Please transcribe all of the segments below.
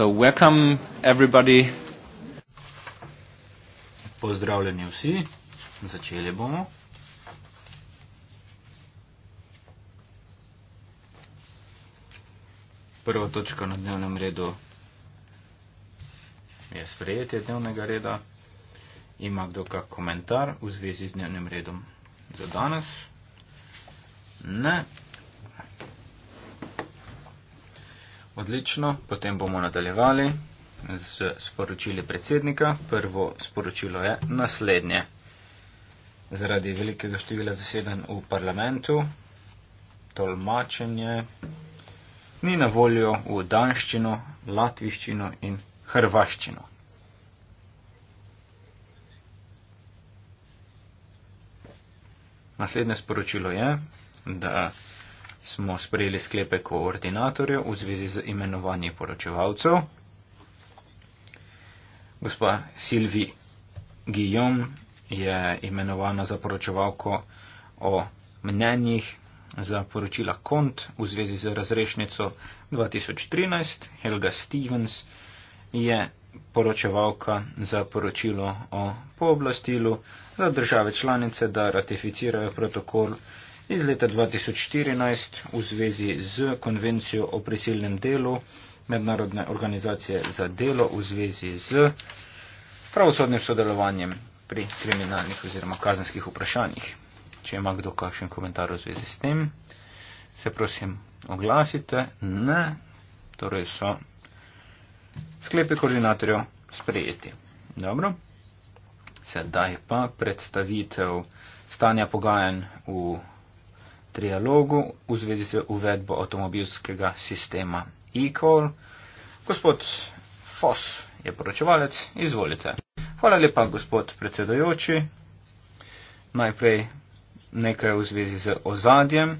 So welcome everybody. Pozdravljeni vsi. Začeli bomo. Prva točka na dnevnem redu je sprejetje dnevnega reda. Ima kdo kak komentar v zvezi z dnevnim redom za danes? Ne. Odlično, potem bomo nadaljevali z sporočili predsednika. Prvo sporočilo je naslednje. Zaradi velikega števila zaseden v parlamentu, tolmačenje ni na voljo v danščino, latviščino in hrvaščino. Naslednje sporočilo je, da smo sprejeli sklepe koordinatorja v zvezi z imenovanjem poročevalcev. Gospa Silvi Guillaume je imenovana za poročevalko o mnenjih za poročila KONT v zvezi z razrešnico 2013. Helga Stevens je poročevalka za poročilo o pooblastilu za države članice, da ratificirajo protokol iz leta 2014 v zvezi z konvencijo o prisilnem delu Mednarodne organizacije za delo v zvezi z pravosodnim sodelovanjem pri kriminalnih oziroma kazenskih vprašanjih. Če ima kdo kakšen komentar v zvezi s tem, se prosim oglasite. Ne, torej so sklepe koordinatorjev sprejeti. Dobro, sedaj pa predstavitev stanja pogajanj v trialogu v zvezi z uvedbo avtomobilskega sistema e-call. Gospod Foss je poročevalec, izvolite. Hvala lepa, gospod predsedojoči. Najprej nekaj v zvezi z ozadjem.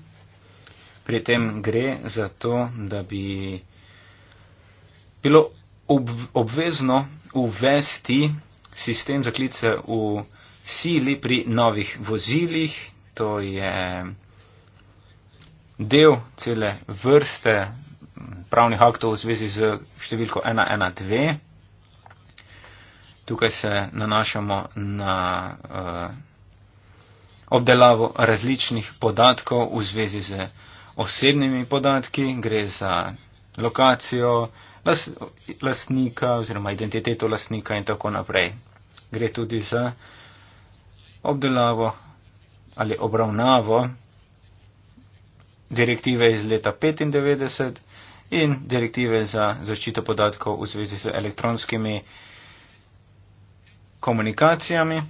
Pri tem gre za to, da bi bilo obvezno uvesti sistem zaklice v sili pri novih vozilih. To je del cele vrste pravnih aktov v zvezi z številko 112. Tukaj se nanašamo na uh, obdelavo različnih podatkov v zvezi z osebnimi podatki. Gre za lokacijo las, lastnika oziroma identiteto lastnika in tako naprej. Gre tudi za obdelavo ali obravnavo direktive iz leta 95 in direktive za zaščito podatkov v zvezi z elektronskimi komunikacijami.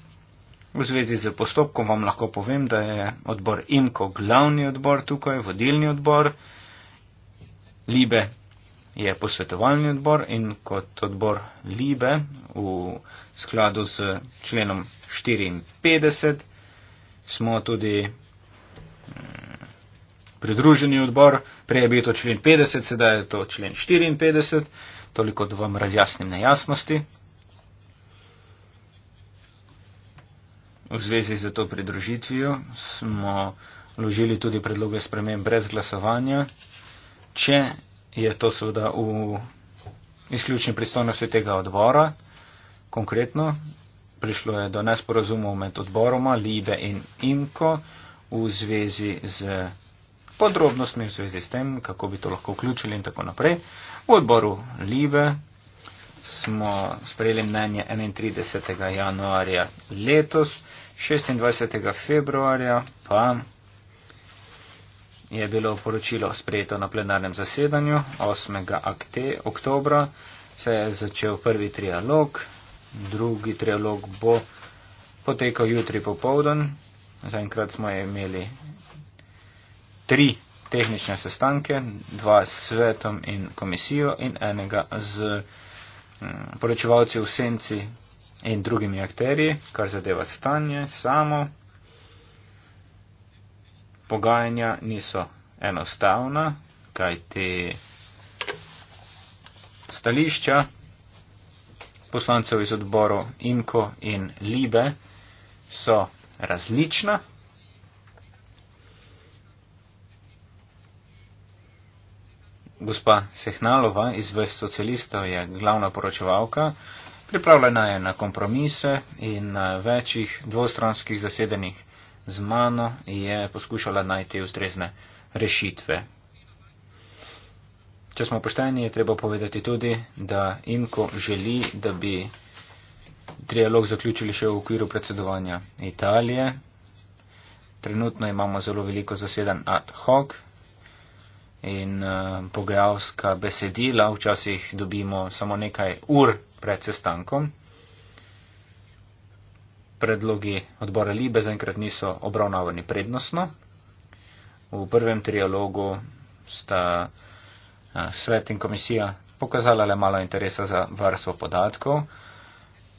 V zvezi z postopkom vam lahko povem, da je odbor IMKO glavni odbor tukaj, vodilni odbor. LIBE je posvetovalni odbor in kot odbor LIBE v skladu s členom 54 smo tudi mm, pridruženi odbor, prej je bil to člen 50, sedaj je to člen 54, toliko, da vam razjasnim nejasnosti. V zvezi z to pridružitvijo smo ložili tudi predloge sprememb brez glasovanja, če je to seveda v izključni pristojnosti tega odbora. Konkretno prišlo je do nesporazumov med odboroma Libe in Imko v zvezi z podrobnostmi v zvezi s tem, kako bi to lahko vključili in tako naprej. V odboru Libe smo sprejeli mnenje 31. januarja letos, 26. februarja pa je bilo poročilo sprejeto na plenarnem zasedanju 8. Akte, oktobra. Se je začel prvi trialog, drugi trialog bo potekal jutri popovdan. Zaenkrat smo imeli tri tehnične sestanke, dva s svetom in komisijo in enega z mm, poročevalci v senci in drugimi akterji, kar zadeva stanje samo. Pogajanja niso enostavna, kaj te stališča poslancev iz odborov Inko in Libe so različna. Gospa Sehnalova iz Vest socialistov je glavna poročevalka. Pripravljena je na kompromise in na eh, večjih dvostranskih zasedenih z mano je poskušala najti ustrezne rešitve. Če smo pošteni, je treba povedati tudi, da Inko želi, da bi trialog zaključili še v okviru predsedovanja Italije. Trenutno imamo zelo veliko zaseden ad hoc, in uh, pogajalska besedila, včasih dobimo samo nekaj ur pred sestankom. Predlogi odbora Libe zaenkrat niso obravnavani prednostno. V prvem trialogu sta uh, svet in komisija pokazala le malo interesa za varstvo podatkov.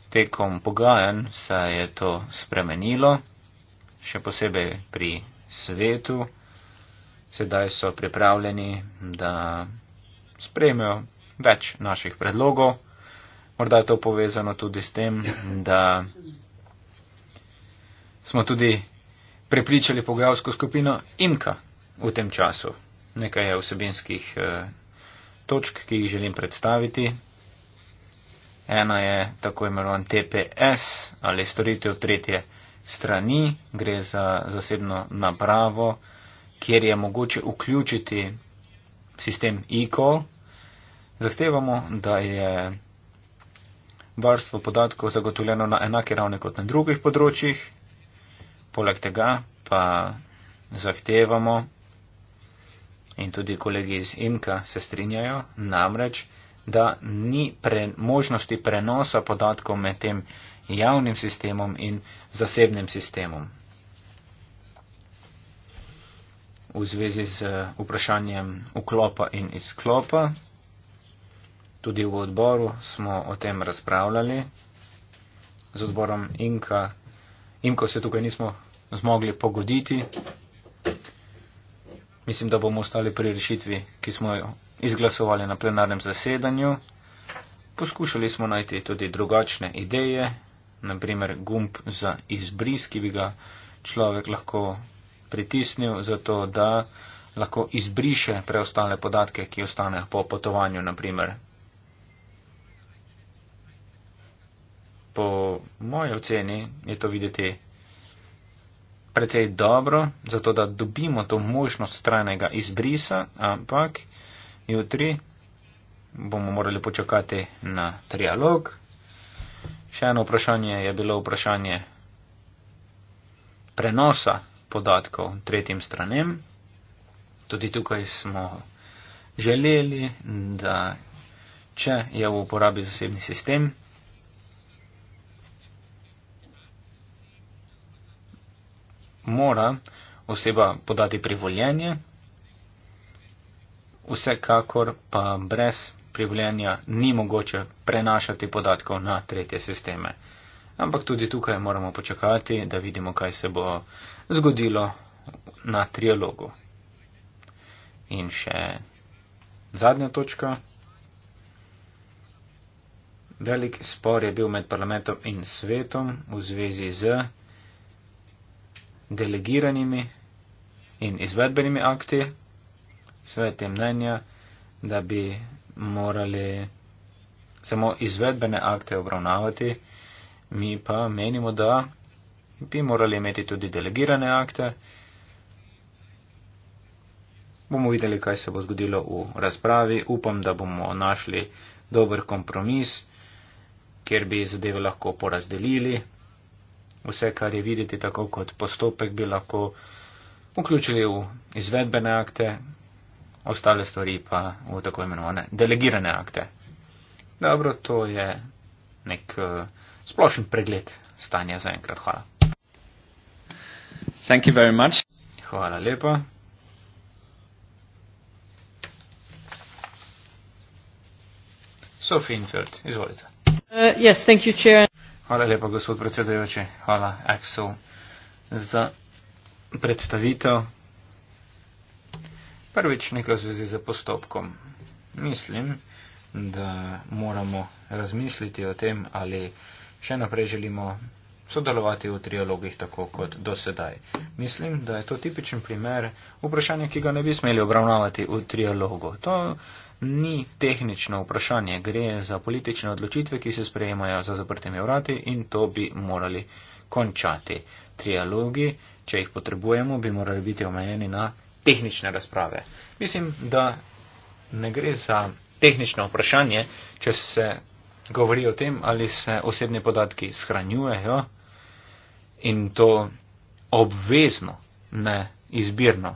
Tekom pogajanj se je to spremenilo, še posebej pri svetu sedaj so pripravljeni, da sprejmejo več naših predlogov. Morda je to povezano tudi s tem, da smo tudi prepričali pogajalsko skupino Imka v tem času. Nekaj je vsebinskih eh, točk, ki jih želim predstaviti. Ena je tako imenovan TPS ali storitev tretje strani, gre za zasebno napravo, kjer je mogoče vključiti sistem e-call, zahtevamo, da je varstvo podatkov zagotovljeno na enake ravni kot na drugih področjih. Poleg tega pa zahtevamo in tudi kolegi iz IMKA se strinjajo namreč, da ni pre, možnosti prenosa podatkov med tem javnim sistemom in zasebnim sistemom. v zvezi z eh, vprašanjem vklopa in izklopa. Tudi v odboru smo o tem razpravljali z odborom Inka. Inko se tukaj nismo zmogli pogoditi. Mislim, da bomo ostali pri rešitvi, ki smo jo izglasovali na plenarnem zasedanju. Poskušali smo najti tudi drugačne ideje, naprimer gumb za izbris, ki bi ga človek lahko pritisnil, zato da lahko izbriše preostale podatke, ki ostanejo po potovanju, naprimer. Po moji oceni je to videti precej dobro, zato da dobimo to možnost trajnega izbrisa, ampak jutri bomo morali počakati na trialog. Še eno vprašanje je bilo vprašanje prenosa podatkov tretjim stranem. Tudi tukaj smo želeli, da če je v uporabi zasebni sistem, mora oseba podati privoljenje, vsekakor pa brez privoljenja ni mogoče prenašati podatkov na tretje sisteme. Ampak tudi tukaj moramo počakati, da vidimo, kaj se bo zgodilo na trialogu. In še zadnja točka. Velik spor je bil med parlamentom in svetom v zvezi z delegiranimi in izvedbenimi akti. Svet je mnenja, da bi morali samo izvedbene akte obravnavati, mi pa menimo, da bi morali imeti tudi delegirane akte. Bomo videli, kaj se bo zgodilo v razpravi. Upam, da bomo našli dober kompromis, kjer bi zadeve lahko porazdelili. Vse, kar je videti tako kot postopek, bi lahko vključili v izvedbene akte, ostale stvari pa v tako imenovane delegirane akte. Dobro, to je nek uh, splošen pregled stanja za enkrat. Hvala. Thank you very much. Hvala lepa. Sophie Infeld, izvolite. Uh, yes, thank you, chair. Hvala lepa, gospod predsedujoči. Hvala, Axel, za predstavitev. Prvič nekaj v zvezi z postopkom. Mislim, da moramo razmisliti o tem, ali še naprej želimo sodelovati v trialogih tako kot do sedaj. Mislim, da je to tipičen primer vprašanja, ki ga ne bi smeli obravnavati v trialogu. To ni tehnično vprašanje, gre za politične odločitve, ki se sprejemajo za zaprtimi vrati in to bi morali končati. Trialogi, če jih potrebujemo, bi morali biti omejeni na tehnične razprave. Mislim, da ne gre za tehnično vprašanje, če se govori o tem, ali se osebni podatki shranjujejo in to obvezno, ne izbirno.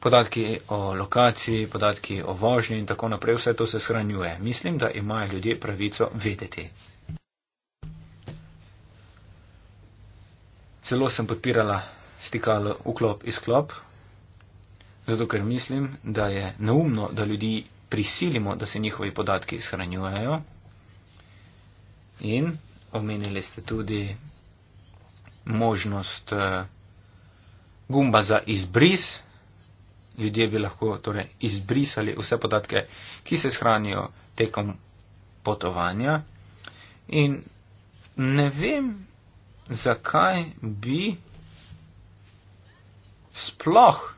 Podatki o lokaciji, podatki o vožnji in tako naprej, vse to se shranjuje. Mislim, da imajo ljudje pravico vedeti. Celo sem podpirala stikalo vklop-izklop, zato ker mislim, da je neumno, da ljudi prisilimo, da se njihovi podatki shranjujejo. In omenili ste tudi možnost eh, gumba za izbris. Ljudje bi lahko torej, izbrisali vse podatke, ki se shranijo tekom potovanja. In ne vem, zakaj bi sploh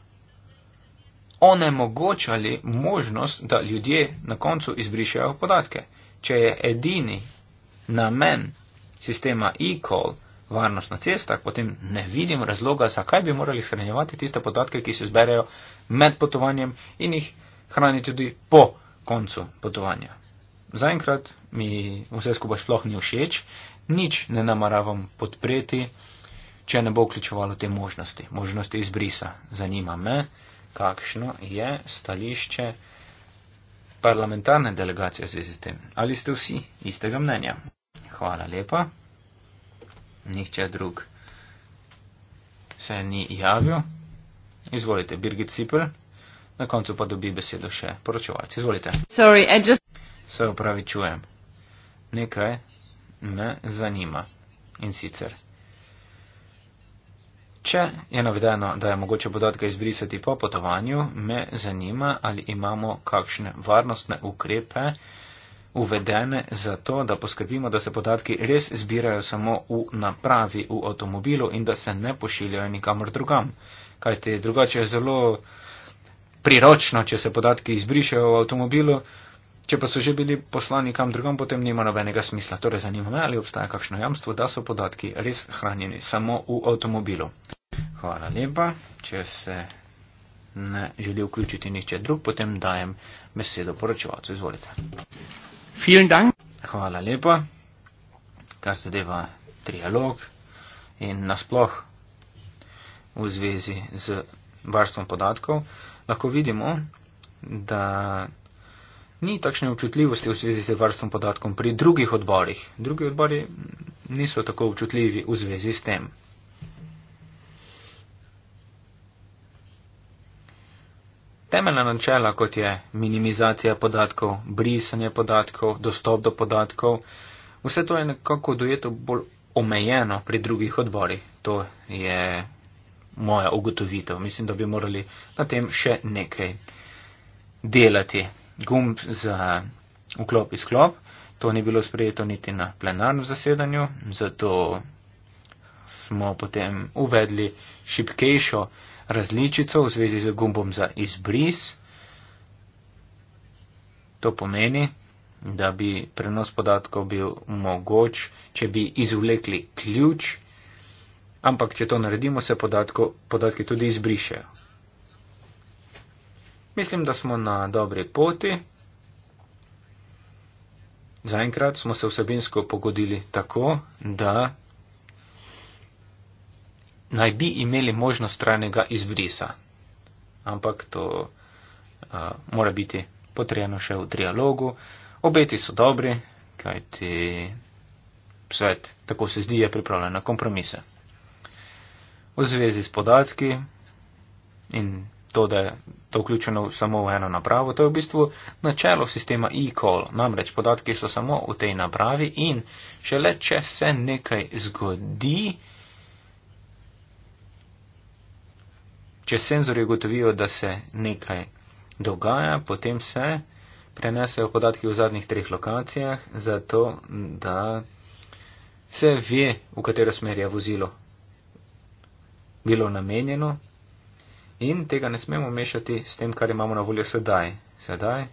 onemogočali možnost, da ljudje na koncu izbrišajo podatke. Če je edini namen sistema e-call varnost na cestah, potem ne vidim razloga, zakaj bi morali shranjevati tiste podatke, ki se zberejo med potovanjem in jih hraniti tudi po koncu potovanja. Zaenkrat mi vse skupaj sploh ni všeč, nič ne namaravam podpreti, če ne bo vključevalo te možnosti, možnosti izbrisa. Zanima me, kakšno je stališče parlamentarne delegacije v zvezi s tem. Ali ste vsi istega mnenja? Hvala lepa nihče drug se ni javil. Izvolite, Birgit Sipel. Na koncu pa dobi besedo še poročevalci. Izvolite. Sorry, just... Se upravičujem. Nekaj me zanima. In sicer. Če je navedeno, da je mogoče podatke izbrisati po potovanju, me zanima, ali imamo kakšne varnostne ukrepe uvedene zato, da poskrbimo, da se podatki res zbirajo samo v napravi, v avtomobilu in da se ne pošiljajo nikamor drugam. Kajte, drugače je zelo priročno, če se podatki izbrišajo v avtomobilu, če pa so že bili poslani kam drugam, potem nima nobenega smisla. Torej zanima me, ali obstaja kakšno jamstvo, da so podatki res hranjeni samo v avtomobilu. Hvala lepa. Če se ne želi vključiti nihče drug, potem dajem besedo poročevalcu. Izvolite. Vielen Dank. Hvala lepa, kar zadeva trialog in nasploh v zvezi z varstvom podatkov, lahko vidimo, da ni takšne občutljivosti v zvezi z varstvom podatkov pri drugih odborih. Drugi odbori niso tako občutljivi v zvezi s tem. temeljna načela, kot je minimizacija podatkov, brisanje podatkov, dostop do podatkov, vse to je nekako dojeto bolj omejeno pri drugih odborih. To je moja ugotovitev. Mislim, da bi morali na tem še nekaj delati. Gumb za vklop izklop, to ni bilo sprejeto niti na plenarnem zasedanju, zato smo potem uvedli šipkejšo različico v zvezi z gumbom za izbris. To pomeni, da bi prenos podatkov bil mogoč, če bi izvlekli ključ, ampak če to naredimo, se podatko, podatki tudi izbrišejo. Mislim, da smo na dobri poti. Zaenkrat smo se vsebinsko pogodili tako, da naj bi imeli možnost trajnega izbrisa. Ampak to uh, mora biti potrebno še v dialogu. Obeti so dobri, kajti svet, tako se zdi, je pripravljen na kompromise. V zvezi s podatki in to, da je to vključeno samo v eno napravo, to je v bistvu načelo sistema e-call. Namreč podatki so samo v tej napravi in šele, če se nekaj zgodi, Če senzori ugotovijo, da se nekaj dogaja, potem se prenesejo podatki v zadnjih treh lokacijah, zato da se ve, v katero smer je vozilo bilo namenjeno in tega ne smemo mešati s tem, kar imamo na voljo sedaj. Sedaj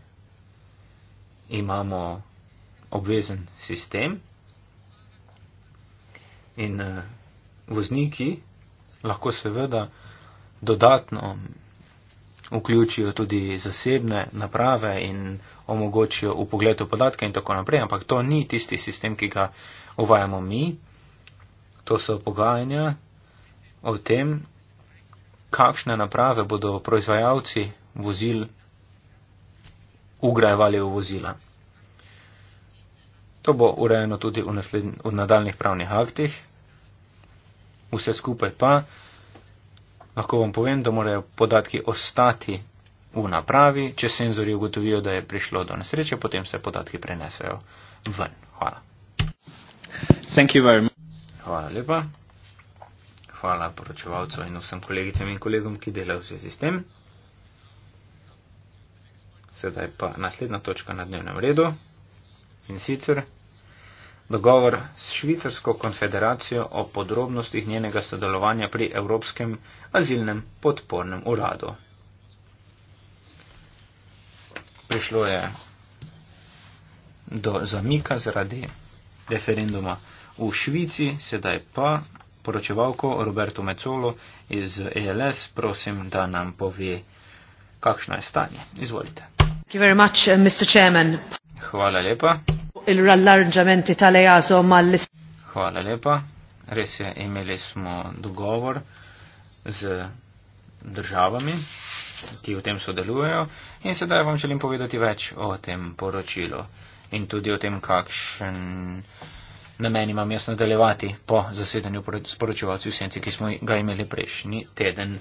imamo obvezen sistem in eh, vozniki lahko seveda dodatno vključijo tudi zasebne naprave in omogočijo upogled v podatke in tako naprej, ampak to ni tisti sistem, ki ga uvajamo mi. To so pogajanja o tem, kakšne naprave bodo proizvajalci vozil ugrajevali v vozila. To bo urejeno tudi v, v nadaljnih pravnih aktih. Vse skupaj pa Lahko vam povem, da morajo podatki ostati v napravi, če senzori ugotovijo, da je prišlo do nesreče, potem se podatki prenesejo ven. Hvala. Hvala lepa. Hvala poročevalcu in vsem kolegicam in kolegom, ki delajo v zvezi s tem. Sedaj pa naslednja točka na dnevnem redu in sicer dogovor s Švicarsko konfederacijo o podrobnostih njenega sodelovanja pri Evropskem azilnem podpornem uradu. Prišlo je do zamika zaradi referenduma v Švici, sedaj pa poročevalko Roberto Mecolo iz ELS, prosim, da nam pove, kakšno je stanje. Izvolite. Uh, Hvala lepa rallargiamenti tale aso malle. Hvala lepa. Res je, imeli smo dogovor z državami, ki v tem sodelujejo in sedaj vam želim povedati več o tem poročilu in tudi o tem, kakšen namen imam jaz nadaljevati po zasedanju sporočevalcev v senci, ki smo ga imeli prejšnji teden.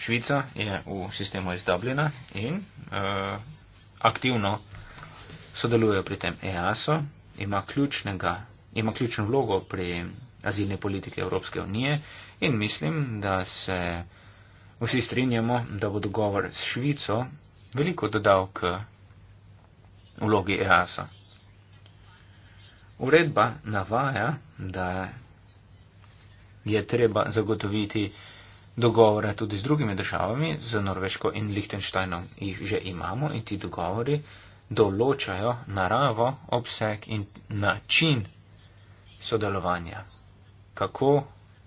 Švica je v sistemu iz Dublina in uh, aktivno sodelujejo pri tem EASO, ima, ima ključno vlogo pri azilni politiki Evropske unije in mislim, da se vsi strinjamo, da bo dogovor s Švico veliko dodal k vlogi EASO. Uredba navaja, da je treba zagotoviti dogovore tudi z drugimi državami, z Norveško in Lihtenštajnom jih že imamo in ti dogovori določajo naravo, obseg in način sodelovanja, kako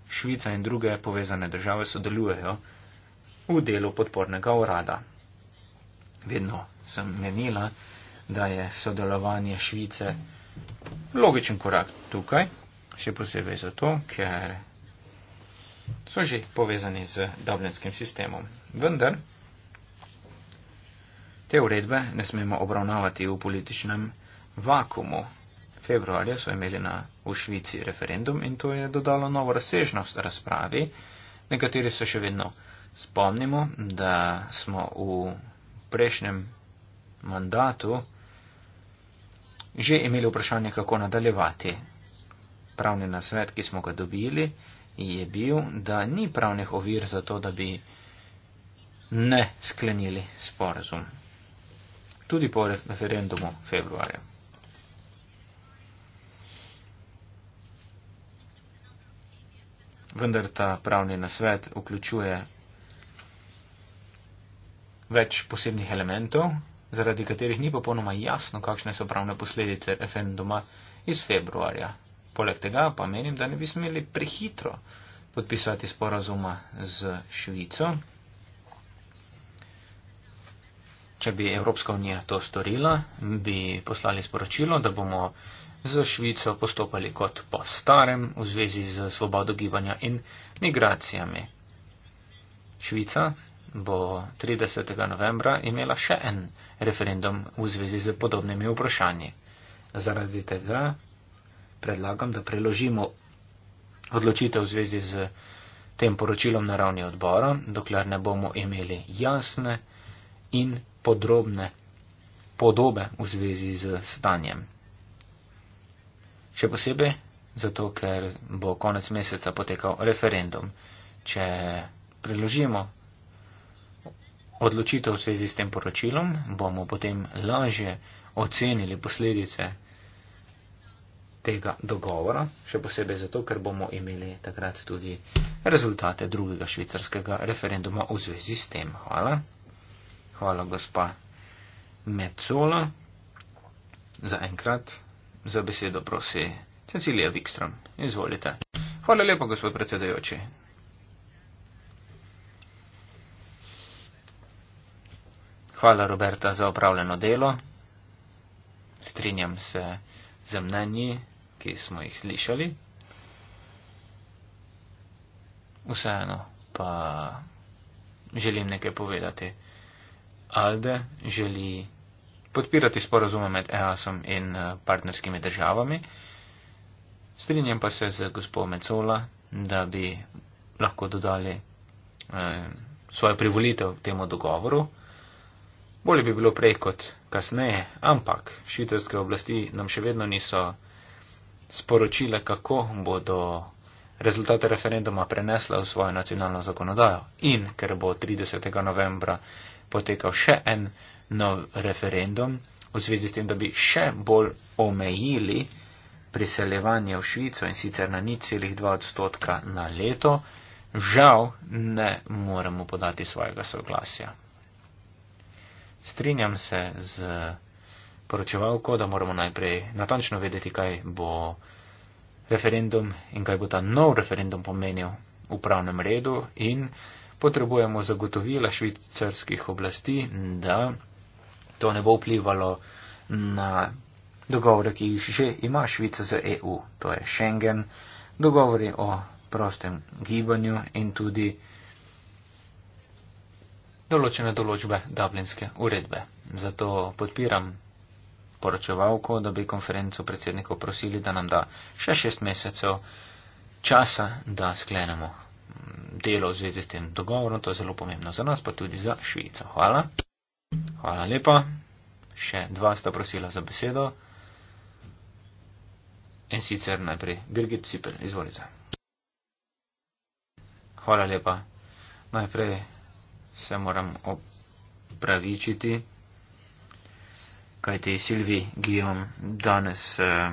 Švica in druge povezane države sodelujejo v delu podpornega urada. Vedno sem menila, da je sodelovanje Švice logičen korak tukaj, še posebej zato, ker so že povezani z dublinskim sistemom. Vendar Te uredbe ne smemo obravnavati v političnem vakumu. Februarja so imeli na, v Švici referendum in to je dodalo novo razsežnost razpravi. Nekateri se še vedno spomnimo, da smo v prejšnjem mandatu že imeli vprašanje, kako nadaljevati. Pravni nasvet, ki smo ga dobili, je bil, da ni pravnih ovir za to, da bi ne sklenili sporazum tudi po referendumu februarja. Vendar ta pravni nasvet vključuje več posebnih elementov, zaradi katerih ni popolnoma jasno, kakšne so pravne posledice referenduma iz februarja. Poleg tega pa menim, da ne bi smeli prehitro podpisati sporazuma z Švico, Če bi Evropska unija to storila, bi poslali sporočilo, da bomo za Švico postopali kot po starem v zvezi z svobodo gibanja in migracijami. Švica bo 30. novembra imela še en referendum v zvezi z podobnimi vprašanji. Zaradi tega predlagam, da preložimo odločitev v zvezi z tem poročilom na ravni odbora, dokler ne bomo imeli jasne in podrobne podobe v zvezi z stanjem. Še posebej zato, ker bo konec meseca potekal referendum. Če preložimo odločitev v zvezi s tem poročilom, bomo potem lažje ocenili posledice tega dogovora, še posebej zato, ker bomo imeli takrat tudi rezultate drugega švicarskega referenduma v zvezi s tem. Hvala. Hvala, gospa Metzola. Za enkrat, za besedo prosi Cecilija Wikström. Izvolite. Hvala lepa, gospod predsedajoči. Hvala, Roberta, za opravljeno delo. Strinjam se z mnenji, ki smo jih slišali. Vseeno pa želim nekaj povedati. Alde želi podpirati sporozume med EASom in eh, partnerskimi državami. Strinjam pa se z gospod Mecola, da bi lahko dodali eh, svojo privolitev temu dogovoru. Bolje bi bilo prej kot kasneje, ampak švicarske oblasti nam še vedno niso sporočile, kako bodo rezultate referenduma prenesle v svojo nacionalno zakonodajo. In ker bo 30. novembra potekal še en nov referendum v zvezi s tem, da bi še bolj omejili priseljevanje v Švico in sicer na nič celih 2 odstotka na leto, žal ne moremo podati svojega soglasja. Strinjam se z poročevalko, da moramo najprej natančno vedeti, kaj bo referendum in kaj bo ta nov referendum pomenil v pravnem redu in potrebujemo zagotovila švicarskih oblasti, da to ne bo vplivalo na dogovore, ki jih že ima Švica z EU, to je Schengen, dogovori o prostem gibanju in tudi določene določbe Dublinske uredbe. Zato podpiram poročevalko, da bi konferenco predsednikov prosili, da nam da še šest mesecev časa, da sklenemo delo v zvezi s tem dogovorom, to je zelo pomembno za nas, pa tudi za Švico. Hvala. Hvala lepa. Še dva sta prosila za besedo. In sicer najprej Birgit Sipel, izvolite. Hvala lepa. Najprej se moram opravičiti, kajti Silvi Gijom danes eh,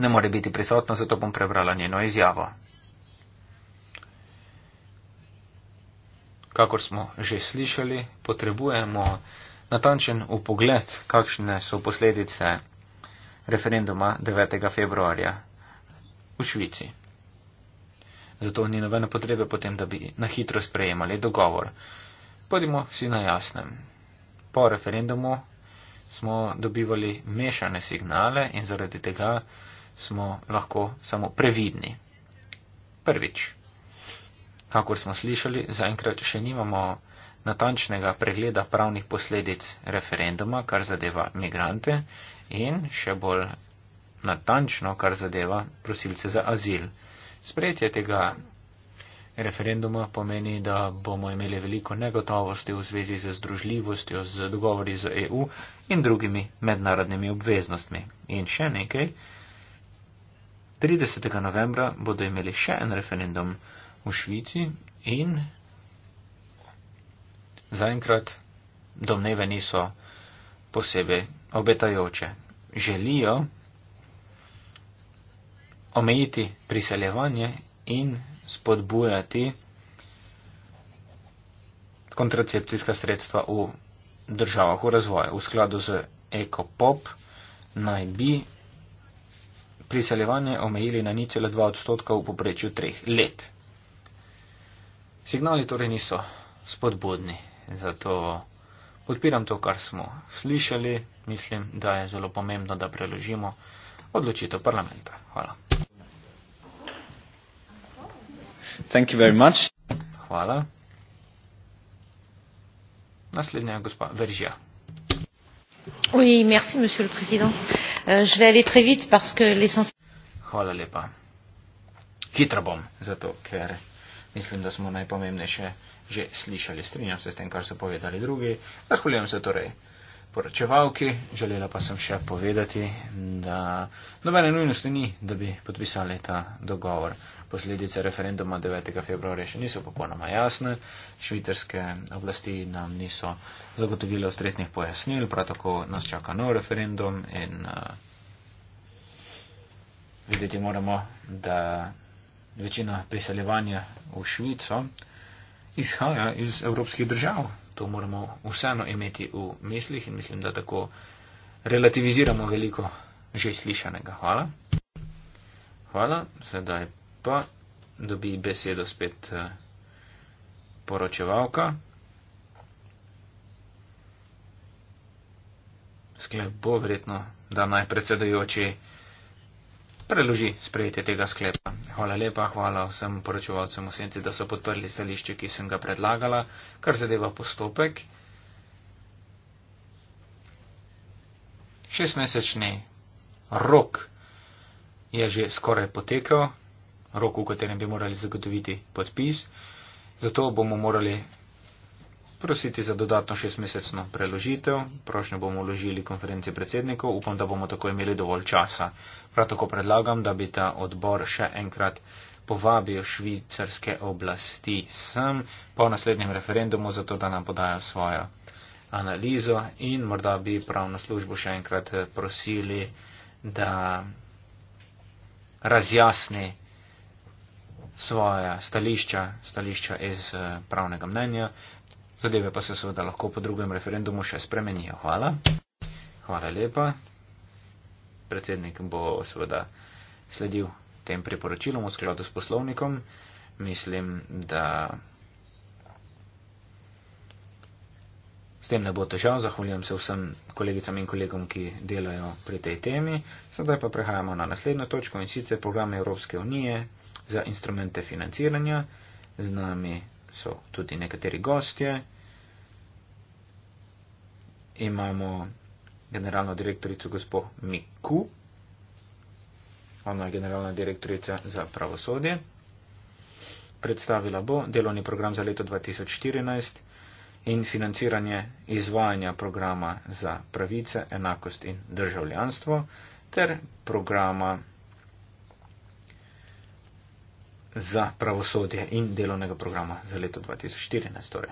ne more biti prisotna, zato bom prebrala njeno izjavo. kakor smo že slišali, potrebujemo natančen upogled, kakšne so posledice referenduma 9. februarja v Švici. Zato ni nobene potrebe potem, da bi na hitro sprejemali dogovor. Pojdimo si na jasnem. Po referendumu smo dobivali mešane signale in zaradi tega smo lahko samo previdni. Prvič. Kakor smo slišali, zaenkrat še nimamo natančnega pregleda pravnih posledic referenduma, kar zadeva migrante in še bolj natančno, kar zadeva prosilce za azil. Sprejetje tega referenduma pomeni, da bomo imeli veliko negotovosti v zvezi z združljivostjo, z dogovori z EU in drugimi mednarodnimi obveznostmi. In še nekaj, 30. novembra bodo imeli še en referendum, v Švici in zaenkrat domneve niso posebej obetajoče. Želijo omejiti priseljevanje in spodbujati kontracepcijska sredstva v državah v razvoju. V skladu z EcoPop naj bi priseljevanje omejili na 0,2 odstotka v poprečju treh let. Signali torej niso spodbudni, zato podpiram to, kar smo slišali. Mislim, da je zelo pomembno, da preložimo odločitev parlamenta. Hvala. Hvala. Naslednja je gospa Veržija. Oui, merci, monsieur le président. Euh, je vais aller très vite parce que l'essentiel. Hvala lepa. Hitro bom, zato ker mislim, da smo najpomembnejše že slišali. Strinjam se s tem, kar so povedali drugi. Zahvaljujem se torej poročevalki. Želela pa sem še povedati, da nobene nujnosti ni, da bi podpisali ta dogovor. Posledice referenduma 9. februarja še niso popolnoma jasne. Švicarske oblasti nam niso zagotovile ustreznih pojasnil, prav tako nas čaka nov referendum in uh, videti moramo, da večina priseljevanja v Švico izhaja iz evropskih držav. To moramo vseeno imeti v mislih in mislim, da tako relativiziramo veliko že slišanega. Hvala. Hvala. Sedaj pa dobi besedo spet eh, poročevalka. Sklep bo verjetno, da naj predsedujoči preloži sprejetje tega sklepa. Hvala lepa, hvala vsem poročevalcem v senci, da so podprli stališče, ki sem ga predlagala, kar zadeva postopek. 16-mesečni rok je že skoraj potekel, rok, v katerem bi morali zagotoviti podpis, zato bomo morali prositi za dodatno šestmesečno preložitev. Prošnjo bomo vložili konferenci predsednikov. Upam, da bomo tako imeli dovolj časa. Prav tako predlagam, da bi ta odbor še enkrat povabil švicarske oblasti sem po naslednjem referendumu, zato da nam podajo svojo analizo in morda bi pravno službo še enkrat eh, prosili, da razjasni svoja stališča, stališča iz eh, pravnega mnenja, Zadeve pa se seveda lahko po drugem referendumu še spremenijo. Hvala. Hvala lepa. Predsednik bo seveda sledil tem priporočilom v skladu s poslovnikom. Mislim, da s tem ne bo težav. Zahvaljujem se vsem kolegicam in kolegom, ki delajo pri tej temi. Sedaj pa prehajamo na naslednjo točko in sicer program Evropske unije za instrumente financiranja. Z nami so tudi nekateri gostje. Imamo generalno direktorico gospo Miku. Ona je generalna direktorica za pravosodje. Predstavila bo delovni program za leto 2014 in financiranje izvajanja programa za pravice, enakost in državljanstvo ter programa za pravosodje in delovnega programa za leto 2014. Torej.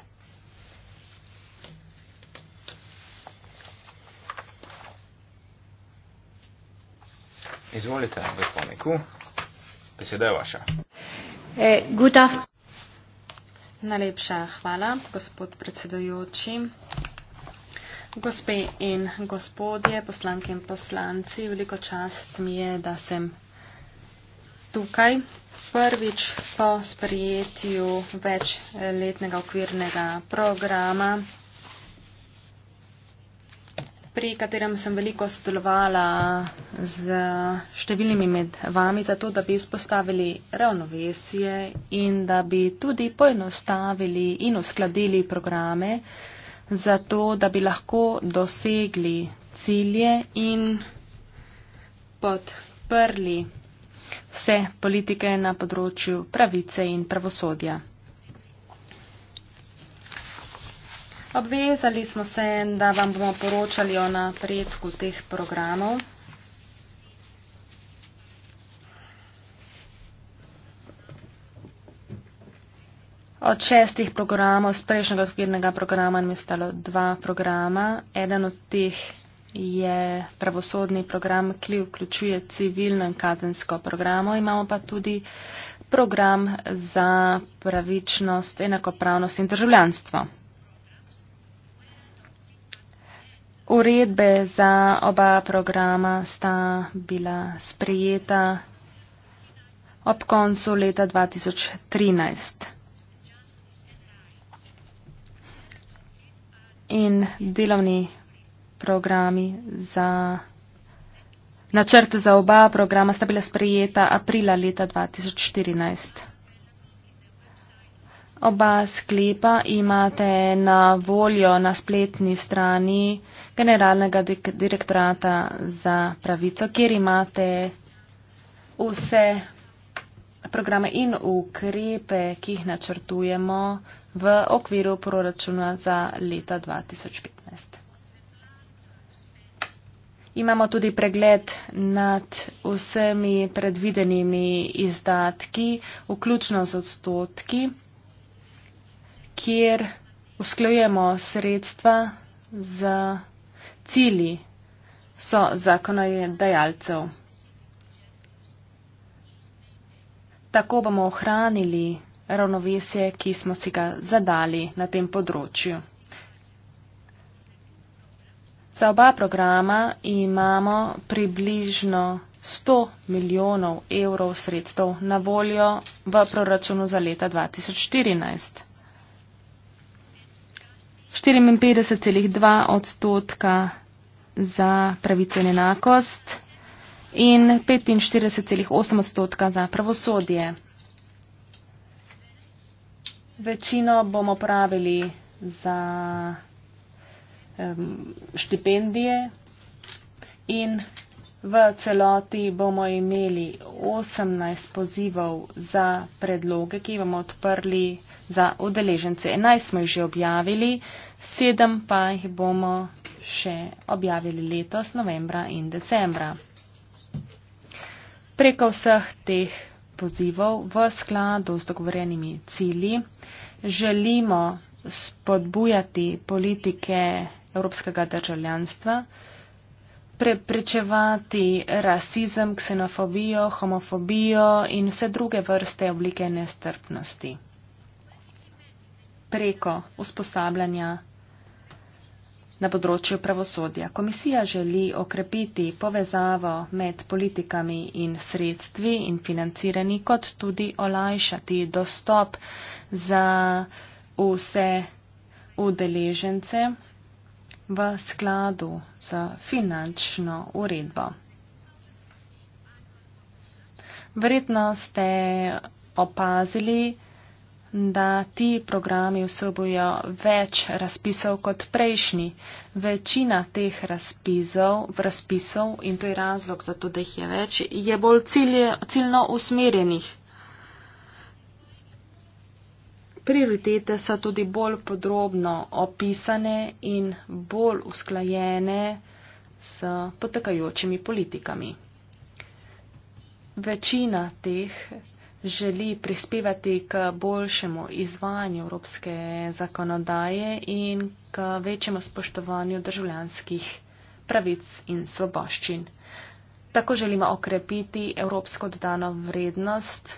Izvolite, gospod Miku, beseda je vaša. Eh, Najlepša hvala, gospod predsedojoči. Gospe in gospodje, poslanke in poslanci, veliko čast mi je, da sem tukaj prvič po sprijetju večletnega okvirnega programa, pri katerem sem veliko sodelovala z številnimi med vami, zato da bi izpostavili ravnovesje in da bi tudi poenostavili in uskladili programe, zato da bi lahko dosegli cilje in podprli vse politike na področju pravice in pravosodja. Obvezali smo se, da vam bomo poročali o napredku teh programov. Od šestih programov, z prejšnjega skupnega programa, nam je stalo dva programa. Eden od teh je pravosodni program, ki vključuje civilno in kazensko programo. Imamo pa tudi program za pravičnost, enakopravnost in državljanstvo. Uredbe za oba programa sta bila sprejeta ob koncu leta 2013. In delovni programi za načrte za oba programa sta bila sprejeta aprila leta 2014. Oba sklepa imate na voljo na spletni strani Generalnega direktorata za pravico, kjer imate vse programe in ukrepe, ki jih načrtujemo v okviru proračuna za leta 2015. Imamo tudi pregled nad vsemi predvidenimi izdatki, vključno z odstotki, kjer usklajujemo sredstva za cili so zakonodajalcev. Tako bomo ohranili ravnovesje, ki smo si ga zadali na tem področju. Za oba programa imamo približno 100 milijonov evrov sredstev na voljo v proračunu za leta 2014. 54,2 odstotka za pravice in enakost in 45,8 odstotka za pravosodje. Večino bomo pravili za štipendije in v celoti bomo imeli 18 pozivov za predloge, ki bomo odprli za udeležence. 11 smo jih že objavili, 7 pa jih bomo še objavili letos, novembra in decembra. Preko vseh teh pozivov v skladu z dogovorenimi cilji želimo spodbujati politike evropskega državljanstva, preprečevati rasizem, ksenofobijo, homofobijo in vse druge vrste oblike nestrpnosti preko usposabljanja na področju pravosodja. Komisija želi okrepiti povezavo med politikami in sredstvi in financirani, kot tudi olajšati dostop za vse udeležence v skladu z finančno uredbo. Verjetno ste opazili, da ti programi vsebujo več razpisov kot prejšnji. Večina teh razpisov, razpisov in to je razlog za to, da jih je več, je bolj cilje, ciljno usmerjenih. Prioritete so tudi bolj podrobno opisane in bolj usklajene s potekajočimi politikami. Večina teh želi prispevati k boljšemu izvajanju evropske zakonodaje in k večjemu spoštovanju državljanskih pravic in svoboščin. Tako želimo okrepiti evropsko dodano vrednost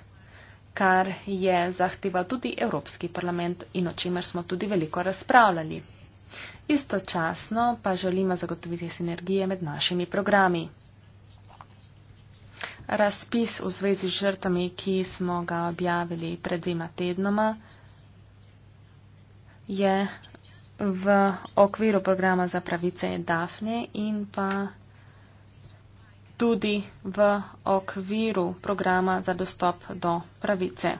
kar je zahteval tudi Evropski parlament in o čemer smo tudi veliko razpravljali. Istočasno pa želimo zagotoviti sinergije med našimi programi. Razpis v zvezi z žrtvami, ki smo ga objavili pred dvema tednoma, je v okviru programa za pravice Dafne in pa tudi v okviru programa za dostop do pravice.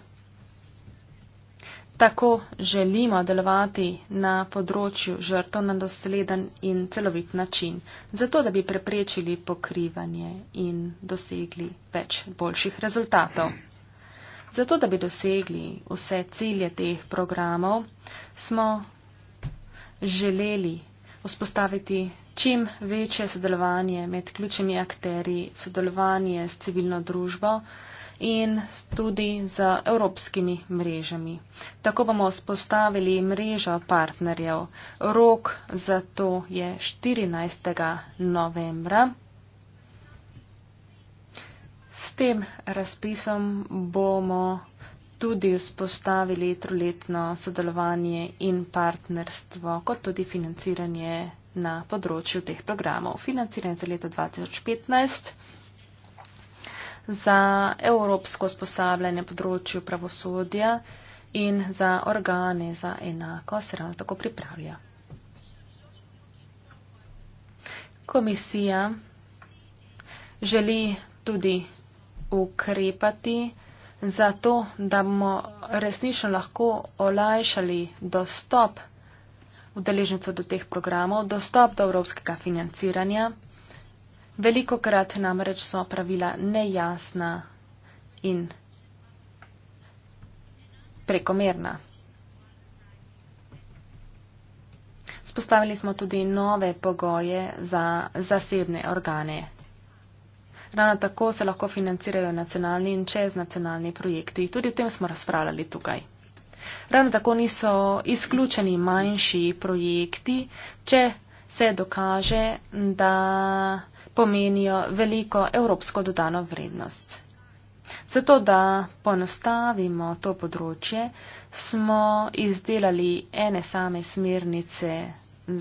Tako želimo delovati na področju žrtov na dosleden in celovit način, zato da bi preprečili pokrivanje in dosegli več boljših rezultatov. Zato, da bi dosegli vse cilje teh programov, smo želeli vzpostaviti čim večje sodelovanje med ključnimi akteri, sodelovanje s civilno družbo in tudi z evropskimi mrežami. Tako bomo spostavili mrežo partnerjev. Rok za to je 14. novembra. S tem razpisom bomo tudi vzpostavili troletno sodelovanje in partnerstvo, kot tudi financiranje na področju teh programov. Financiranje za leto 2015 za evropsko usposabljanje na področju pravosodja in za organe za enako se ravno tako pripravlja. Komisija želi tudi ukrepati zato, da bomo resnično lahko olajšali dostop udeležencev do teh programov, dostop do evropskega financiranja. Veliko krat namreč so pravila nejasna in prekomerna. Spostavili smo tudi nove pogoje za zasebne organe. Ravno tako se lahko financirajo nacionalni in čeznacionalni projekti. Tudi o tem smo razpravljali tukaj. Ravno tako niso izključeni manjši projekti, če se dokaže, da pomenijo veliko evropsko dodano vrednost. Zato, da ponostavimo to področje, smo izdelali ene same smernice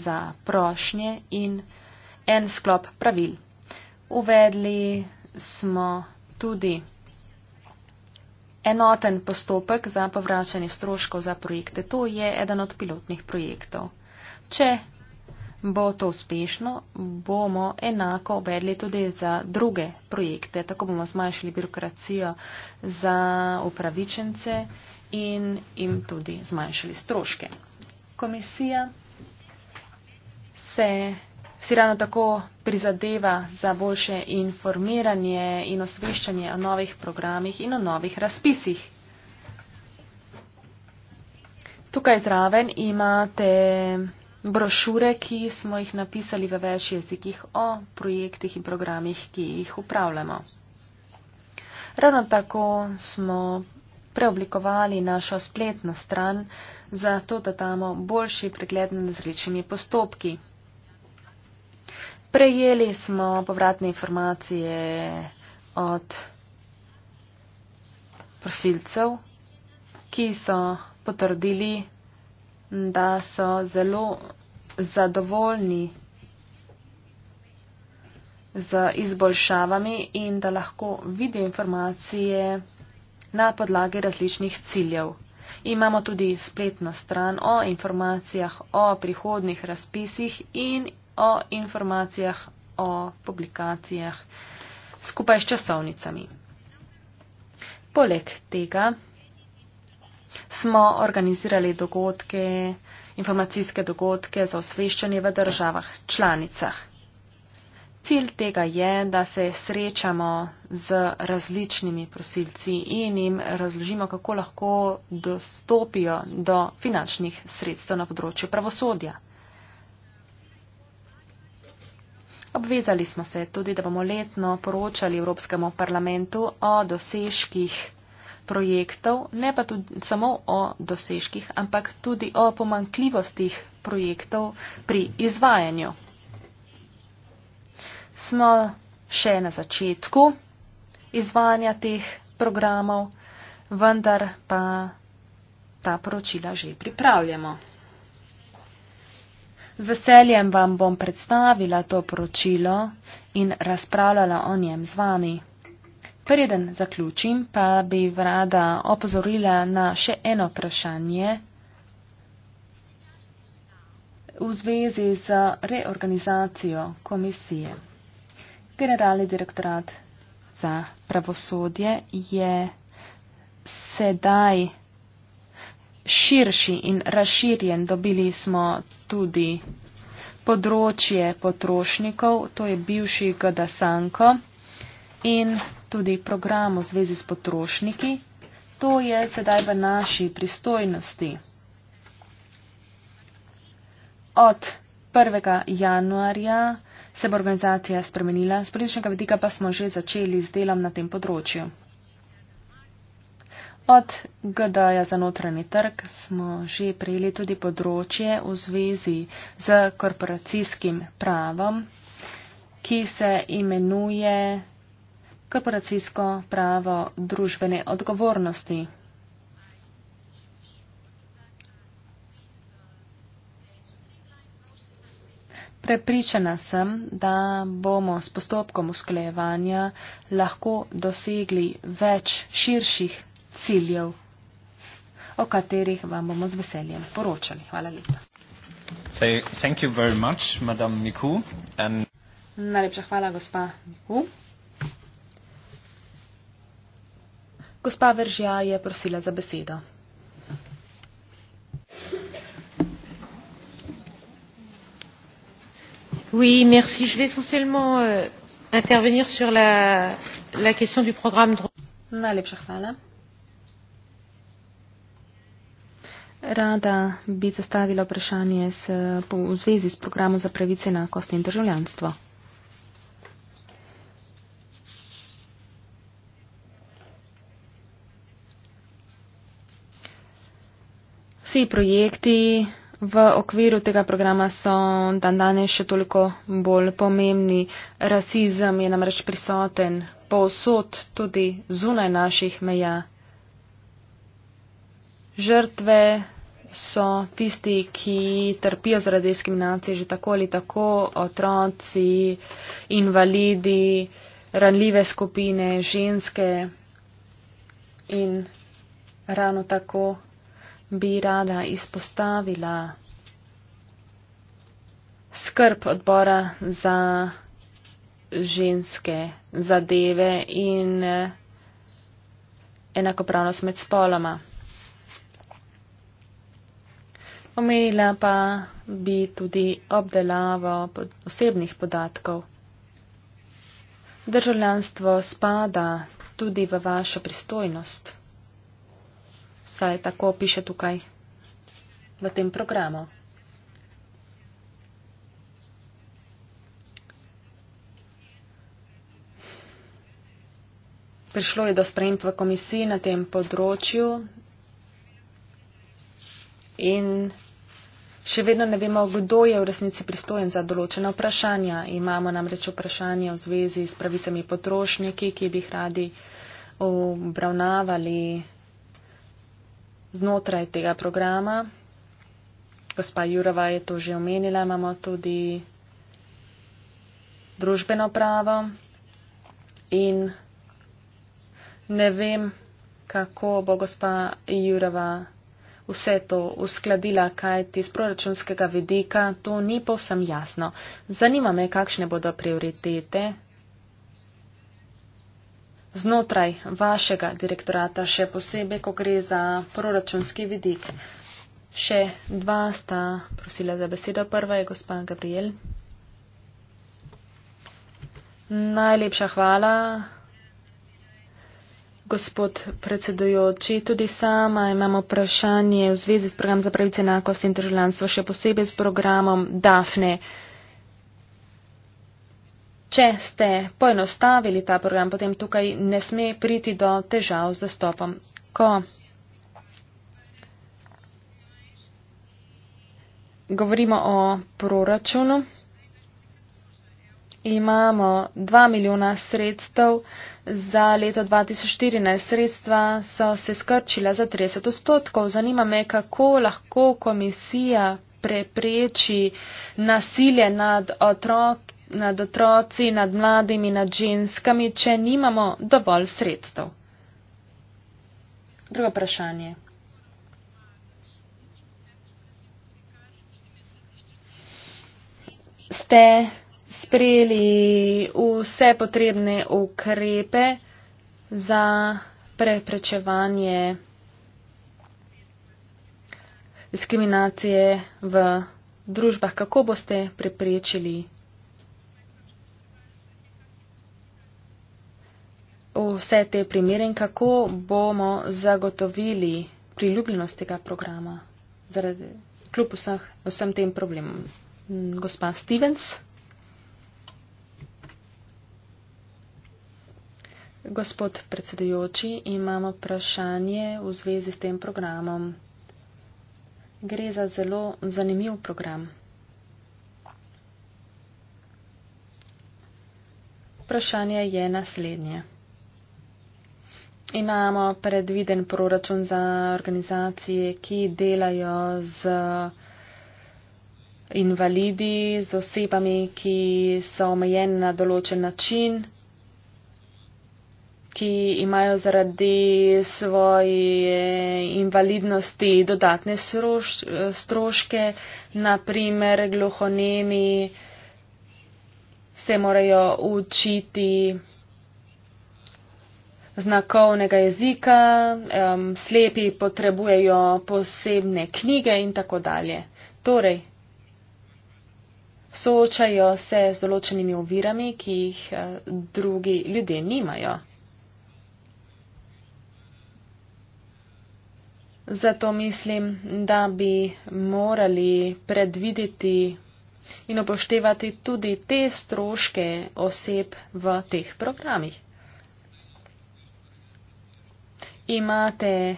za prošnje in en sklop pravil. Uvedli smo tudi Enoten postopek za povračanje stroškov za projekte, to je eden od pilotnih projektov. Če bo to uspešno, bomo enako uvedli tudi za druge projekte, tako bomo zmanjšali birokracijo za upravičence in jim tudi zmanjšali stroške. Komisija se si ravno tako prizadeva za boljše informiranje in osveščanje o novih programih in o novih razpisih. Tukaj zraven imate brošure, ki smo jih napisali v več jezikih o projektih in programih, ki jih upravljamo. Ravno tako smo preoblikovali našo spletno stran za to, da damo boljši pregled nad različnimi postopki. Prejeli smo povratne informacije od prosilcev, ki so potrdili, da so zelo zadovoljni z izboljšavami in da lahko vidijo informacije na podlagi različnih ciljev. Imamo tudi spletno stran o informacijah o prihodnih razpisih in o informacijah, o publikacijah, skupaj s časovnicami. Poleg tega smo organizirali dogodke, informacijske dogodke za osveščanje v državah članicah. Cilj tega je, da se srečamo z različnimi prosilci in jim razložimo, kako lahko dostopijo do finančnih sredstev na področju pravosodja. Obvezali smo se tudi, da bomo letno poročali Evropskemu parlamentu o dosežkih projektov, ne pa tudi samo o dosežkih, ampak tudi o pomankljivostih projektov pri izvajanju. Smo še na začetku izvajanja teh programov, vendar pa ta poročila že pripravljamo veseljem vam bom predstavila to poročilo in razpravljala o njem z vami. Preden zaključim, pa bi rada opozorila na še eno vprašanje v zvezi z reorganizacijo komisije. Generalni direktorat za pravosodje je sedaj širši in razširjen. Dobili smo tudi področje potrošnikov, to je bivši Gadasanko in tudi program v zvezi s potrošniki. To je sedaj v naši pristojnosti. Od 1. januarja se bo organizacija spremenila, z političnega vidika pa smo že začeli z delom na tem področju. Od GDA za notranji trg smo že prijeli tudi področje v zvezi z korporacijskim pravom, ki se imenuje korporacijsko pravo družbene odgovornosti. Prepričana sem, da bomo s postopkom usklejevanja lahko dosegli več širših ciljev, o katerih vam bomo z veseljem poročali. Hvala lepa. Say, thank you very much, Madame Miku. And... Najlepša hvala, gospa Miku. Gospa Veržja je prosila za besedo. Oui, merci. Je vais essentiellement euh, intervenir sur la, la question du programme droit. Allez, Rada bi zastavila vprašanje s, po, v zvezi s programom za pravice, enakost in državljanstvo. Vsi projekti v okviru tega programa so dan danes še toliko bolj pomembni. Rasizem je namreč prisoten povsod, tudi zunaj naših meja žrtve so tisti, ki trpijo zaradi diskriminacije že tako ali tako, otroci, invalidi, ranljive skupine, ženske in ravno tako bi rada izpostavila skrb odbora za ženske zadeve in enakopravnost med spoloma. omenila pa bi tudi obdelavo osebnih podatkov. Državljanstvo spada tudi v vašo pristojnost. Saj tako piše tukaj v tem programu. Prišlo je do sprememb v komisiji na tem področju in Še vedno ne vemo, kdo je v resnici pristojen za določena vprašanja. Imamo namreč vprašanje v zvezi s pravicami potrošniki, ki bi jih radi obravnavali znotraj tega programa. Gospa Jurova je to že omenila, imamo tudi družbeno pravo in ne vem, kako bo gospa Jurova vse to uskladila, kaj ti z proračunskega vidika, to ni povsem jasno. Zanima me, kakšne bodo prioritete znotraj vašega direktorata, še posebej, ko gre za proračunski vidik. Še dva sta prosila za besedo. Prva je gospa Gabriel. Najlepša hvala. Gospod predsedujoči, tudi sama imam vprašanje v zvezi s programom za pravice enakosti in državljanstvo, še posebej s programom DAFNE. Če ste poenostavili ta program, potem tukaj ne sme priti do težav z dostopom. Ko govorimo o proračunu, imamo 2 milijona sredstev, za leto 2014 sredstva so se skrčila za 30 odstotkov. Zanima me, kako lahko komisija prepreči nasilje nad, otrok, nad otroci, nad mladimi, nad ženskami, če nimamo dovolj sredstev. Drugo vprašanje. Ste sprejeli vse potrebne ukrepe za preprečevanje diskriminacije v družbah. Kako boste preprečili vse te primere in kako bomo zagotovili priljubljenost tega programa zaradi kljub vseh, vsem tem problemom? Gospa Stevens. Gospod predsedujoči, imamo vprašanje v zvezi s tem programom. Gre za zelo zanimiv program. Vprašanje je naslednje. Imamo predviden proračun za organizacije, ki delajo z invalidi, z osebami, ki so omejeni na določen način ki imajo zaradi svoje invalidnosti dodatne stroške, naprimer gluhonemi, se morajo učiti znakovnega jezika, slepi potrebujejo posebne knjige in tako dalje. Torej, soočajo se z določenimi ovirami, ki jih eh, drugi ljudje nimajo. Zato mislim, da bi morali predvideti in upoštevati tudi te stroške oseb v teh programih. Imate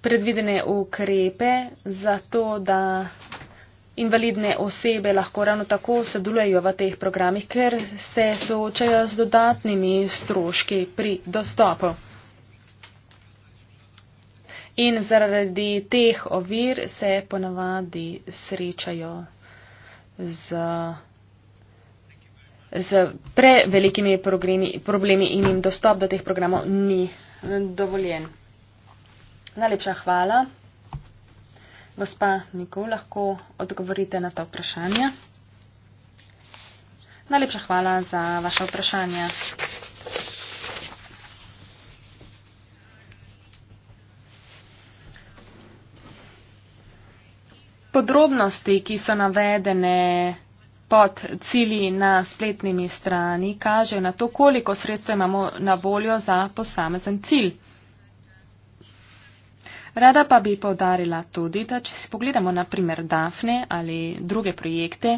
predvidene ukrepe za to, da invalidne osebe lahko ravno tako sodelujejo v teh programih, ker se soočajo z dodatnimi stroški pri dostopu in zaradi teh ovir se ponavadi srečajo z, z prevelikimi problemi in jim dostop do teh programov ni dovoljen. Najlepša hvala. Gospa Niko, lahko odgovorite na ta vprašanja. Najlepša hvala za vaše vprašanje. podrobnosti, ki so navedene pod cilji na spletnimi strani, kaže na to, koliko sredstva imamo na voljo za posamezen cilj. Rada pa bi povdarila tudi, da če si pogledamo na primer Dafne ali druge projekte,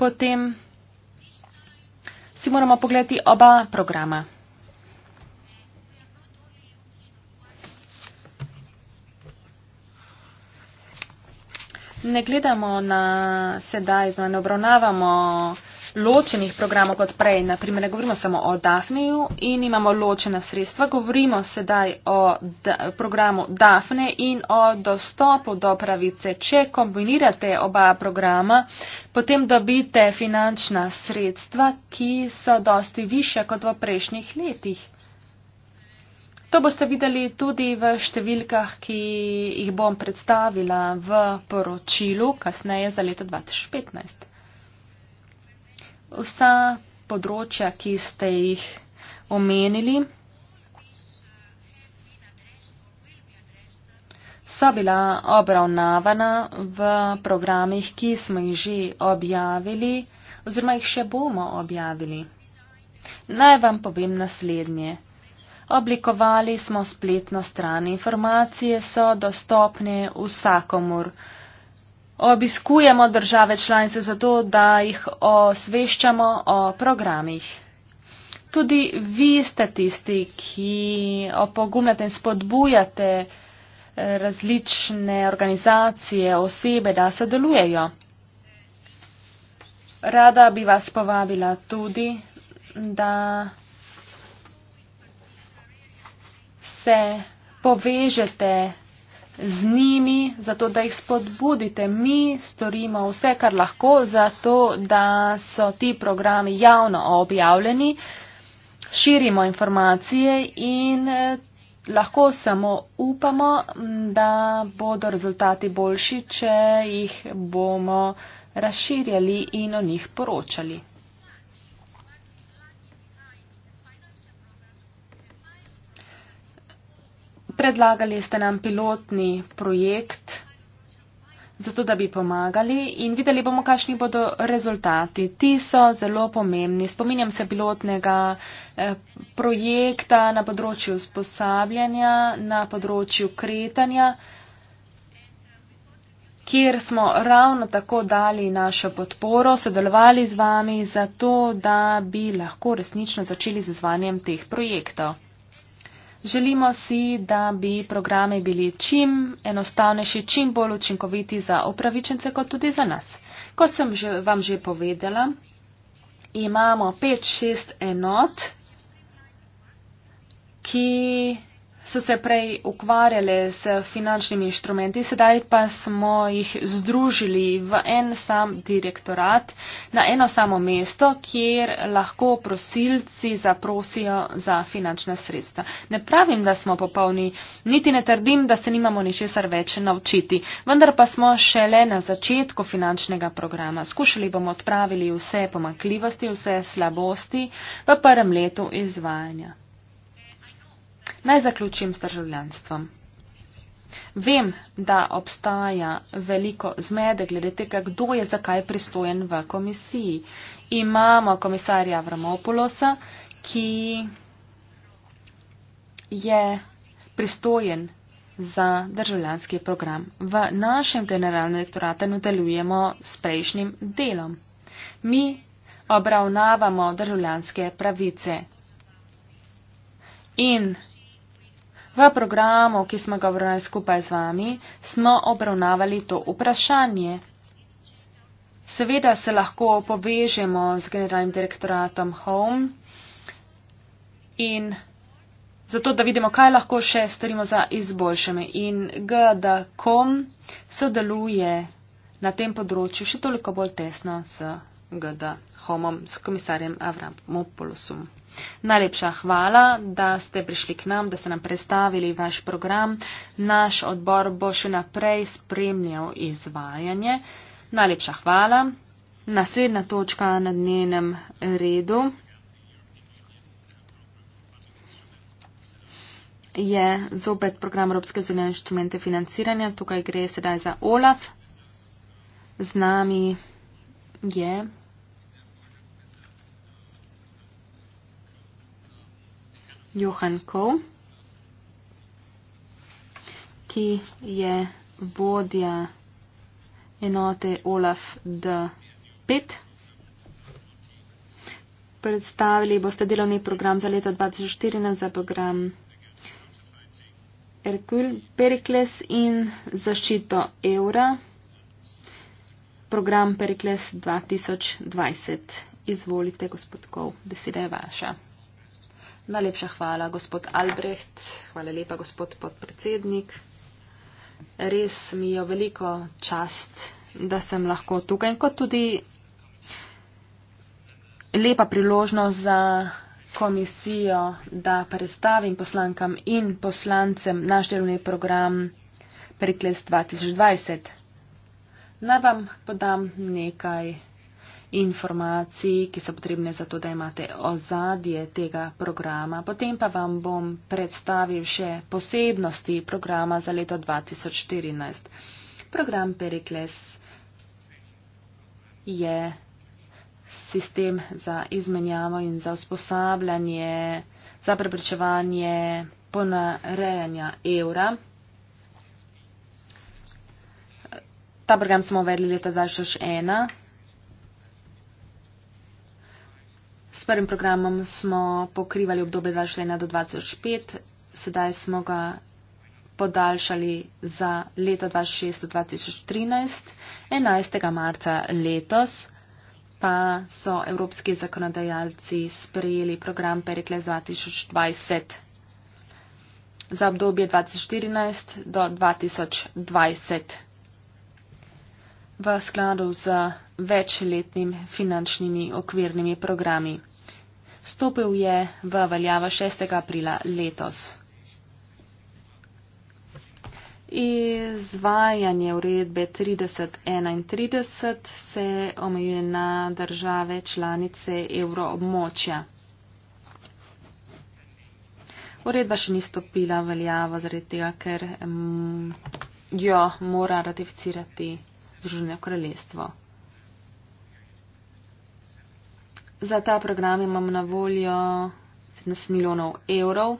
potem si moramo pogledati oba programa. ne gledamo na sedaj, torej ne obravnavamo ločenih programov kot prej. Naprimer, ne govorimo samo o Dafniju in imamo ločena sredstva, govorimo sedaj o da, programu Dafne in o dostopu do pravice. Če kombinirate oba programa, potem dobite finančna sredstva, ki so dosti više kot v prejšnjih letih. To boste videli tudi v številkah, ki jih bom predstavila v poročilu kasneje za leto 2015. Vsa področja, ki ste jih omenili, so bila obravnavana v programih, ki smo jih že objavili oziroma jih še bomo objavili. Naj vam povem naslednje. Oblikovali smo spletno stran. Informacije so dostopne vsakomur. Obiskujemo države članice zato, da jih osveščamo o programih. Tudi vi ste tisti, ki opogumljate in spodbujate eh, različne organizacije, osebe, da sodelujejo. Rada bi vas povabila tudi, da se povežete z njimi, zato da jih spodbudite. Mi storimo vse, kar lahko, zato da so ti programi javno objavljeni, širimo informacije in eh, lahko samo upamo, da bodo rezultati boljši, če jih bomo razširjali in o njih poročali. predlagali ste nam pilotni projekt, zato da bi pomagali in videli bomo, kakšni bodo rezultati. Ti so zelo pomembni. Spominjam se pilotnega eh, projekta na področju usposabljanja, na področju kretanja kjer smo ravno tako dali našo podporo, sodelovali z vami, zato da bi lahko resnično začeli z izvanjem teh projektov. Želimo si, da bi programe bili čim enostavnejši, čim bolj učinkoviti za upravičence, kot tudi za nas. Kot sem že, vam že povedala, imamo 5-6 enot, ki so se prej ukvarjale s finančnimi inštrumenti, sedaj pa smo jih združili v en sam direktorat, na eno samo mesto, kjer lahko prosilci zaprosijo za finančna sredstva. Ne pravim, da smo popolni, niti ne trdim, da se nimamo ničesar več naučiti, vendar pa smo šele na začetku finančnega programa. Skušali bomo odpraviti vse pomakljivosti, vse slabosti v prvem letu izvajanja. Naj zaključim s državljanstvom. Vem, da obstaja veliko zmede glede tega, kdo je zakaj pristojen v komisiji. Imamo komisarja Vramopolosa, ki je pristojen za državljanski program. V našem generalnem direktorate nadaljujemo s prejšnjim delom. Mi obravnavamo državljanske pravice. In V programu, ki smo ga obravnavali skupaj z vami, smo obravnavali to vprašanje. Seveda se lahko povežemo z generalnim direktoratom Home in zato, da vidimo, kaj lahko še storimo za izboljšanje. In GDCOM sodeluje na tem področju še toliko bolj tesno z GD Homom, s komisarjem Avram Mopolusom. Najlepša hvala, da ste prišli k nam, da ste nam predstavili vaš program. Naš odbor bo še naprej spremljal izvajanje. Najlepša hvala. Naslednja točka na dnevnem redu je zopet program Evropske zunanje inštrumente financiranja. Tukaj gre sedaj za OLAF. Z nami je. Yeah. Johan Kov, ki je vodja enote Olaf D. Pitt. Predstavili boste delovni program za leto 2014 za program Erkul Perikles in zaščito evra. Program Perikles 2020. Izvolite, gospod Kov, beseda je vaša. Najlepša hvala, gospod Albrecht, hvala lepa, gospod podpredsednik. Res mi je veliko čast, da sem lahko tukaj, kot tudi lepa priložnost za komisijo, da predstavim poslankam in poslancem naš delovni program Priklest 2020. Naj vam podam nekaj informacij, ki so potrebne za to, da imate ozadje tega programa. Potem pa vam bom predstavil še posebnosti programa za leto 2014. Program Perikles je sistem za izmenjavo in za usposabljanje, za preprečevanje ponarejanja evra. Ta program smo uvedli leta 2001. S prvim programom smo pokrivali obdobje 2021 do 2005, sedaj smo ga podaljšali za leto 2006 do 2013. 11. marca letos pa so evropski zakonodajalci sprejeli program Perikles 2020 za obdobje 2014 do 2020. V skladu z večletnim finančnimi okvirnimi programi. Stopil je v veljavo 6. aprila letos. Izvajanje uredbe 3031 se omejuje na države članice evroobmočja. Uredba še ni stopila v veljavo zaradi tega, ker mm, jo mora ratificirati Združeno kraljestvo. Za ta program imam na voljo 17 milijonov evrov.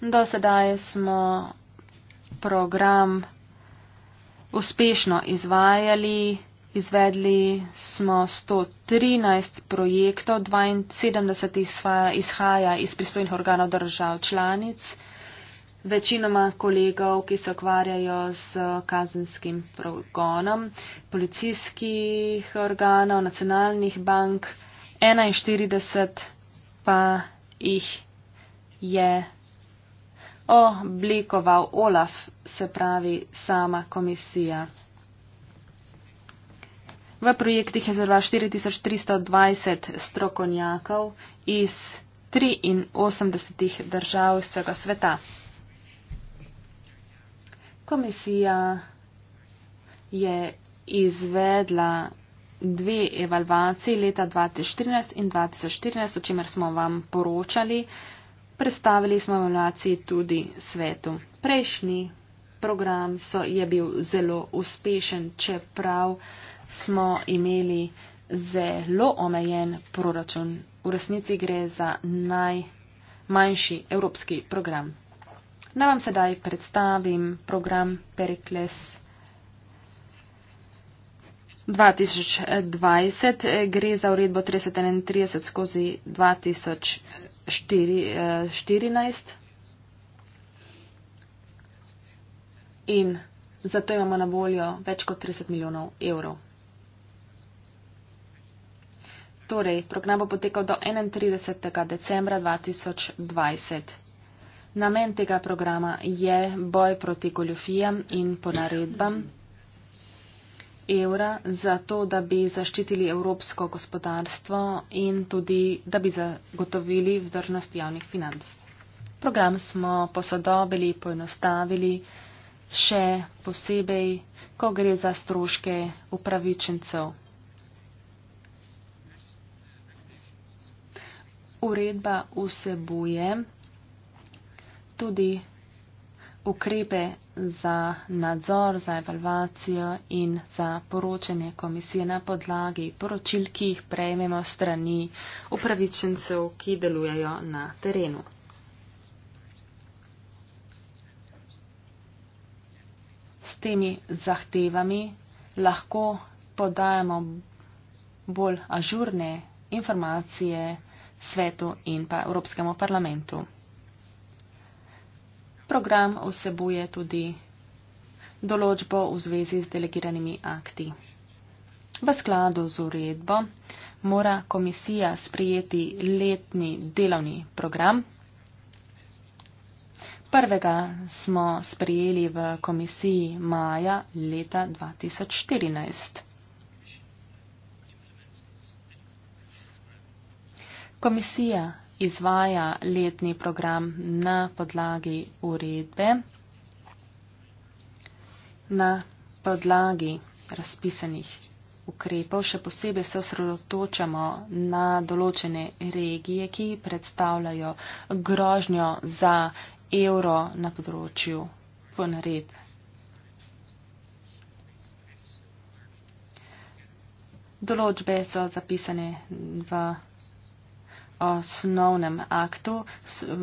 Do sedaj smo program uspešno izvajali, izvedli smo 113 projektov, 72 izhaja iz pristojnih organov držav članic večinoma kolegov, ki se okvarjajo z eh, kazenskim progonom, policijskih organov, nacionalnih bank, 41 pa jih je oblikoval Olaf, se pravi sama komisija. V projektih je zelo 4320 strokovnjakov iz 83 držav vsega sveta. Komisija je izvedla dve evalvaciji leta 2013 in 2014, o čemer smo vam poročali. Predstavili smo evalvaciji tudi svetu. Prejšnji program so, je bil zelo uspešen, čeprav smo imeli zelo omejen proračun. V resnici gre za najmanjši evropski program. Naj vam sedaj predstavim program Perikles 2020. Gre za uredbo 331 skozi 2014. In zato imamo na voljo več kot 30 milijonov evrov. Torej, program bo potekal do 31. decembra 2020. Namen tega programa je boj proti goljofijam in ponaredbam evra za to, da bi zaščitili evropsko gospodarstvo in tudi, da bi zagotovili vzdržnost javnih financ. Program smo posodobili, poenostavili, še posebej, ko gre za stroške upravičencev. Uredba vsebuje tudi ukrepe za nadzor, za evalvacijo in za poročanje komisije na podlagi poročil, ki jih prejmemo strani upravičencev, ki delujejo na terenu. S temi zahtevami lahko podajamo bolj ažurne informacije svetu in pa Evropskemu parlamentu. Program vsebuje tudi določbo v zvezi z delegiranimi akti. V skladu z uredbo mora komisija sprijeti letni delovni program. Prvega smo sprijeli v komisiji maja leta 2014. Komisija izvaja letni program na podlagi uredbe, na podlagi razpisanih ukrepov. Še posebej se osredotočamo na določene regije, ki predstavljajo grožnjo za evro na področju ponaredb. Določbe so zapisane v osnovnem aktu.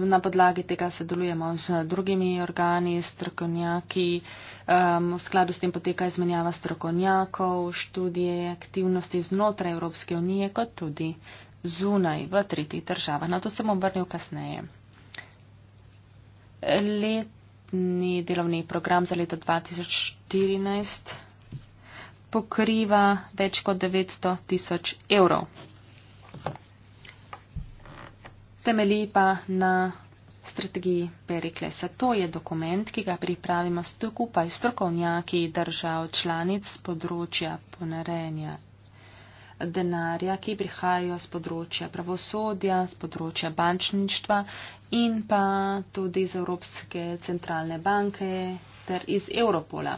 Na podlagi tega se delujemo z drugimi organi, strokovnjaki. Um, v skladu s tem poteka izmenjava strokovnjakov, študije, aktivnosti znotraj Evropske unije, kot tudi zunaj v tretji država. Na to se bom vrnil kasneje. Letni delovni program za leto 2014 pokriva več kot 900 tisoč evrov temelji pa na strategiji Periklesa. To je dokument, ki ga pripravimo skupaj s strokovnjaki držav članic z področja ponarejanja denarja, ki prihajajo z področja pravosodja, z področja bančništva in pa tudi iz Evropske centralne banke ter iz Europola.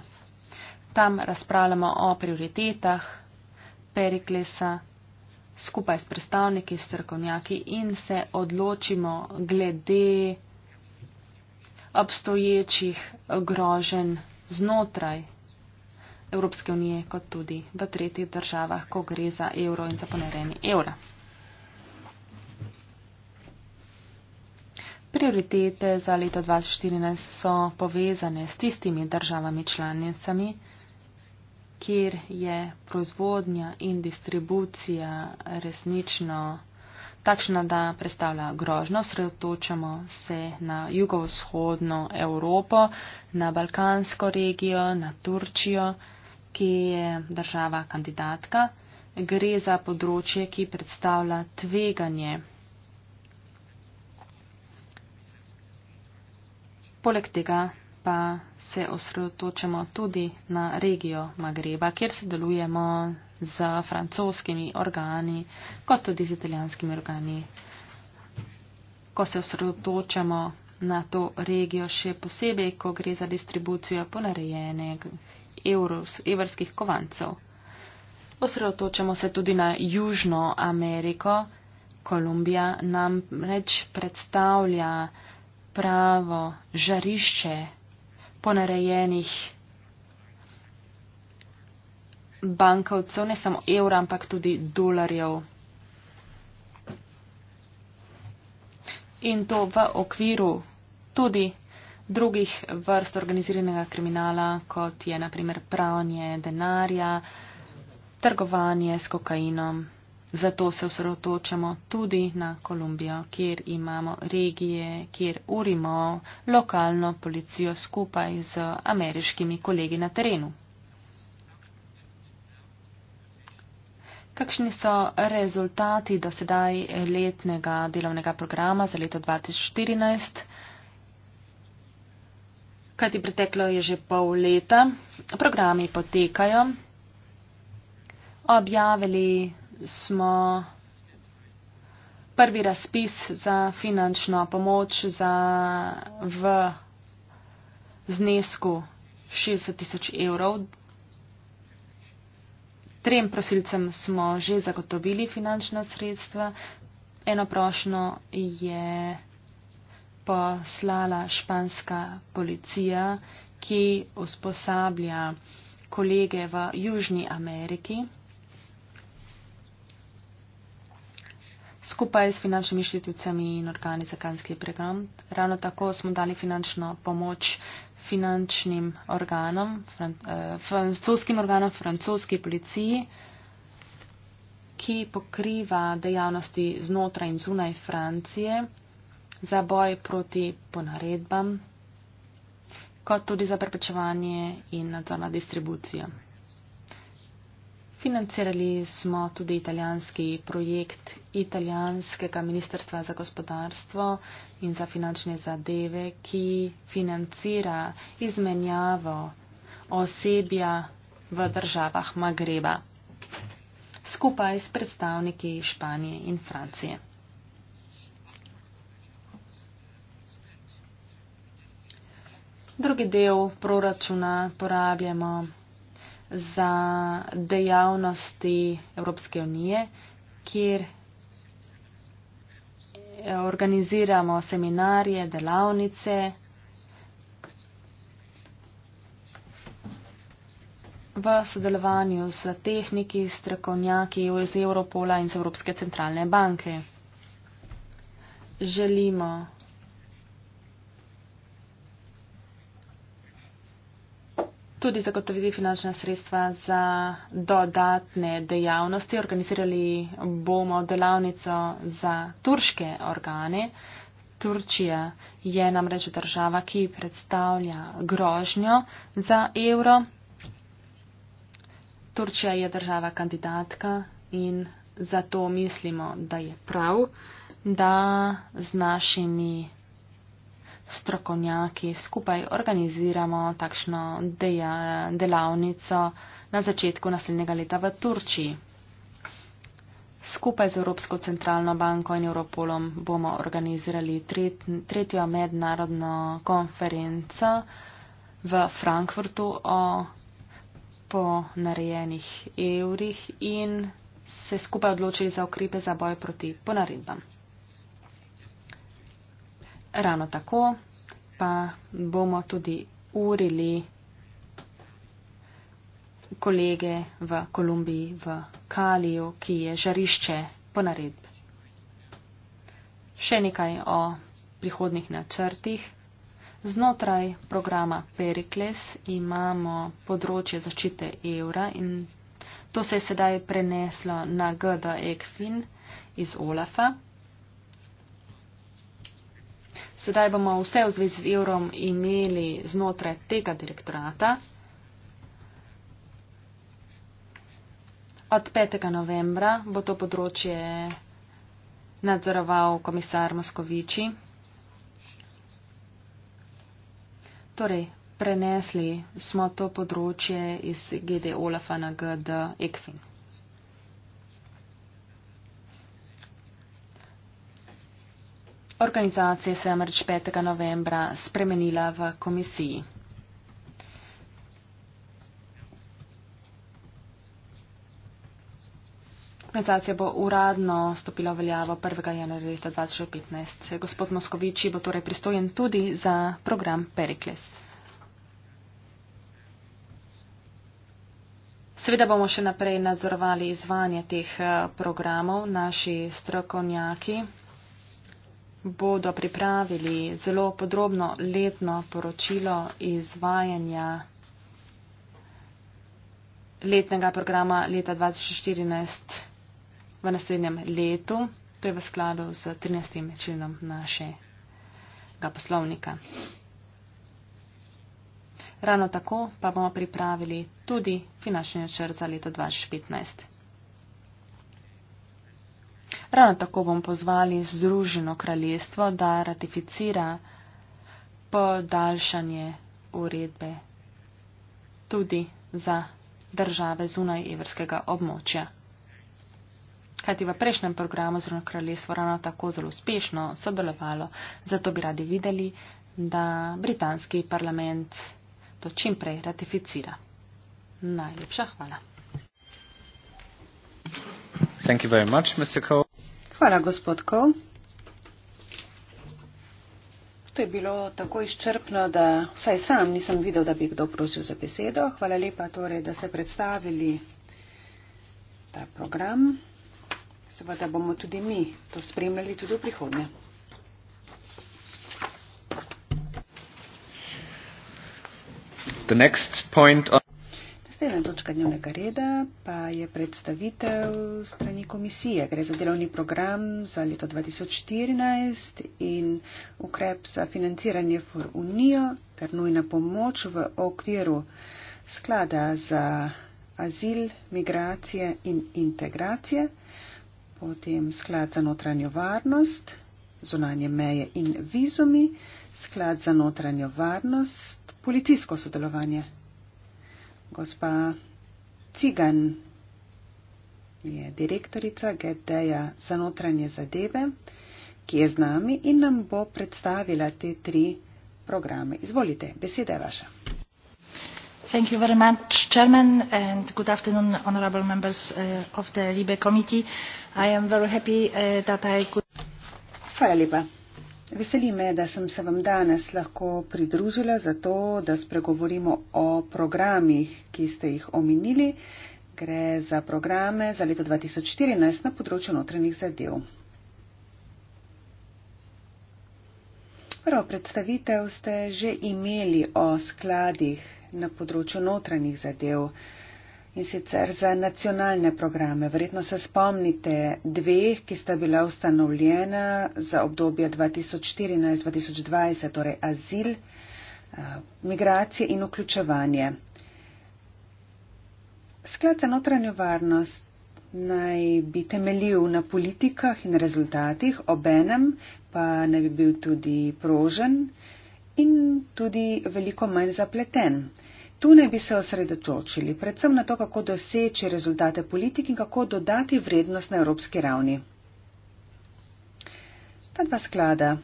Tam razpravljamo o prioritetah Periklesa skupaj s predstavniki, strkovnjaki in se odločimo glede obstoječih grožen znotraj Evropske unije, kot tudi v tretjih državah, ko gre za evro in za ponarejeni evra. Prioritete za leto 2014 so povezane s tistimi državami članicami, kjer je proizvodnja in distribucija resnično takšna, da predstavlja grožno. Sredotočamo se na jugovzhodno Evropo, na Balkansko regijo, na Turčijo, ki je država kandidatka. Gre za področje, ki predstavlja tveganje. Poleg tega pa se osredotočamo tudi na regijo Magreba, kjer sodelujemo z francoskimi organi, kot tudi z italijanskimi organi. Ko se osredotočamo na to regijo, še posebej, ko gre za distribucijo ponarejenih evrskih kovancev. Osredotočamo se tudi na Južno Ameriko. Kolumbija nam reč predstavlja pravo žarišče ponarejenih bankovcev, ne samo evra, ampak tudi dolarjev. In to v okviru tudi drugih vrst organiziranega kriminala, kot je naprimer pranje denarja, trgovanje s kokainom. Zato se osredotočamo tudi na Kolumbijo, kjer imamo regije, kjer urimo lokalno policijo skupaj z ameriškimi kolegi na terenu. Kakšni so rezultati do sedaj letnega delovnega programa za leto 2014? Kajti preteklo je že pol leta, programi potekajo, objavili smo prvi razpis za finančno pomoč za v znesku 60 tisoč evrov. Trem prosilcem smo že zagotovili finančna sredstva. Eno prošno je poslala španska policija, ki usposablja kolege v Južni Ameriki. skupaj s finančnimi inštitucijami in organi za kanski program. Ravno tako smo dali finančno pomoč finančnim organom, fran, eh, francoskim organom, francoski policiji, ki pokriva dejavnosti znotraj in zunaj Francije za boj proti ponaredbam, kot tudi za preprečevanje in nadzor nad distribucijo. Financirali smo tudi italijanski projekt italijanskega ministrstva za gospodarstvo in za finančne zadeve, ki financira izmenjavo osebja v državah Magreba skupaj s predstavniki Španije in Francije. Drugi del proračuna porabljamo za dejavnosti Evropske unije, kjer eh, organiziramo seminarje, delavnice. v sodelovanju s tehniki, strokovnjaki iz Evropola in z Evropske centralne banke. Želimo tudi zagotovili finančna sredstva za dodatne dejavnosti. Organizirali bomo delavnico za turške organe. Turčija je namreč država, ki predstavlja grožnjo za evro. Turčija je država kandidatka in zato mislimo, da je prav, da z našimi strokovnjaki skupaj organiziramo takšno deja, delavnico na začetku naslednjega leta v Turčiji. Skupaj z Evropsko centralno banko in Europolom bomo organizirali tret, tretjo mednarodno konferenco v Frankfurtu o ponarejenih evrih in se skupaj odločili za ukrepe za boj proti ponaredbam. Ravno tako pa bomo tudi urili kolege v Kolumbiji, v Kaliju, ki je žarišče po naredbi. Še nekaj o prihodnih načrtih. Znotraj programa Perikles imamo področje zaščite evra in to se je sedaj preneslo na GDA-ekfin iz OLAF-a. Sedaj bomo vse v zvezi z evrom imeli znotraj tega direktorata. Od 5. novembra bo to področje nadzoroval komisar Moskoviči. Torej, prenesli smo to področje iz GD Olafa na GD Ekfin. Organizacija se je namreč 5. novembra spremenila v komisiji. Organizacija bo uradno stopila v veljavo 1. januarja 2015. Gospod Moskovici bo torej pristojen tudi za program Perikles. Seveda bomo še naprej nadzorovali izvanje teh eh, programov, naši strokovnjaki bodo pripravili zelo podrobno letno poročilo izvajanja letnega programa leta 2014 v naslednjem letu. To je v skladu z 13. členom našega poslovnika. Ravno tako pa bomo pripravili tudi finančni načrt za leto 2015. Ravno tako bom pozvali Združeno kraljestvo, da ratificira podaljšanje uredbe tudi za države zunaj evrskega območja. Kajti v prejšnjem programu Združeno kraljestvo ravno tako zelo uspešno sodelovalo, zato bi radi videli, da britanski parlament to čimprej ratificira. Najlepša hvala. Thank you very much, Mr. Cole. Hvala, gospod Kov. To je bilo tako izčrpno, da vsaj sam nisem videl, da bi kdo prosil za besedo. Hvala lepa torej, da ste predstavili ta program. Seveda bomo tudi mi to spremljali tudi v prihodnje. The next point on Zdaj ena točka dnevnega reda, pa je predstavitev strani komisije. Gre za delovni program za leto 2014 in ukrep za financiranje for unijo ter nujna pomoč v okviru sklada za azil, migracije in integracije, potem sklad za notranjo varnost, zunanje meje in vizumi, sklad za notranjo varnost, policijsko sodelovanje gospa Cigan je direktorica GDA za notranje zadeve, ki je z nami in nam bo predstavila te tri programe. Izvolite, beseda je vaša. Thank you very much, Chairman, and good afternoon, honorable members uh, of the LIBE committee. I am very happy uh, that I could. Hvala lepa. Veseli me, da sem se vam danes lahko pridružila za to, da spregovorimo o programih, ki ste jih omenili. Gre za programe za leto 2014 na področju notranjih zadev. Prvo predstavitev ste že imeli o skladih na področju notranjih zadev in sicer za nacionalne programe. Verjetno se spomnite dveh, ki sta bila ustanovljena za obdobje 2014-2020, torej azil, eh, migracije in vključevanje. Sklad za notranjo varnost naj bi temeljil na politikah in rezultatih, obenem pa naj bi bil tudi prožen in tudi veliko manj zapleten tu ne bi se osredotočili predvsem na to, kako doseči rezultate politik in kako dodati vrednost na evropski ravni. Ta dva sklada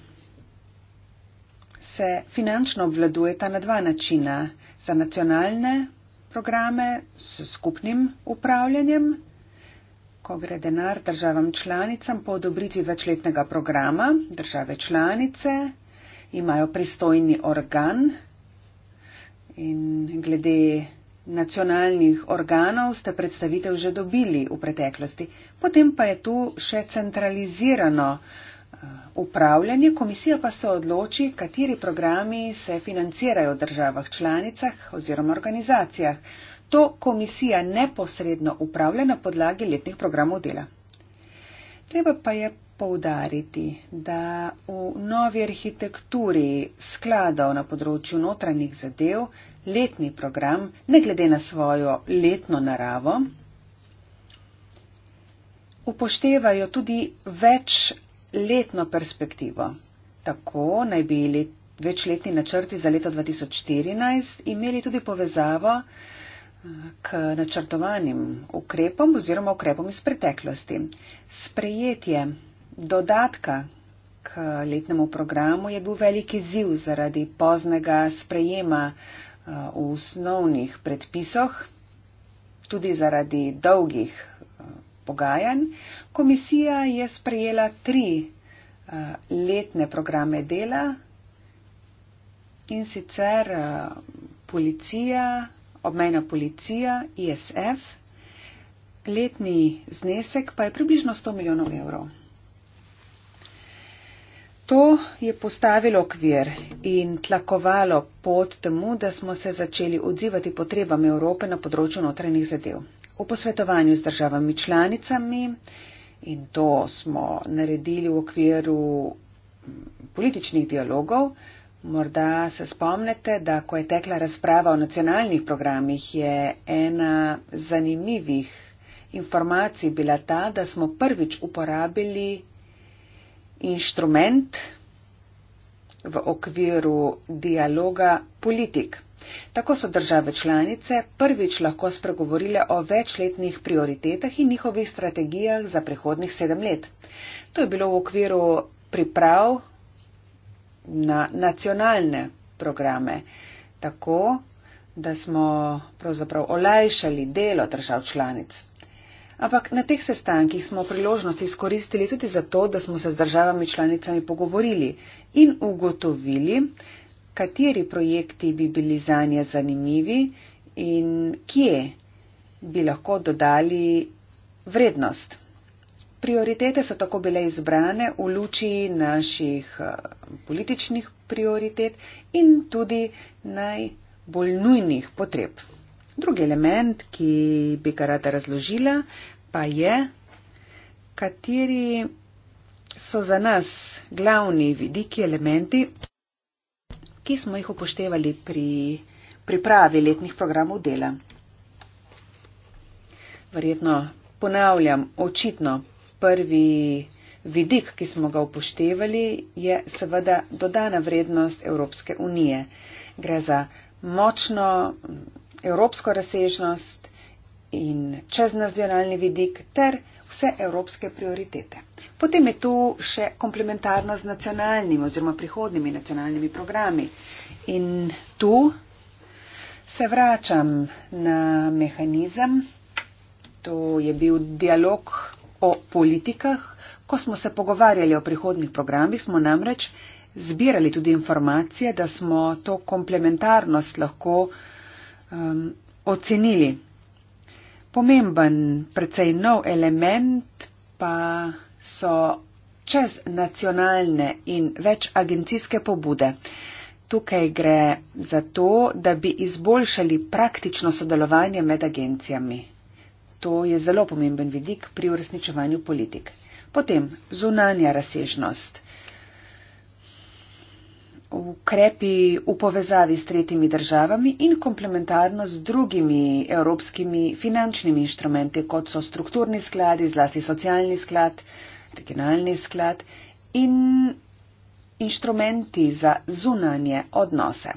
se finančno obvladujeta na dva načina. Za nacionalne programe s skupnim upravljanjem, ko gre denar državam članicam po odobritvi večletnega programa, države članice imajo pristojni organ, In glede nacionalnih organov ste predstavitev že dobili v preteklosti. Potem pa je tu še centralizirano eh, upravljanje, komisija pa se odloči, kateri programi se financirajo v državah članicah oziroma organizacijah. To komisija neposredno upravlja na podlagi letnih programov dela. Treba pa je poudariti, da v novi arhitekturi skladov na področju notranjih zadev letni program, ne glede na svojo letno naravo, upoštevajo tudi večletno perspektivo. Tako naj bi let, večletni načrti za leto 2014 imeli tudi povezavo eh, k načrtovanim ukrepom oziroma ukrepom iz preteklosti. Sprejetje dodatka k letnemu programu je bil veliki ziv zaradi poznega sprejema eh, v osnovnih predpisoh, tudi zaradi dolgih eh, pogajanj. Komisija je sprejela tri eh, letne programe dela in sicer policija, obmejna policija, ISF. Letni znesek pa je približno 100 milijonov evrov. To je postavilo okvir in tlakovalo pot temu, da smo se začeli odzivati potrebam Evrope na področju notranjih zadev. V posvetovanju z državami članicami in to smo naredili v okviru mm, političnih dialogov, morda se spomnite, da ko je tekla razprava o nacionalnih programih, je ena zanimivih informacij bila ta, da smo prvič uporabili inštrument v okviru dialoga politik. Tako so države članice prvič lahko spregovorile o večletnih prioritetah in njihovih strategijah za prihodnih sedem let. To je bilo v okviru priprav na nacionalne programe, tako da smo pravzaprav olajšali delo držav članic. Ampak na teh sestankih smo priložnosti izkoristili tudi zato, da smo se z državami članicami pogovorili in ugotovili, kateri projekti bi bili za nje zanimivi in kje bi lahko dodali vrednost. Prioritete so tako bile izbrane v luči naših eh, političnih prioritet in tudi najbolj nujnih potreb. Drugi element, ki bi ga rada razložila, pa je, kateri so za nas glavni vidiki elementi, ki smo jih upoštevali pri pripravi letnih programov dela. Verjetno ponavljam, očitno prvi vidik, ki smo ga upoštevali, je seveda dodana vrednost Evropske unije. Gre za močno evropsko razsežnost in čeznacionalni vidik ter vse evropske prioritete. Potem je tu še komplementarno z nacionalnimi oziroma prihodnimi nacionalnimi programi. In tu se vračam na mehanizem, to je bil dialog o politikah. Ko smo se pogovarjali o prihodnih programih, smo namreč zbirali tudi informacije, da smo to komplementarnost lahko uh, um, ocenili. Pomemben, precej nov element pa so čez nacionalne in več agencijske pobude. Tukaj gre za to, da bi izboljšali praktično sodelovanje med agencijami. To je zelo pomemben vidik pri uresničevanju politik. Potem zunanja razsežnost ukrepi v povezavi s tretjimi državami in komplementarno z drugimi evropskimi finančnimi inštrumenti, kot so strukturni skladi, zlasti socialni sklad, regionalni sklad in inštrumenti za zunanje odnose.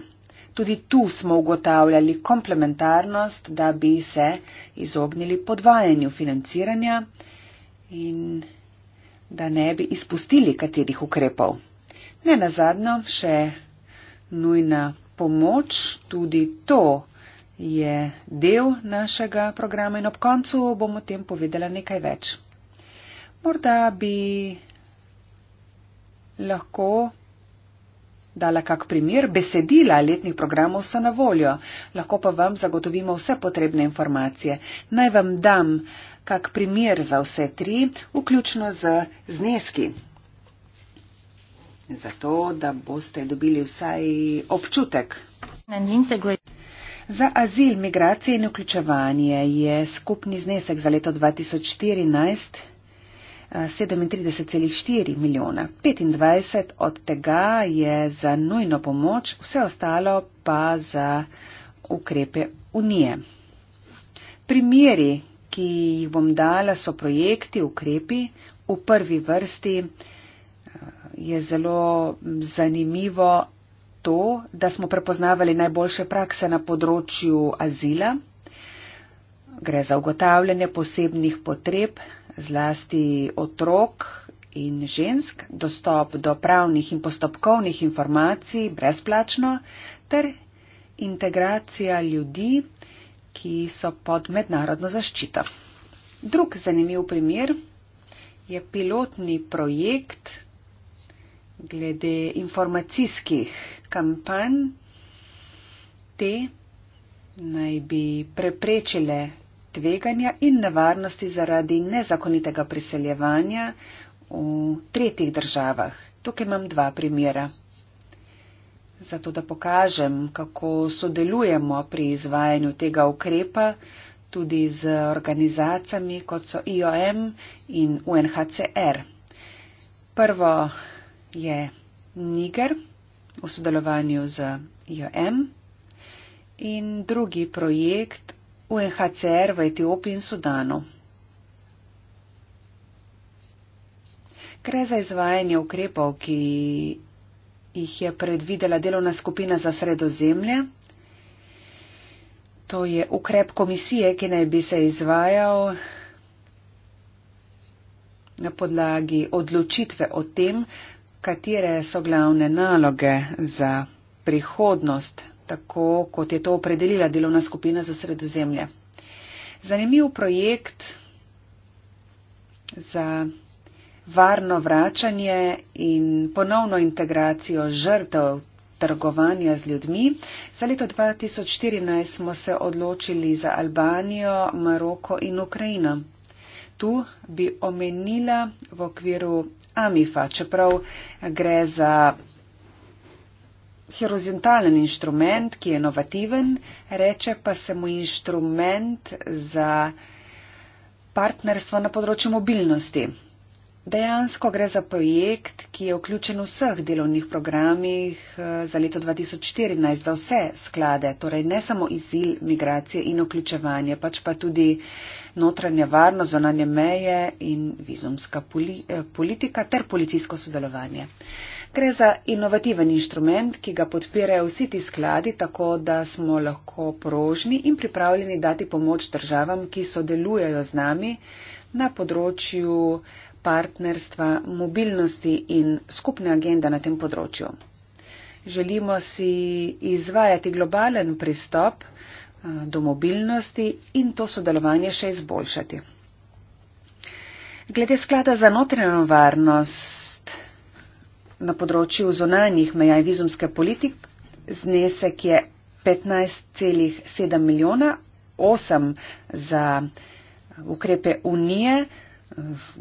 Tudi tu smo ugotavljali komplementarnost, da bi se izognili podvajanju financiranja in da ne bi izpustili katerih ukrepov ne nazadno še nujna pomoč, tudi to je del našega programa in ob koncu bom o tem povedala nekaj več. Morda bi lahko dala kak primer, besedila letnih programov so na voljo, lahko pa vam zagotovimo vse potrebne informacije. Naj vam dam kak primer za vse tri, vključno z zneski zato da boste dobili vsaj občutek. Za azil, migracije in vključevanje je skupni znesek za leto 2014. 37,4 eh, milijona. 25 od tega je za nujno pomoč, vse ostalo pa za ukrepe unije. Primeri, ki jih bom dala, so projekti, ukrepi, v prvi vrsti uh, je zelo zanimivo to, da smo prepoznavali najboljše prakse na področju azila. Gre za ugotavljanje posebnih potreb, zlasti otrok in žensk, dostop do pravnih in postopkovnih informacij brezplačno ter integracija ljudi, ki so pod mednarodno zaščito. Drug zanimiv primer je pilotni projekt glede informacijskih kampanj. Te naj bi preprečile tveganja in nevarnosti zaradi nezakonitega priseljevanja v tretjih državah. Tukaj imam dva primera. Zato, da pokažem, kako sodelujemo pri izvajanju tega ukrepa tudi z organizacijami, kot so IOM in UNHCR. Prvo je Niger v sodelovanju z IOM in drugi projekt UNHCR v Etiopiji in Sudanu. Gre za izvajanje ukrepov, ki jih je predvidela delovna skupina za sredozemlje. To je ukrep komisije, ki naj bi se izvajal na podlagi odločitve o tem, katere so glavne naloge za prihodnost, tako kot je to opredelila delovna skupina za sredozemlje. Zanimiv projekt za varno vračanje in ponovno integracijo žrtev trgovanja z ljudmi. Za leto 2014 smo se odločili za Albanijo, Maroko in Ukrajino tu bi omenila v okviru amifa, čeprav gre za horizontalen inštrument, ki je inovativen, reče pa se mu inštrument za partnerstvo na področju mobilnosti. Dejansko gre za projekt, ki je vključen v vseh delovnih programih eh, za leto 2014, za vse sklade, torej ne samo izil, migracije in vključevanje, pač pa tudi notranja varnost, zonanje meje in vizumska eh, politika ter policijsko sodelovanje. Gre za inovativen inštrument, ki ga podpirajo vsi ti skladi, tako da smo lahko prožni in pripravljeni dati pomoč državam, ki sodelujejo z nami na področju partnerstva, mobilnosti in skupne agenda na tem področju. Želimo si izvajati globalen pristop eh, do mobilnosti in to sodelovanje še izboljšati. Glede sklada za notranjo varnost na področju zonanjih meja in vizumske politik, znesek je 15,7 milijona, 8 za ukrepe unije,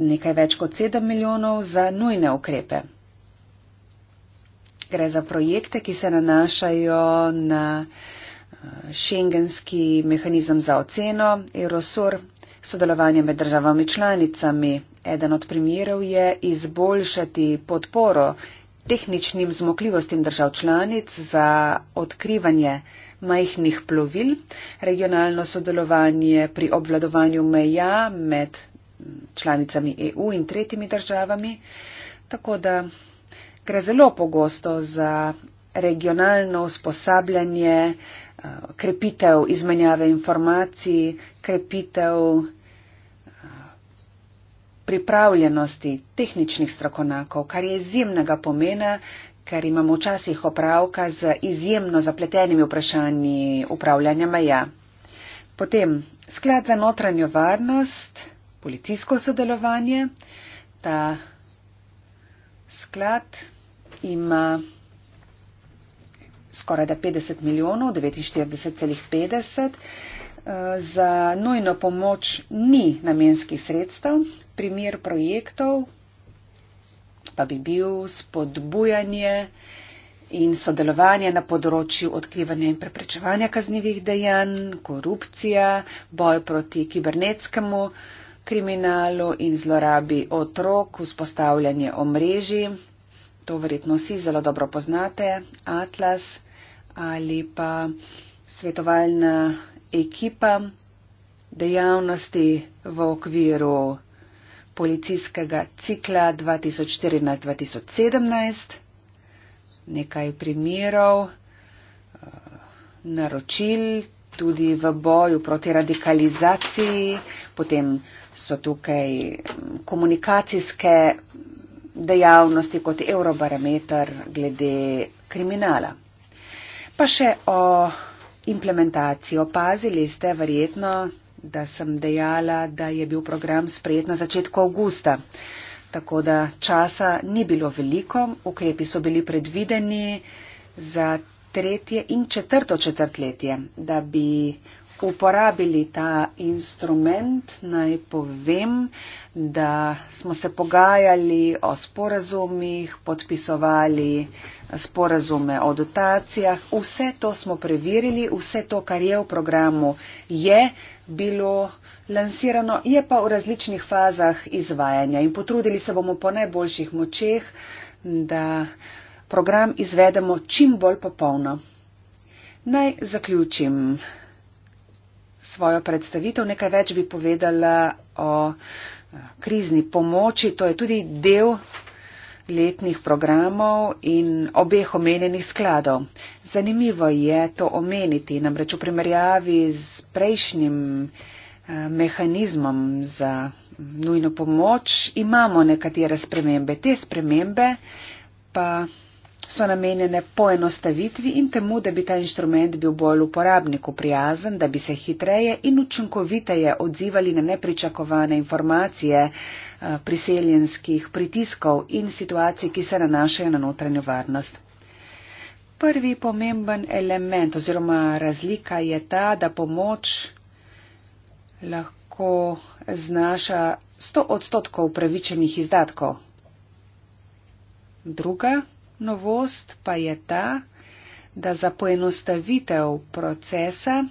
nekaj več kot 7 milijonov za nujne ukrepe. Gre za projekte, ki se nanašajo na eh, šengenski mehanizem za oceno, Eurosur, sodelovanje med državami članicami. Eden od primerov je izboljšati podporo tehničnim zmokljivostim držav članic za odkrivanje majhnih plovil, regionalno sodelovanje pri obvladovanju meja med članicami EU in tretjimi državami. Tako da gre zelo pogosto za regionalno usposabljanje, eh, krepitev izmenjave informacij, krepitev eh, pripravljenosti tehničnih strokovnjakov, kar je izjemnega pomena, ker imamo včasih opravka z izjemno zapletenimi vprašanji upravljanja meja. Potem sklad za notranjo varnost policijsko sodelovanje. Ta sklad ima skoraj da 50 milijonov, 49,50. Eh, za nujno pomoč ni namenskih sredstev. Primer projektov pa bi bil spodbujanje in sodelovanje na področju odkrivanja in preprečevanja kaznjivih dejanj, korupcija, boj proti kibernetskemu kriminalu in zlorabi otrok, vzpostavljanje omrežji, to verjetno vsi zelo dobro poznate, Atlas ali pa svetovalna ekipa dejavnosti v okviru policijskega cikla 2014-2017, nekaj primerov, eh, naročil tudi v boju proti radikalizaciji, potem so tukaj mm, komunikacijske dejavnosti kot eurobarometer glede kriminala. Pa še o implementaciji. Opazili ste verjetno, da sem dejala, da je bil program sprejet na začetku avgusta. Tako da časa ni bilo veliko, ukrepi so bili predvideni za tretje in četrto četrtletje, da bi uporabili ta instrument. Naj povem, da smo se pogajali o sporazumih, podpisovali sporazume o dotacijah. Vse to smo preverili, vse to, kar je v programu, je bilo lansirano, je pa v različnih fazah izvajanja in potrudili se bomo po najboljših močeh, da program izvedemo čim bolj popolno. Naj zaključim svojo predstavitev. Nekaj več bi povedala o eh, krizni pomoči. To je tudi del letnih programov in obeh omenjenih skladov. Zanimivo je to omeniti, namreč v primerjavi z prejšnjim eh, mehanizmom za nujno pomoč imamo nekatere spremembe. Te spremembe pa so namenjene poenostavitvi in temu, da bi ta inštrument bil bolj uporabniku prijazen, da bi se hitreje in učinkoviteje odzivali na nepričakovane informacije eh, priseljenskih pritiskov in situacij, ki se nanašajo na notranjo varnost. Prvi pomemben element oziroma razlika je ta, da pomoč lahko znaša 100 odstotkov upravičenih izdatkov. Druga Novost pa je ta, da za poenostavitev procesa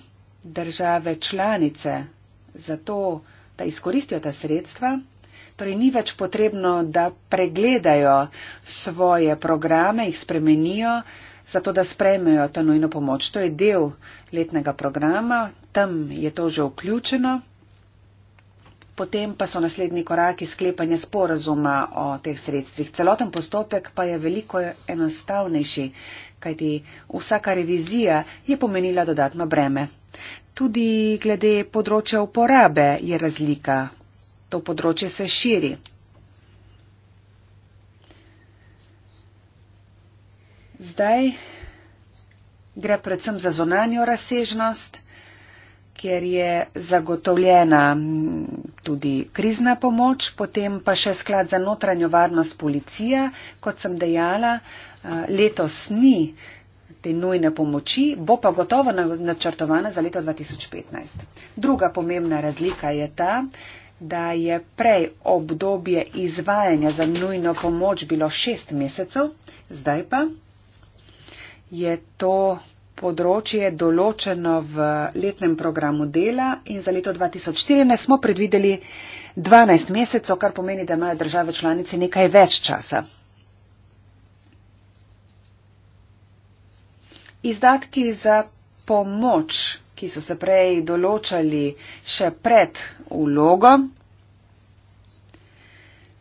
države članice za to, da izkoristijo ta sredstva, torej ni več potrebno, da pregledajo svoje programe, jih spremenijo, zato da sprejmejo ta nujno pomoč. To je del letnega programa, tam je to že vključeno potem pa so naslednji koraki sklepanje sporazuma o teh sredstvih. Celoten postopek pa je veliko enostavnejši, kajti vsaka revizija je pomenila dodatno breme. Tudi glede področja uporabe je razlika. To področje se širi. Zdaj gre predvsem za zonanjo razsežnost, kjer je zagotovljena tudi krizna pomoč, potem pa še sklad za notranjo varnost policija. Kot sem dejala, eh, letos ni te nujne pomoči, bo pa gotovo načrtovana za leto 2015. Druga pomembna razlika je ta, da je prej obdobje izvajanja za nujno pomoč bilo šest mesecev, zdaj pa je to področje določeno v letnem programu dela in za leto 2014 smo predvideli 12 mesecev, kar pomeni, da imajo države članice nekaj več časa. Izdatki za pomoč, ki so se prej določali še pred vlogo,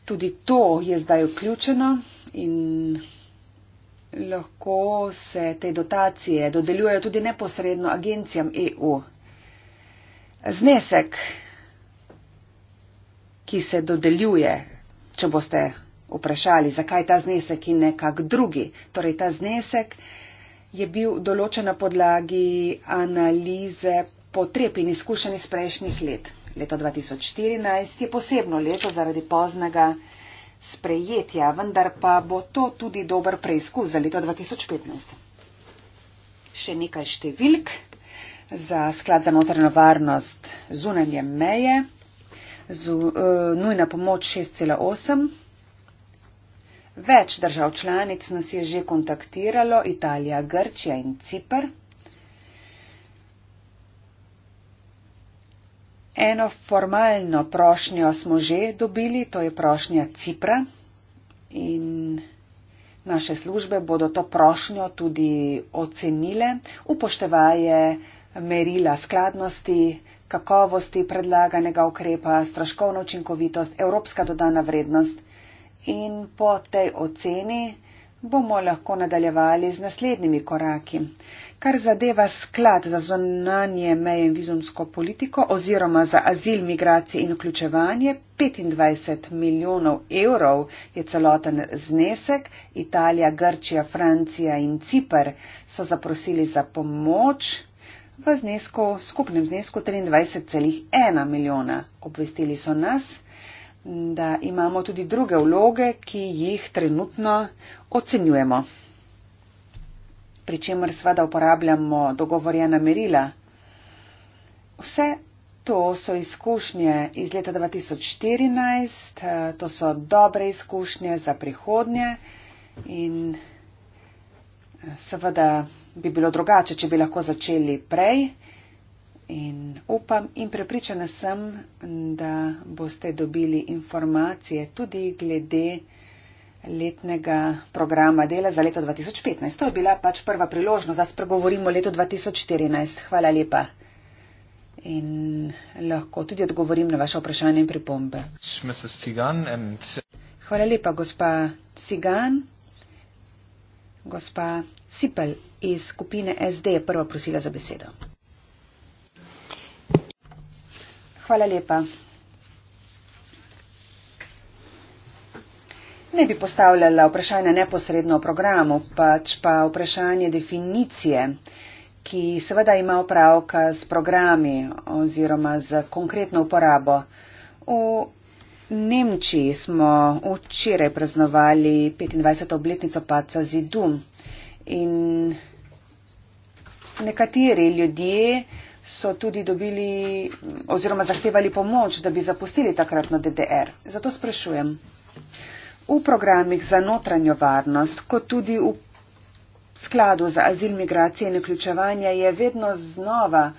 tudi to je zdaj vključeno in lahko se te dotacije dodeljujejo tudi neposredno agencijam EU. Znesek, ki se dodeljuje, če boste vprašali, zakaj ta znesek in nekak drugi, torej ta znesek je bil določen na podlagi analize potreb in izkušenj iz prejšnjih let. Leto 2014 je posebno leto zaradi poznega sprejetja, vendar pa bo to tudi dober preizkus za leto 2015. Še nekaj številk za sklad za notranjo varnost zunanje meje. Z, uh, e, nujna pomoč 6,8. Več držav članic nas je že kontaktiralo, Italija, Grčija in Cipr. Eno formalno prošnjo smo že dobili, to je prošnja Cipra in naše službe bodo to prošnjo tudi ocenile, upoštevaje merila skladnosti, kakovosti predlaganega ukrepa, stroškovno učinkovitost, evropska dodana vrednost in po tej oceni bomo lahko nadaljevali z naslednjimi koraki kar zadeva sklad za zonanje meje in vizumsko politiko oziroma za azil, migracije in vključevanje. 25 milijonov evrov je celoten znesek. Italija, Grčija, Francija in Cipr so zaprosili za pomoč v znesku, skupnem znesku 23,1 milijona. Obvestili so nas da imamo tudi druge vloge, ki jih trenutno ocenjujemo pri čemer sveda uporabljamo dogovorjena merila. Vse to so izkušnje iz leta 2014, eh, to so dobre izkušnje za prihodnje in eh, seveda bi bilo drugače, če bi lahko začeli prej. In upam in prepričana sem, da boste dobili informacije tudi glede letnega programa dela za leto 2015. To je bila pač prva priložnost, da spregovorimo o letu 2014. Hvala lepa. In lahko tudi odgovorim na vaše vprašanje in pripombe. Hvala lepa, gospa Cigan. Gospa Sipel iz skupine SD je prva prosila za besedo. Hvala lepa. ne bi postavljala vprašanja neposredno o programu, pač pa vprašanje definicije, ki seveda ima opravka s programi oziroma z konkretno uporabo. V Nemčiji smo včeraj praznovali 25. obletnico paca Zidu in nekateri ljudje so tudi dobili oziroma zahtevali pomoč, da bi zapustili takratno DDR. Zato sprašujem v programih za notranjo varnost, kot tudi v skladu za azil, migracije in vključevanje je vedno znova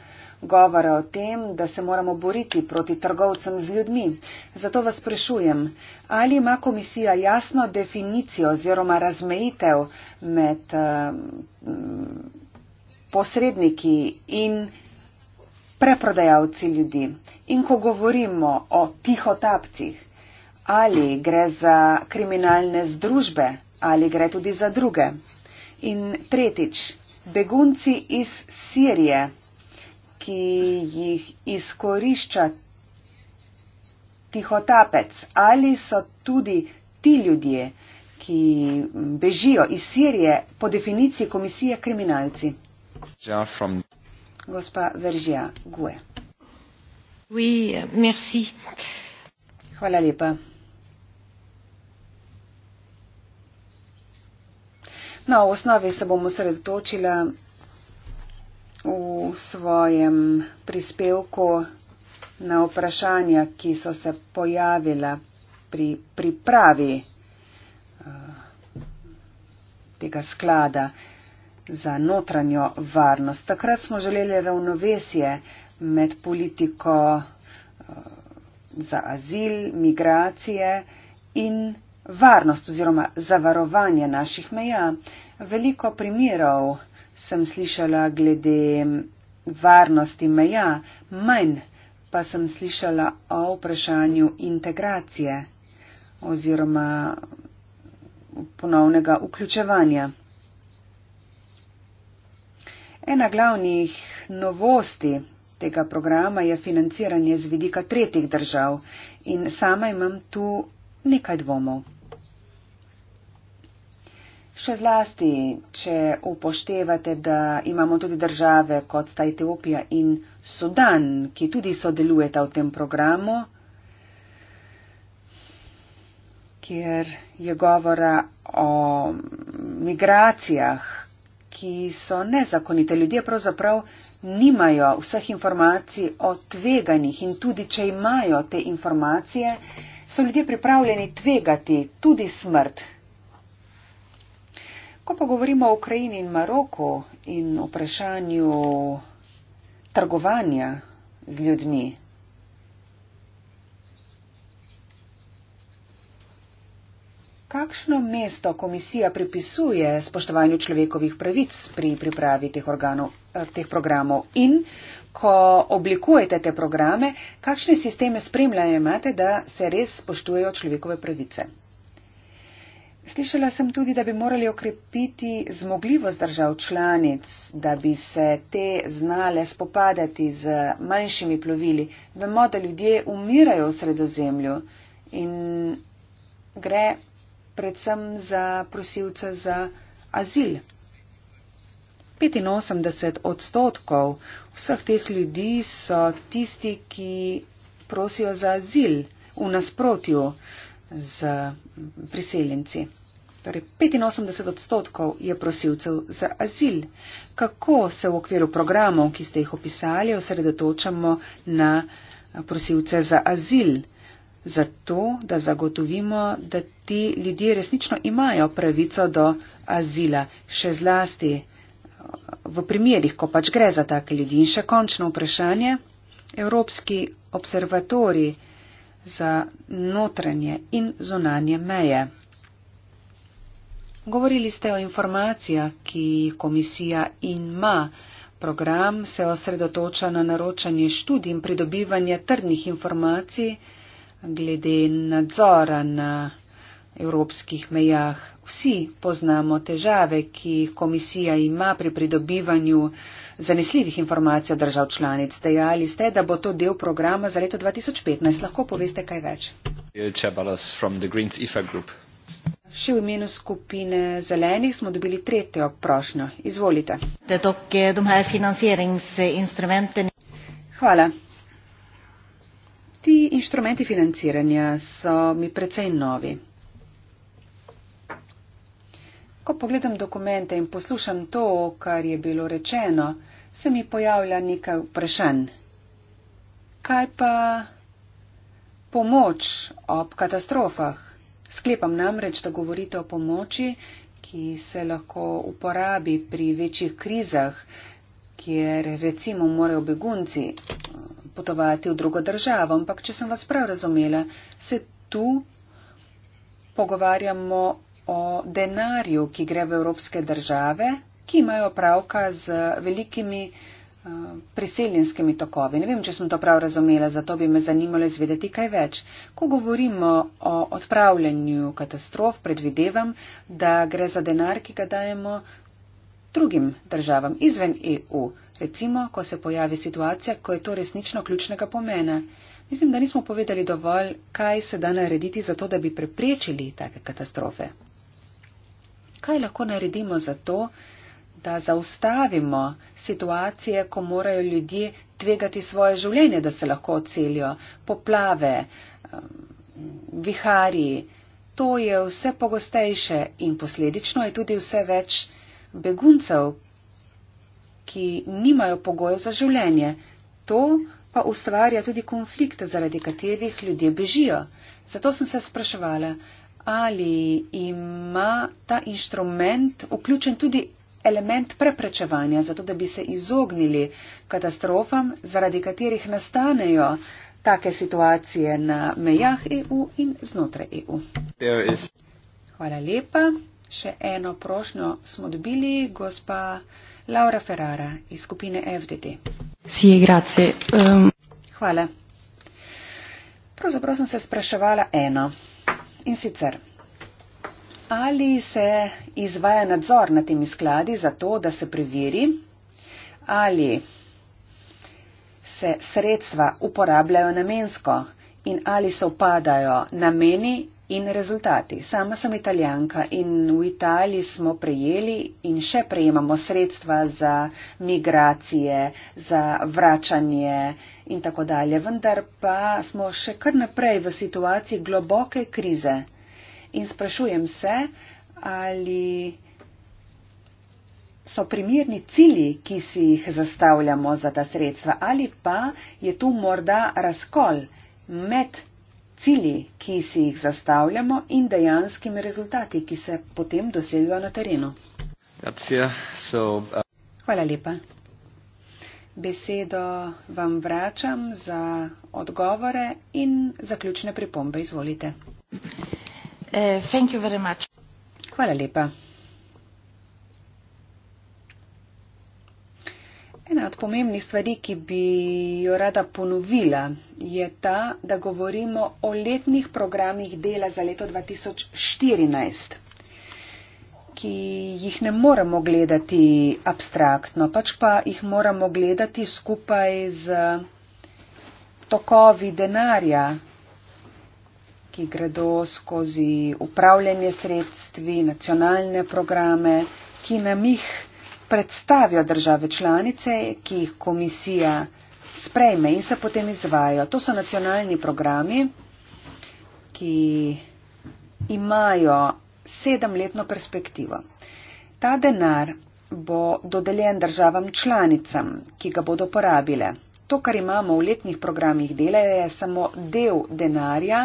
govora o tem, da se moramo boriti proti trgovcem z ljudmi. Zato vas sprašujem, ali ima komisija jasno definicijo oziroma razmejitev med eh, posredniki in preprodajalci ljudi. In ko govorimo o tihotapcih, ali gre za kriminalne združbe ali gre tudi za druge. In tretjič, begunci iz Sirije, ki jih izkorišča tihotapec, ali so tudi ti ljudje, ki bežijo iz Sirije, po definiciji komisije kriminalci. Ja, from... Gospa Veržija Gue. Oui, merci. Hvala lepa. No, v osnovi se bom osredotočila v svojem prispevku na vprašanja, ki so se pojavila pri pripravi eh, tega sklada za notranjo varnost. Takrat smo želeli ravnovesje med politiko eh, za azil, migracije in varnost oziroma zavarovanje naših meja. Veliko primerov sem slišala glede varnosti meja, manj pa sem slišala o vprašanju integracije oziroma ponovnega vključevanja. Ena glavnih novosti tega programa je financiranje z vidika tretjih držav in sama imam tu nekaj dvomov. Še zlasti, če upoštevate, da imamo tudi države kot sta Etiopija in Sudan, ki tudi sodelujeta v tem programu, kjer je govora o migracijah, ki so nezakonite. Ljudje pravzaprav nimajo vseh informacij o tveganjih in tudi, če imajo te informacije, so ljudje pripravljeni tvegati tudi smrt. Ko pa govorimo o Ukrajini in Maroku in o vprašanju trgovanja z ljudmi, kakšno mesto komisija pripisuje spoštovanju človekovih pravic pri pripravi teh, organov, eh, teh programov in ko oblikujete te programe, kakšne sisteme spremljajo imate, da se res spoštujejo človekove pravice. Slišala sem tudi, da bi morali okrepiti zmogljivost držav članic, da bi se te znale spopadati z manjšimi plovili. Vemo, da ljudje umirajo v sredozemlju in gre predvsem za prosilce za azil. 85 odstotkov vseh teh ljudi so tisti, ki prosijo za azil v nasprotju z priseljenci. Torej, 85 odstotkov je prosilcev za azil. Kako se v okviru programov, ki ste jih opisali, osredotočamo na prosilce za azil? Zato, da zagotovimo, da ti ljudje resnično imajo pravico do azila, še zlasti v primerjih, ko pač gre za take ljudi. In še končno vprašanje. Evropski observatori za notranje in zunanje meje. Govorili ste o informacijah, ki komisija ima. Program se osredotoča na naročanje študij in pridobivanje trdnih informacij glede nadzora na evropskih mejah. Vsi poznamo težave, ki jih komisija ima pri pridobivanju zanesljivih informacij od držav članic. Dejali ste, da bo to del programa za leto 2015. Lahko poveste kaj več? Še v imenu skupine zelenih smo dobili tretjo prošnjo. Izvolite. Er eh, Hvala. Ti inštrumenti financiranja so mi precej novi. Ko pogledam dokumente in poslušam to, kar je bilo rečeno, se mi pojavlja nekaj vprašanj. Kaj pa pomoč ob katastrofah? Sklepam namreč, da govorite o pomoči, ki se lahko uporabi pri večjih krizah, kjer recimo morajo begunci eh, potovati v drugo državo, ampak če sem vas prav razumela, se tu pogovarjamo o denarju, ki gre v evropske države, ki imajo pravka z velikimi uh, priseljenskimi tokovi. Ne vem, če sem to prav razumela, zato bi me zanimalo izvedeti kaj več. Ko govorimo o odpravljanju katastrof, predvidevam, da gre za denar, ki ga dajemo drugim državam izven EU. Recimo, ko se pojavi situacija, ko je to resnično ključnega pomena. Mislim, da nismo povedali dovolj, kaj se da narediti za to, da bi preprečili take katastrofe kaj lahko naredimo za to, da zaustavimo situacije, ko morajo ljudje tvegati svoje življenje, da se lahko ocelijo. Poplave, um, viharji, to je vse pogostejše in posledično je tudi vse več beguncev, ki nimajo pogojev za življenje. To pa ustvarja tudi konflikte, zaradi katerih ljudje bežijo. Zato sem se spraševala, ali ima ta inštrument vključen tudi element preprečevanja, zato da bi se izognili katastrofam, zaradi katerih nastanejo take situacije na mejah EU in znotraj EU. Hvala lepa. Še eno prošnjo smo dobili, gospa Laura Ferrara iz skupine FDD. Um, Hvala. Pravzaprav sem se spraševala eno. In sicer, ali se izvaja nadzor nad temi skladi za to, da se preveri, ali se sredstva uporabljajo namensko in ali se upadajo nameni in rezultati. Sama sem italijanka in v Italiji smo prejeli in še prejemamo sredstva za migracije, za vračanje in tako dalje. Vendar pa smo še kar naprej v situaciji globoke krize in sprašujem se, ali so primirni cilji, ki si jih zastavljamo za ta sredstva, ali pa je tu morda razkol med cilji, ki si jih zastavljamo in dejanskimi rezultati, ki se potem dosegajo na terenu. Uh, Hvala lepa. Besedo vam vračam za odgovore in zaključne pripombe. Izvolite. Eh, Hvala lepa. Ena od pomembnih stvari, ki bi jo rada ponovila, je ta, da govorimo o letnih programih dela za leto 2014, ki jih ne moremo gledati abstraktno, pač pa jih moramo gledati skupaj z tokovi denarja, ki gredo skozi upravljanje sredstvi, nacionalne programe, ki nam jih predstavijo države članice, ki jih komisija sprejme in se potem izvajo. To so nacionalni programi, ki imajo sedemletno perspektivo. Ta denar bo dodeljen državam članicam, ki ga bodo porabile. To, kar imamo v letnih programih dela, je samo del denarja,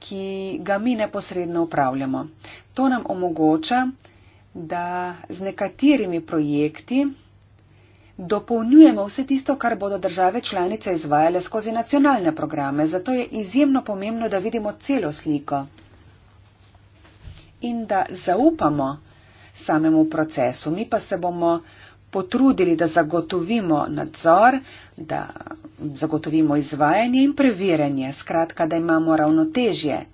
ki ga mi neposredno upravljamo. To nam omogoča, da z nekaterimi projekti dopolnjujemo vse tisto, kar bodo države članice izvajale skozi nacionalne programe. Zato je izjemno pomembno, da vidimo celo sliko in da zaupamo samemu procesu. Mi pa se bomo potrudili, da zagotovimo nadzor, da zagotovimo izvajanje in preverjanje, skratka, da imamo ravnotežje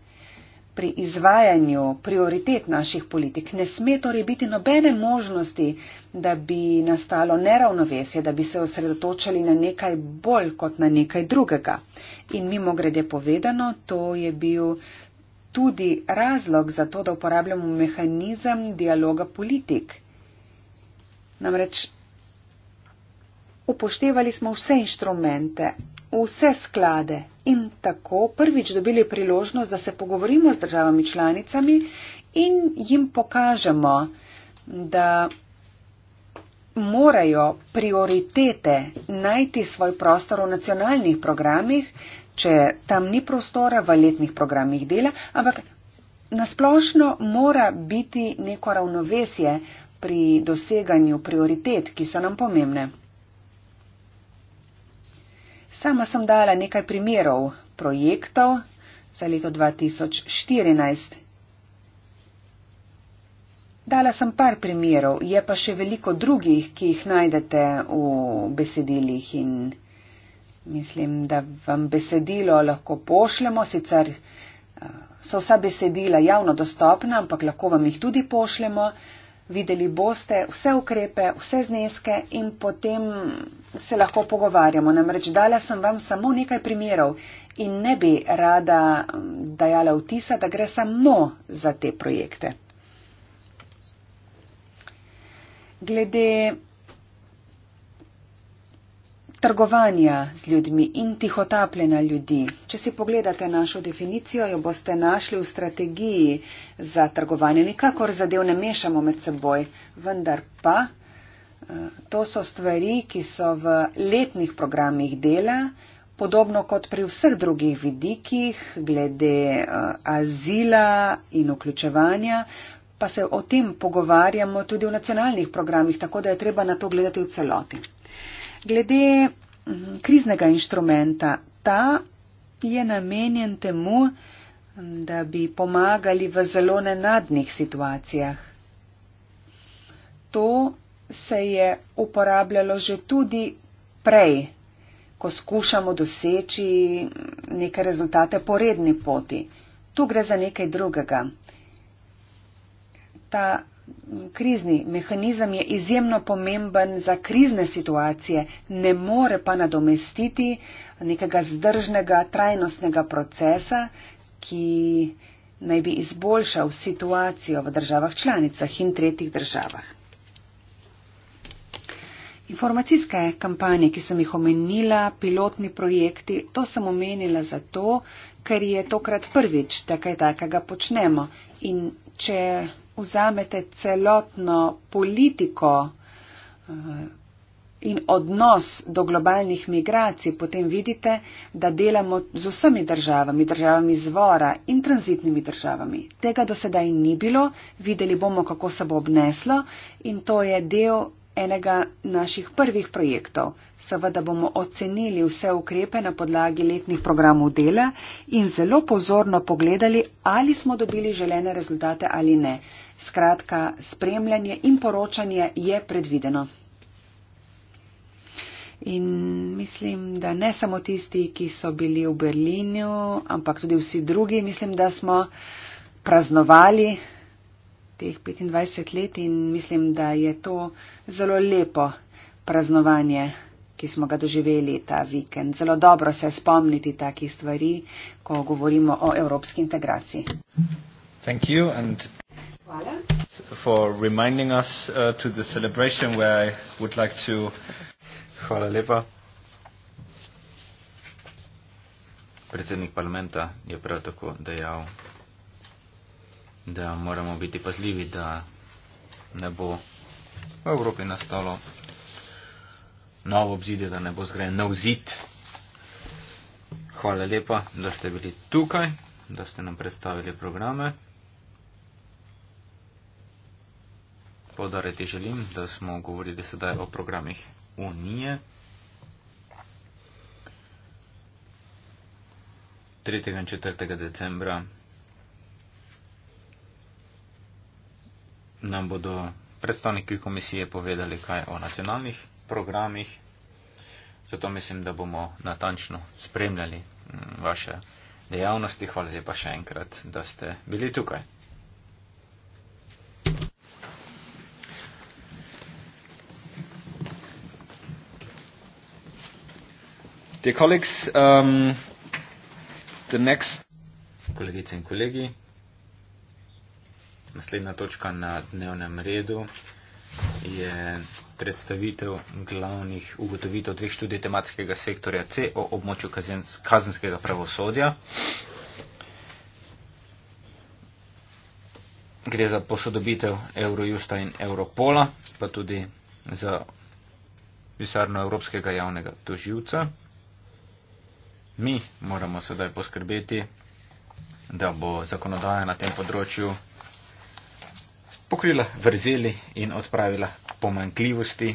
pri izvajanju prioritet naših politik. Ne sme torej biti nobene možnosti, da bi nastalo neravnovesje, da bi se osredotočali na nekaj bolj kot na nekaj drugega. In mimo grede povedano, to je bil tudi razlog za to, da uporabljamo mehanizem dialoga politik. Namreč upoštevali smo vse inštrumente, v vse sklade in tako prvič dobili priložnost, da se pogovorimo z državami članicami in jim pokažemo, da morajo prioritete najti svoj prostor v nacionalnih programih, če tam ni prostora v letnih programih dela, ampak nasplošno mora biti neko ravnovesje pri doseganju prioritet, ki so nam pomembne. Sama sem dala nekaj primerov projektov za leto 2014. Dala sem par primerov, je pa še veliko drugih, ki jih najdete v besedilih in mislim, da vam besedilo lahko pošljemo, sicer eh, so vsa besedila javno dostopna, ampak lahko vam jih tudi pošljemo videli boste vse ukrepe, vse zneske in potem se lahko pogovarjamo. Namreč dala sem vam samo nekaj primerov in ne bi rada dajala vtisa, da gre samo za te projekte. Glede trgovanja z ljudmi in tihotapljena ljudi. Če si pogledate našo definicijo, jo boste našli v strategiji za trgovanje. Nikakor zadev ne mešamo med seboj, vendar pa eh, to so stvari, ki so v letnih programih dela, podobno kot pri vseh drugih vidikih glede eh, azila in vključevanja. Pa se o tem pogovarjamo tudi v nacionalnih programih, tako da je treba na to gledati v celoti. Glede mm, kriznega inštrumenta, ta je namenjen temu, da bi pomagali v zelo nenadnih situacijah. To se je uporabljalo že tudi prej, ko skušamo doseči neke rezultate po redni poti. Tu gre za nekaj drugega. Ta krizni mehanizem je izjemno pomemben za krizne situacije, ne more pa nadomestiti nekega zdržnega, trajnostnega procesa, ki naj bi izboljšal situacijo v državah članicah in tretjih državah. Informacijske kampanje, ki sem jih omenila, pilotni projekti, to sem omenila zato, ker je tokrat prvič, da kaj takega počnemo. In če vzamete celotno politiko eh, in odnos do globalnih migracij, potem vidite, da delamo z vsemi državami, državami izvora in tranzitnimi državami. Tega do sedaj ni bilo, videli bomo, kako se bo obneslo in to je del enega naših prvih projektov. Seveda bomo ocenili vse ukrepe na podlagi letnih programov dela in zelo pozorno pogledali, ali smo dobili želene rezultate ali ne. Skratka, spremljanje in poročanje je predvideno. In mislim, da ne samo tisti, ki so bili v Berlinu, ampak tudi vsi drugi, mislim, da smo praznovali teh 25 let in mislim, da je to zelo lepo praznovanje, ki smo ga doživeli ta vikend. Zelo dobro se spomniti takih stvari, ko govorimo o evropski integraciji. Hvala. For reminding us uh, to the celebration where I would like to. Hvala lepa. Predsednik parlamenta je prav tako dejal, da moramo biti pazljivi, da ne bo v Evropi nastalo novo obzidje, da ne bo zgrajen nov zid. Hvala lepa, da ste bili tukaj, da ste nam predstavili programe. Podariti želim, da smo govorili sedaj o programih Unije. 3. in 4. decembra nam bodo predstavniki komisije povedali kaj o nacionalnih programih. Zato mislim, da bomo natančno spremljali mm, vaše dejavnosti. Hvala lepa še enkrat, da ste bili tukaj. Dear colleagues, um, the next... Kolegice in kolegi, naslednja točka na dnevnem redu je predstavitev glavnih ugotovitev dveh študij tematskega sektorja C o območju kazenskega pravosodja. Gre za posodobitev Eurojusta in Europola, pa tudi za pisarno Evropskega javnega toživca mi moramo sedaj poskrbeti, da bo zakonodaja na tem področju pokrila vrzeli in odpravila pomankljivosti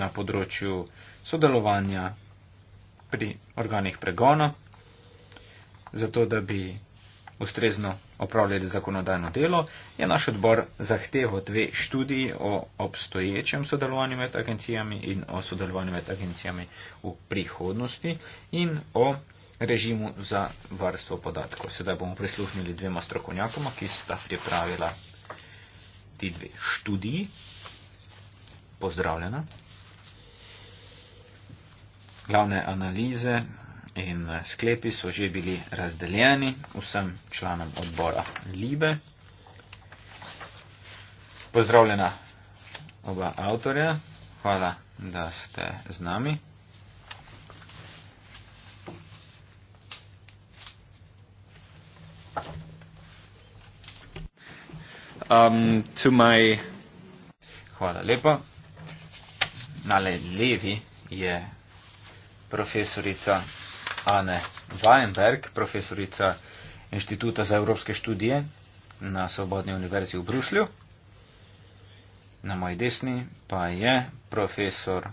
na področju sodelovanja pri organih pregona, zato da bi ustrezno opravljali zakonodajno delo, je naš odbor zahteval dve študiji o obstoječem sodelovanju med agencijami in o sodelovanju med agencijami v prihodnosti in o režimu za varstvo podatkov. Sedaj bomo prisluhnili dvema strokovnjakoma, ki sta pripravila ti dve študiji. Pozdravljena. Glavne analize in eh, sklepi so že bili razdeljeni vsem članom odbora Libe. Pozdravljena oba avtorja, hvala, da ste z nami. Um, my... Hvala lepa. Na levi je profesorica Ane Weinberg, profesorica Inštituta za evropske študije na Svobodni univerzi v Bruslju. Na moji desni pa je profesor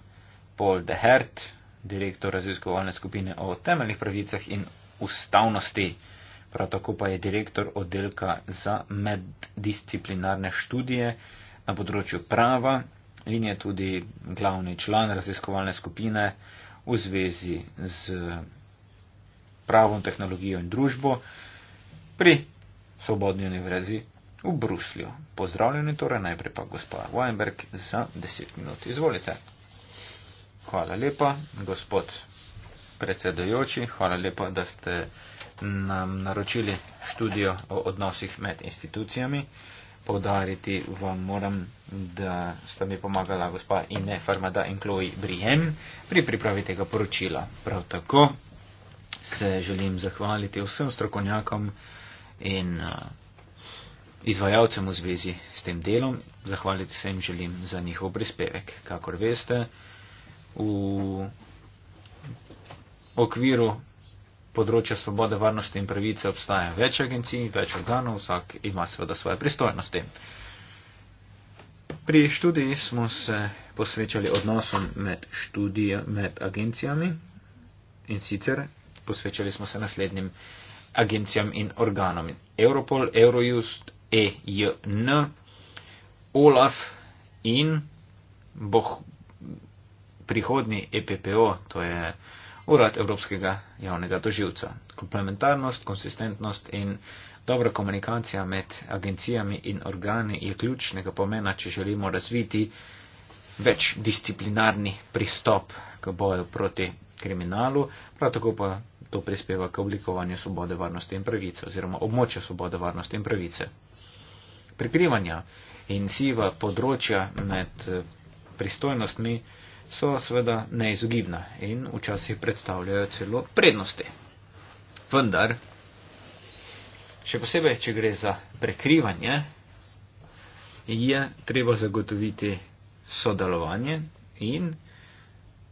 Paul de Hert, direktor raziskovalne skupine o temeljnih pravicah in ustavnosti. Prav tako pa je direktor oddelka za meddisciplinarne študije na področju prava in je tudi glavni član raziskovalne skupine v zvezi z pravo in tehnologijo in družbo pri Svobodni univerzi v Bruslju. Pozdravljeni torej najprej pa gospod Weinberg za 10 minut. Izvolite. Hvala lepa, gospod predsedojoči, hvala lepa, da ste nam naročili študijo o odnosih med institucijami. Povdariti vam moram, da sta mi pomagala gospa Ine Farmada in Chloe Brien pri pripravi tega poročila. Prav tako se želim zahvaliti vsem strokovnjakom in uh, izvajalcem v zvezi s tem delom. Zahvaliti se jim želim za njihov prispevek. Kakor veste, v okviru področja svobode, varnosti in pravice obstaja več agencij, več organov, vsak ima seveda svoje pristojnosti. Pri študiji smo se posvečali odnosom med, študij, med agencijami in sicer posvečali smo se naslednjim agencijam in organom. Europol, Eurojust, EJN, OLAF in boh prihodni EPPO, to je Urad Evropskega javnega doživca. Komplementarnost, konsistentnost in dobra komunikacija med agencijami in organi je ključnega pomena, če želimo razviti večdisciplinarni pristop k boju proti kriminalu, prav tako pa to prispeva k oblikovanju svobode, varnosti in pravice oziroma območja svobode, varnosti in pravice. Prikrivanja in siva področja med eh, pristojnostmi so seveda neizogibna in včasih predstavljajo celo prednosti. Vendar, še posebej, če gre za prekrivanje, je treba zagotoviti sodelovanje in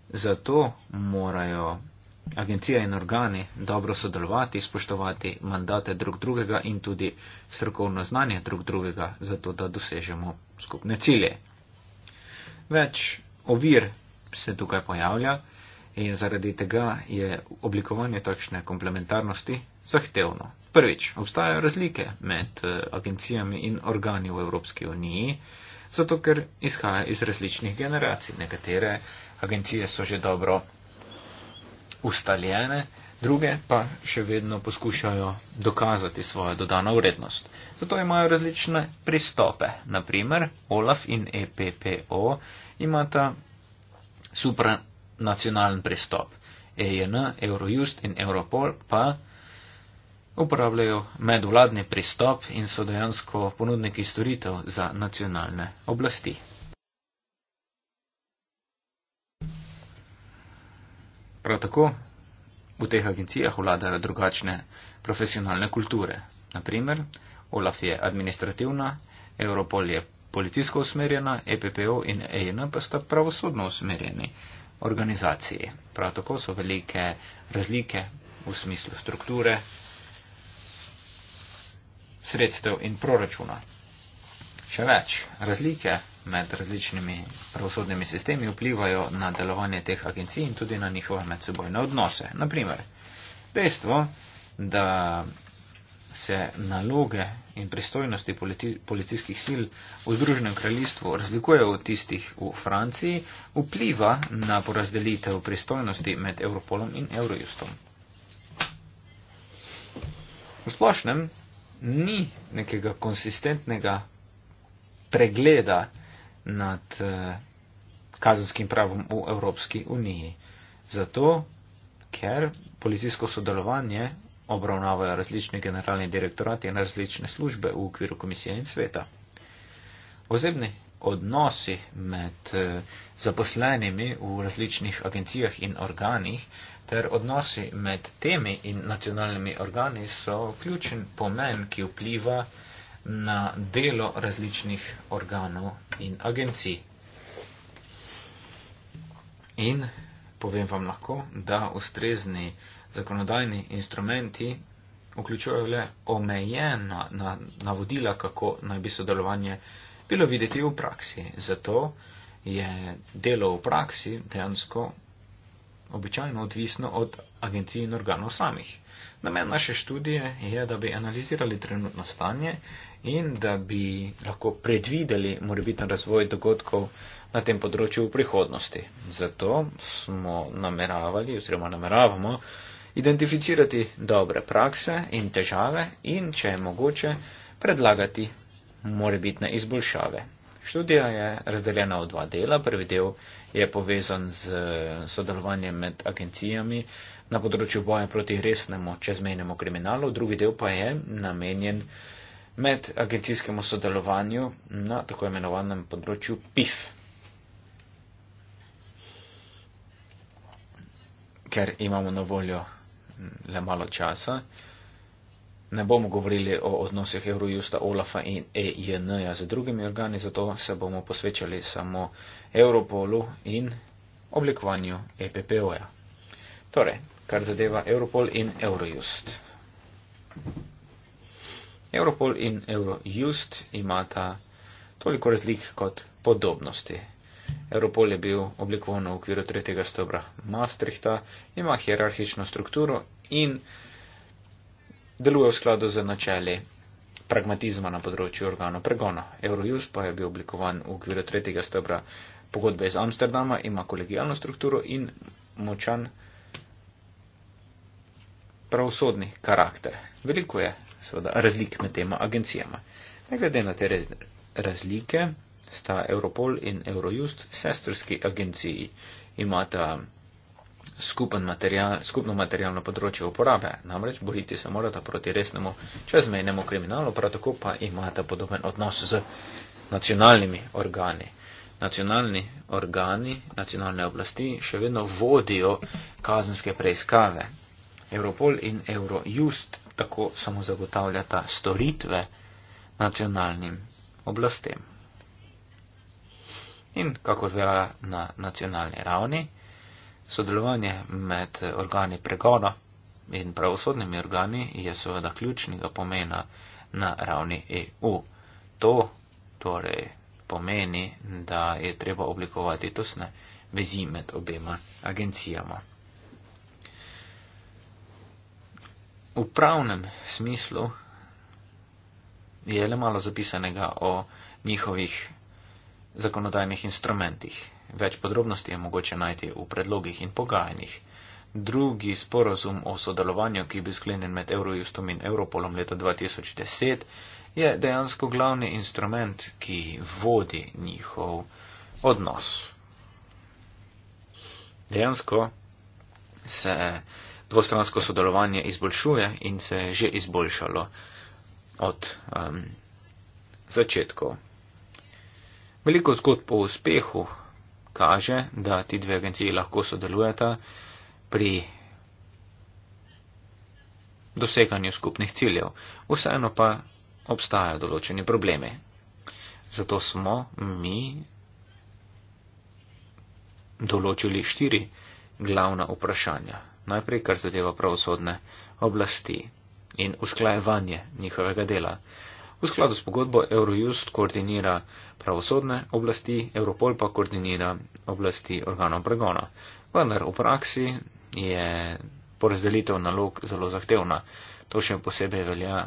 zato morajo agencija in organi dobro sodelovati, spoštovati mandate drug drugega in tudi strokovno znanje drug drugega, zato da dosežemo skupne cilje. Več ovir se tukaj pojavlja in zaradi tega je oblikovanje takšne komplementarnosti zahtevno. Prvič, obstajajo razlike med eh, agencijami in organi v Evropski uniji, zato ker izhaja iz različnih generacij. Nekatere agencije so že dobro ustaljene, druge pa še vedno poskušajo dokazati svojo dodano vrednost. Zato imajo različne pristope. Naprimer, OLAF in EPPO imata supranacionalen pristop. EJN, Eurojust in Europol pa uporabljajo medvladni pristop in so dejansko ponudniki storitev za nacionalne oblasti. Prav tako v teh agencijah vladajo drugačne profesionalne kulture. Naprimer, OLAF je administrativna, Europol je policijsko usmerjena, EPPO in EIN pa sta pravosodno usmerjeni organizaciji. Prav tako so velike razlike v smislu strukture, sredstev in proračuna. Še več, razlike med različnimi pravosodnimi sistemi vplivajo na delovanje teh agencij in tudi na njihove medsebojne odnose. Naprimer, dejstvo, da se naloge in pristojnosti politi policijskih sil v Združenem kraljestvu razlikujejo od tistih v Franciji, vpliva na porazdelitev pristojnosti med Europolom in Eurojustom. V splošnem ni nekega konsistentnega pregleda nad eh, kazenskim pravom v Evropski uniji. Zato, ker policijsko sodelovanje obravnavajo različni generalni direktorati in različne službe v okviru komisije in sveta. Osebni odnosi med eh, zaposlenimi v različnih agencijah in organih ter odnosi med temi in nacionalnimi organi so ključen pomen, ki vpliva na na delo različnih organov in agencij. In povem vam lahko, da ustrezni zakonodajni instrumenti vključujejo le omejena navodila, na, na kako naj bi sodelovanje bilo videti v praksi. Zato je delo v praksi dejansko običajno odvisno od agencij in organov samih. Namen naše študije je, da bi analizirali trenutno stanje in da bi lahko predvideli morebitni razvoj dogodkov na tem področju v prihodnosti. Zato smo nameravali oziroma nameravamo identificirati dobre prakse in težave in, če je mogoče, predlagati morebitne izboljšave Študija je razdeljena v dva dela. Prvi del je povezan z eh, sodelovanjem med agencijami na področju boja proti resnemu čezmejnemu kriminalu, drugi del pa je namenjen med agencijskemu sodelovanju na tako imenovanem področju PIF. Ker imamo na voljo mm, le malo časa, uh, ne bomo govorili o odnosih Eurojusta, Olafa in EIN-ja z drugimi organi, zato se bomo posvečali samo Europolu in oblikovanju EPPO-ja. Torej, kar zadeva Europol in Eurojust. Europol in Eurojust imata toliko razlik kot podobnosti. Europol je bil oblikovan v okviru tretjega stebra Maastrichta, ima hierarhično strukturo in deluje v skladu z načeli pragmatizma na področju organov pregona. Eurojust pa je bil oblikovan v okviru tretjega stebra pogodbe iz Amsterdama, ima kolegijalno strukturo in močan pravosodni karakter. Veliko je seveda razlik med tema agencijama. Ne glede na te razlike, sta Europol in Eurojust sestrski agenciji. Imata skupen material, skupno materialno področje uporabe. Namreč boriti se morata proti resnemu čezmejnemu kriminalu, prav tako pa imata podoben odnos z nacionalnimi organi. Nacionalni organi, nacionalne oblasti še vedno vodijo kazenske preiskave. Europol in Eurojust tako samo zagotavljata storitve nacionalnim oblastem. In kako velja na nacionalni ravni, Sodelovanje med organi pregona in pravosodnimi organi je seveda ključnega pomena na ravni EU. To torej pomeni, da je treba oblikovati tesne vezi med obema agencijama. V pravnem smislu je le malo zapisanega o njihovih zakonodajnih instrumentih. Več podrobnosti je mogoče najti v predlogih in pogajanjih. Drugi sporozum o sodelovanju, ki je bil sklenjen med Eurojustom in Europolom leta 2010, je dejansko glavni instrument, ki vodi njihov odnos. Dejansko se dvostransko sodelovanje izboljšuje in se je že izboljšalo od um, začetkov. Veliko zgodb o uspehu kaže, da ti dve agenciji lahko sodelujeta pri doseganju skupnih ciljev. Vseeno pa obstajajo določeni problemi. Zato smo mi določili štiri glavna vprašanja. Najprej, kar zadeva pravosodne oblasti in usklajevanje njihovega dela. V skladu s pogodbo Eurojust koordinira pravosodne oblasti, Europol pa koordinira oblasti organov pregona. Vendar v praksi je porazdelitev nalog zelo zahtevna. To še posebej velja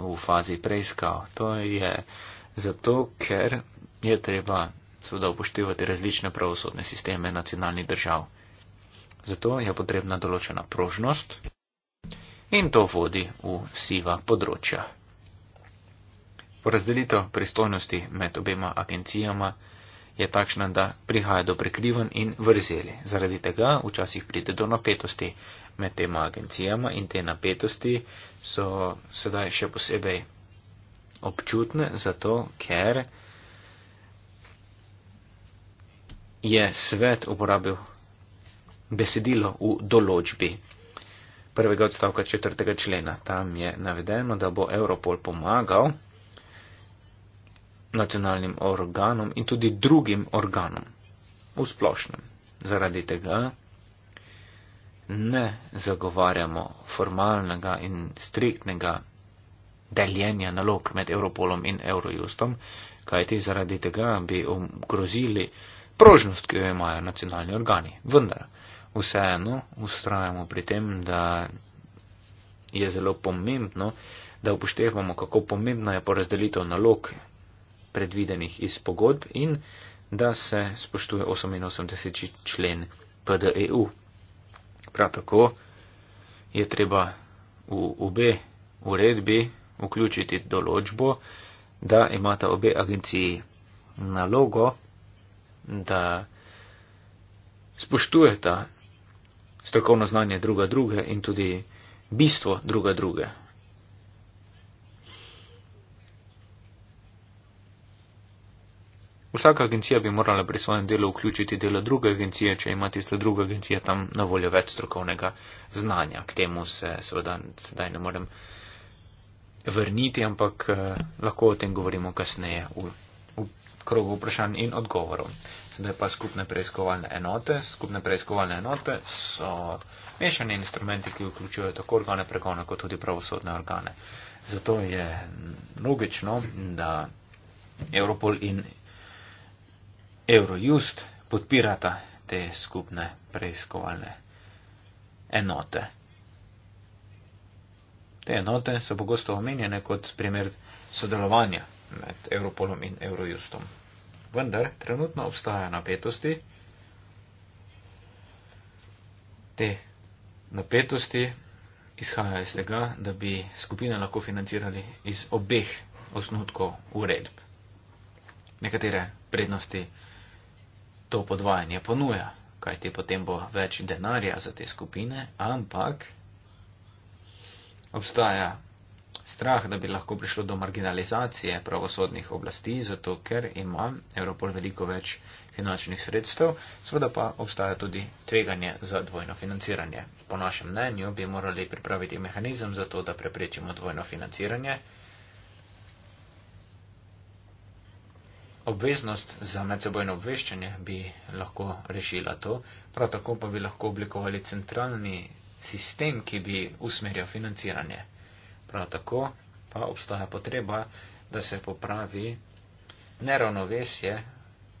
v fazi preiskav. To je zato, ker je treba seveda upoštevati različne pravosodne sisteme nacionalnih držav. Zato je potrebna določena prožnost in to vodi v siva področja. Razdelitev pristojnosti med obema agencijama je takšna, da prihaja do prekrivan in vrzeli. Zaradi tega včasih pride do napetosti med tema agencijama in te napetosti so sedaj še posebej občutne, zato ker je svet uporabil besedilo v določbi prvega odstavka četrtega člena. Tam je navedeno, da bo Europol pomagal nacionalnim organom in tudi drugim organom v splošnem. Zaradi tega ne zagovarjamo formalnega in striktnega deljenja nalog med Europolom in Eurojustom, kajti zaradi tega bi ogrozili prožnost, ki jo imajo nacionalni organi. Vendar, vseeno ustrajamo pri tem, da je zelo pomembno, da upoštevamo, kako pomembna je porazdelitev nalog predvidenih iz pogodb in da se spoštuje 88. člen PDEU. Prav tako je treba v obe uredbi vključiti določbo, da imata obe agenciji nalogo, da spoštujeta strokovno znanje druga druge in tudi bistvo druga druge. Vsaka agencija bi morala pri svojem delu vključiti delo druge agencije, če ima tista druga agencija tam na voljo več strokovnega znanja. K temu se seveda sedaj ne morem vrniti, ampak eh, lahko o tem govorimo kasneje v, v krogu vprašanj in odgovorov. Sedaj pa skupne preiskovalne enote. Skupne preiskovalne enote so mešani instrumenti, ki vključujejo tako organe pregona, kot tudi pravosodne organe. Zato je logično, da Europol in Eurojust podpirata te skupne preiskovalne enote. Te enote so pogosto omenjene kot primer sodelovanja med Europolom in Eurojustom. Vendar trenutno obstajajo napetosti. Te napetosti izhajajo iz tega, da bi skupine lahko financirali iz obeh osnutkov uredb. Nekatere prednosti to podvajanje ponuja, kajti potem bo več denarja za te skupine, ampak obstaja strah, da bi lahko prišlo do marginalizacije pravosodnih oblasti, zato ker ima Europol veliko več finančnih sredstev, seveda pa obstaja tudi tveganje za dvojno financiranje. Po našem mnenju bi morali pripraviti mehanizem za to, da preprečimo dvojno financiranje. Obveznost za medsebojno obveščanje bi lahko rešila to, prav tako pa bi lahko oblikovali centralni sistem, ki bi usmerjal financiranje. Prav tako pa obstaja potreba, da se popravi neravnovesje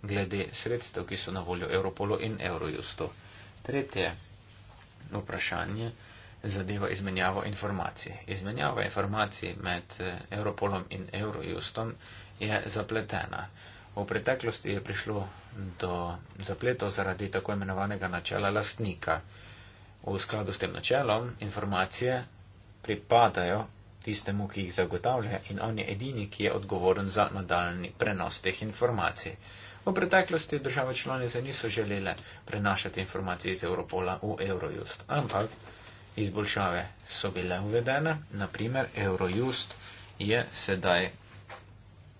glede sredstev, ki so na voljo Europolu in Eurojustu. Tretje vprašanje zadeva izmenjavo informacij. Izmenjava informacij med eh, Europolom in Eurojustom je zapletena. V preteklosti je prišlo do zapletov zaradi tako imenovanega načela lastnika. V skladu s tem načelom informacije pripadajo tistemu, ki jih zagotavlja in on je edini, ki je odgovoren za nadaljni prenos teh informacij. V preteklosti države članice niso želele prenašati informacij iz Europola v Eurojust, ampak izboljšave so bile uvedene, naprimer Eurojust je sedaj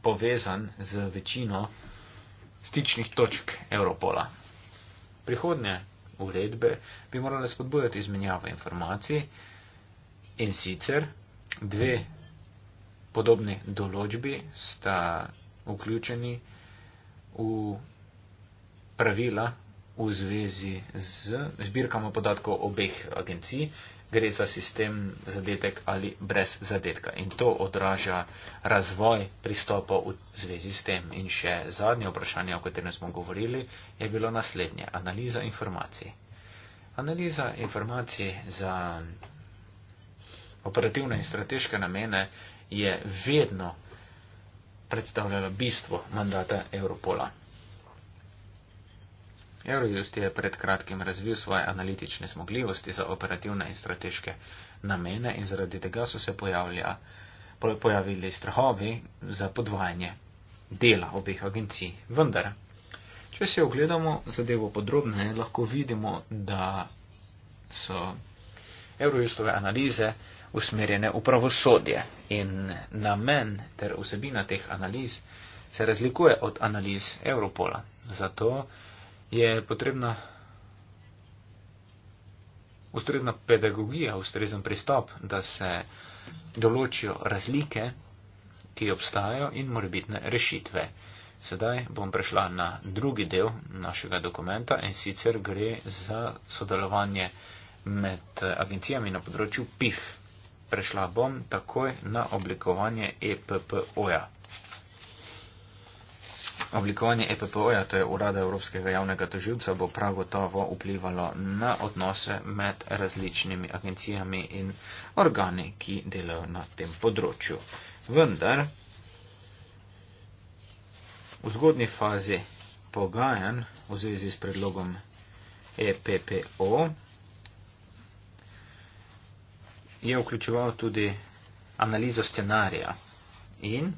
povezan z večino stičnih točk Europola. Prihodnje uredbe bi morale spodbujati izmenjavo informacij in sicer dve podobni določbi sta vključeni v pravila v zvezi z zbirkama podatkov obeh agencij, gre za sistem zadetek ali brez zadetka. In to odraža razvoj pristopa v zvezi s tem. In še zadnje vprašanje, o katerem smo govorili, je bilo naslednje. Analiza informacij. Analiza informacij za operativne in strateške namene je vedno predstavljala bistvo mandata Europola. Eurojust je pred kratkim razvil svoje analitične zmogljivosti za operativne in strateške namene in zaradi tega so se pojavlja, pojavili strahovi za podvajanje dela obeh agencij. Vendar, če se ogledamo zadevo podrobneje, lahko vidimo, da so Eurojustove analize usmerjene v pravosodje in namen ter vsebina teh analiz se razlikuje od analiz Europola. Zato je potrebna ustrezna pedagogija, ustrezen pristop, da se določijo razlike, ki obstajajo in morebitne rešitve. Sedaj bom prešla na drugi del našega dokumenta in sicer gre za sodelovanje med eh, agencijami na področju PIF. Prešla bom takoj na oblikovanje EPPO-ja. Oblikovanje EPPO-ja, to je Urada Evropskega javnega toživca, bo prav gotovo vplivalo na odnose med različnimi agencijami in organi, ki delajo na tem področju. Vendar v zgodni fazi pogajanj v zvezi s predlogom EPPO je vključeval tudi analizo scenarija in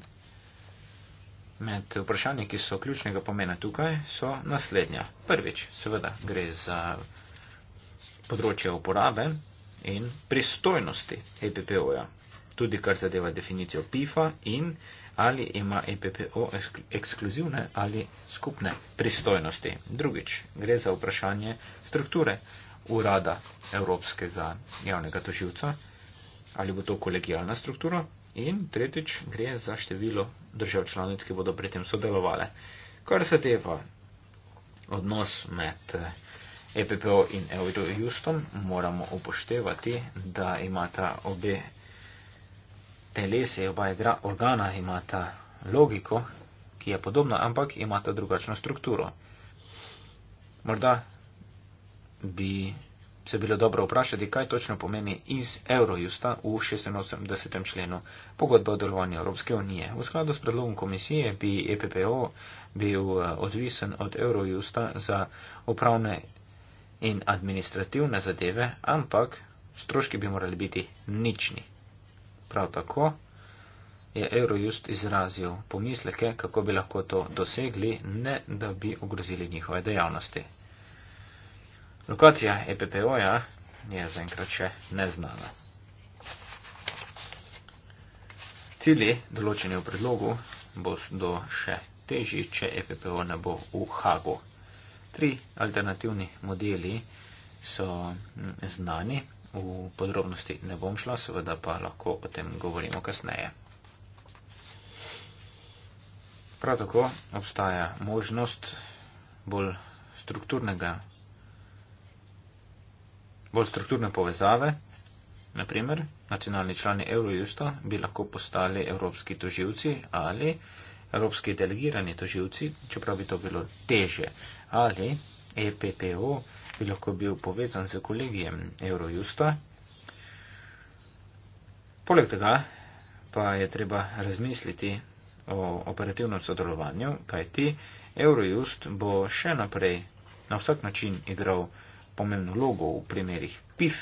Med vprašanji, ki so ključnega pomena tukaj, so naslednja. Prvič, seveda, gre za področje uporabe in pristojnosti EPPO-ja, tudi kar zadeva definicijo PIFA in ali ima EPPO ekskluzivne ali skupne pristojnosti. Drugič, gre za vprašanje strukture urada Evropskega javnega toživca, ali bo to kolegijalna struktura In tretjič, gre za število držav članic, ki bodo pri tem sodelovali. Kar se tepa odnos med EPPO eh, e in Eurojustom, moramo upoštevati, da imata obe telesi, oba organa imata logiko, ki je podobna, ampak imata drugačno strukturo. Morda bi se bilo dobro vprašati, kaj točno pomeni iz Eurojusta v 86. členu pogodbe o delovanju Evropske unije. V skladu s predlogom komisije bi EPPO bil eh, odvisen od Eurojusta za upravne in administrativne zadeve, ampak stroški bi morali biti nični. Prav tako je Eurojust izrazil pomisleke, kako bi lahko to dosegli, ne da bi ogrozili njihove dejavnosti. Lokacija EPPO-ja je zaenkrat še neznana. Cili, določeni v predlogu, bo do še težji, če EPPO ne bo v Hagu. Tri alternativni modeli so znani, v podrobnosti ne bom šla, seveda pa lahko o tem govorimo kasneje. Prav tako obstaja možnost bolj strukturnega bolj strukturne povezave, naprimer nacionalni člani Eurojusta bi lahko postali evropski toživci ali evropski delegirani toživci, čeprav bi to bilo teže, ali EPPO bi lahko bil povezan z kolegijem Eurojusta. Poleg tega pa je treba razmisliti o operativnem sodelovanju, kajti Eurojust bo še naprej na vsak način igral pomembno vlogo v primerih PIF,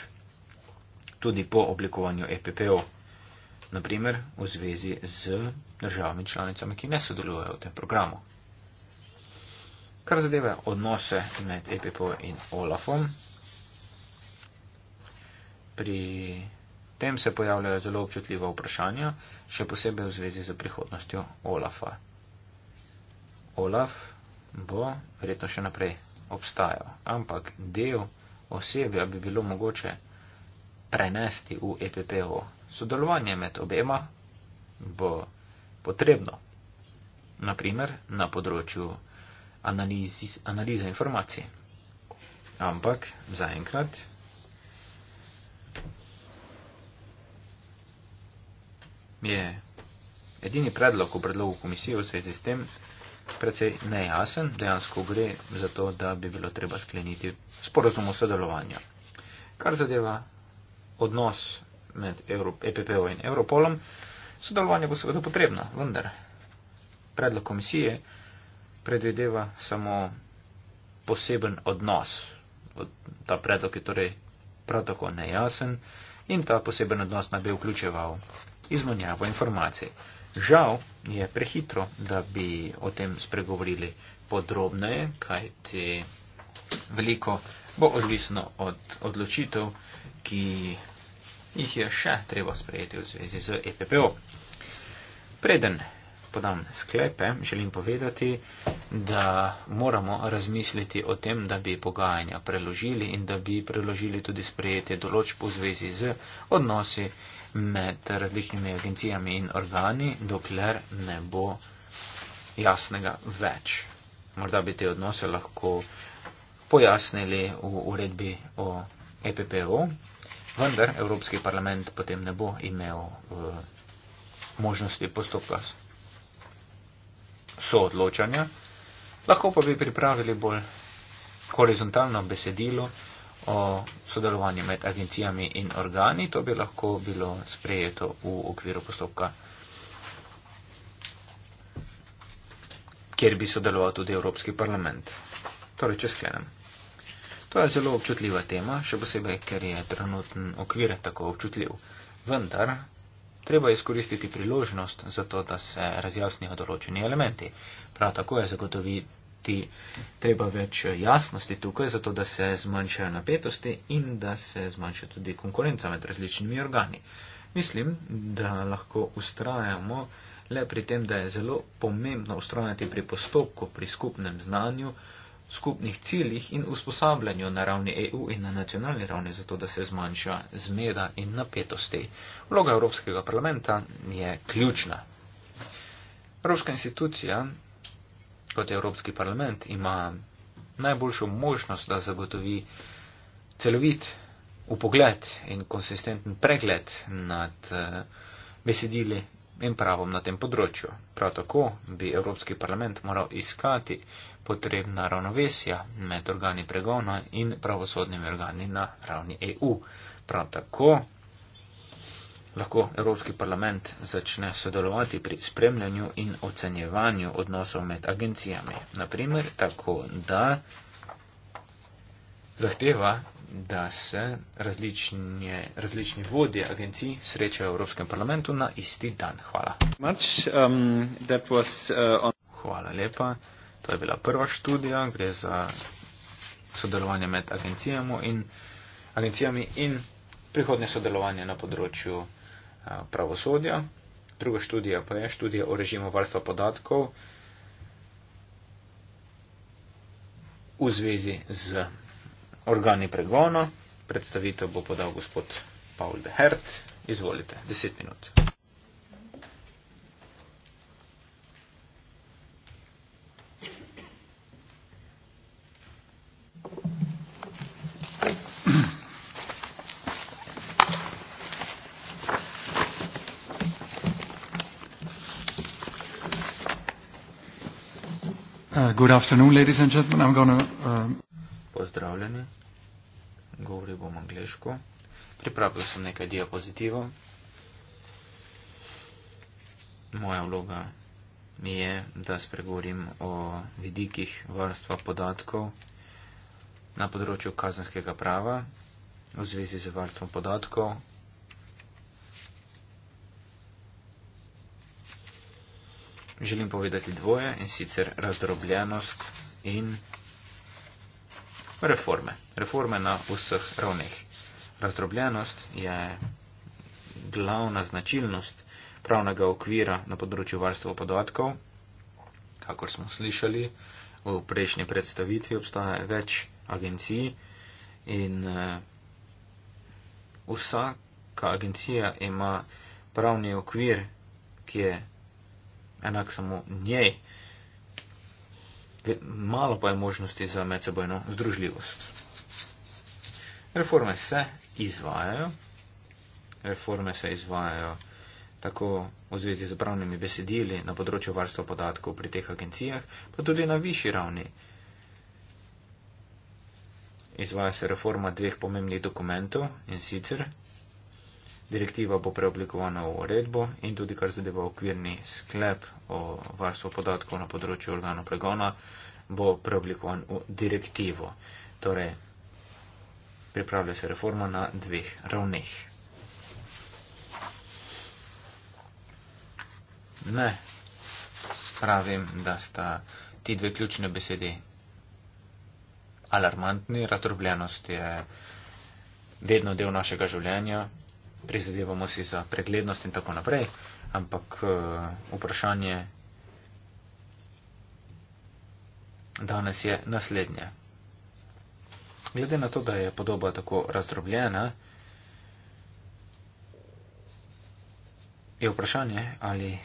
tudi po oblikovanju EPPO, naprimer v zvezi z državami članicami, ki ne sodelujejo v tem programu. Kar zadeve odnose med EPPO in OLAFom, pri tem se pojavljajo zelo občutljiva vprašanja, še posebej v zvezi z prihodnostjo OLAFa. OLAF bo verjetno še naprej obstajal, ampak del osebja bi bilo mogoče prenesti v EPPO. Sodelovanje med obema bo potrebno, naprimer na področju analizi, analize informacij. Ampak zaenkrat je edini predlog v predlogu komisije v zvezi s tem, precej nejasen, dejansko gre za to, da bi bilo treba skleniti sporozum o sodelovanju. Kar zadeva odnos med EPP-o e in Europolom, sodelovanje bo seveda potrebno, vendar predlog komisije predvideva samo poseben odnos. Ta predlog je torej prav tako nejasen in ta poseben odnos naj bi vključeval izmenjavo informacij. Žal je prehitro, da bi o tem spregovorili podrobneje, kajti veliko bo odvisno od odločitev, ki jih je še treba sprejeti v zvezi z EPPO. Preden podam sklepe, želim povedati, da moramo razmisliti o tem, da bi pogajanja preložili in da bi preložili tudi sprejetje določb v zvezi z odnosi med različnimi agencijami in organi, dokler ne bo jasnega več. Morda bi te odnose lahko pojasnili v uredbi o EPPO, vendar Evropski parlament potem ne bo imel eh, možnosti postopka soodločanja, lahko pa bi pripravili bolj horizontalno besedilo o sodelovanju med agencijami in organi. To bi lahko bilo sprejeto v okviru postopka, kjer bi sodeloval tudi Evropski parlament. Torej, če sklenem. To je zelo občutljiva tema, še posebej, ker je trenutni okvir tako občutljiv. Vendar treba izkoristiti priložnost za to, da se razjasnijo določeni elementi. Prav tako je zagotoviti treba več jasnosti tukaj, zato da se zmanjšajo napetosti in da se zmanjša tudi konkurenca med različnimi organi. Mislim, da lahko ustrajamo le pri tem, da je zelo pomembno ustrajati pri postopku, pri skupnem znanju, skupnih ciljih in usposabljanju na ravni EU in na nacionalni ravni, zato da se zmanjša zmeda in napetosti. Vloga Evropskega parlamenta je ključna. Evropska institucija, kot je Evropski parlament, ima najboljšo možnost, da zagotovi celovit upogled in konsistenten pregled nad eh, besedili in pravom na tem področju. Prav tako bi Evropski parlament moral iskati potrebna ravnovesja med organi pregona in pravosodnimi organi na ravni EU. Prav tako lahko Evropski parlament začne sodelovati pri spremljanju in ocenjevanju odnosov med agencijami. Naprimer, tako da zahteva, da se različne, različni vodje agencij srečajo v Evropskem parlamentu na isti dan. Hvala. Much, um, was, uh, on... Hvala lepa. To je bila prva študija. Gre za sodelovanje med agencijami in, agencijami in prihodne sodelovanje na področju uh, pravosodja. Druga študija pa je študija o režimu varstva podatkov v zvezi z organi pregona. Predstavitev bo podal gospod Paul de Hert. Izvolite, deset minut. Uh, good afternoon, ladies and gentlemen. I'm going to. Um... Uh, Pozdravljeni govoril bom angliško. Pripravil sem nekaj diapozitivov. Moja vloga mi je, da spregovorim o vidikih varstva podatkov na področju kazenskega prava v zvezi z varstvom podatkov. Želim povedati dvoje in sicer razdrobljenost in reforme. Reforme na vseh ravneh. Razdrobljenost je glavna značilnost pravnega okvira na področju varstva podatkov. Kakor smo slišali v prejšnji predstavitvi, obstaja več agencij in eh, vsaka agencija ima pravni okvir, ki je enak samo njej. Eh, malo pa je možnosti za medsebojno združljivost. Reforme se izvajajo. Reforme se izvajajo tako v zvezi z upravnimi besedili na področju varstva podatkov pri teh agencijah, pa tudi na višji ravni. Izvaja se reforma dveh pomembnih dokumentov in sicer Direktiva bo preoblikovana v uredbo in tudi kar zadeva okvirni sklep o varstvu podatkov na področju organov pregona, bo preoblikovan v direktivo. Torej, pripravlja se reforma na dveh ravneh. Ne, pravim, da sta ti dve ključne besedi alarmantni. Razdrobljenost je vedno del našega življenja prizadevamo si za preglednost in tako naprej, ampak eh, vprašanje danes je naslednje. Glede na to, da je podoba tako razdrobljena, je vprašanje, ali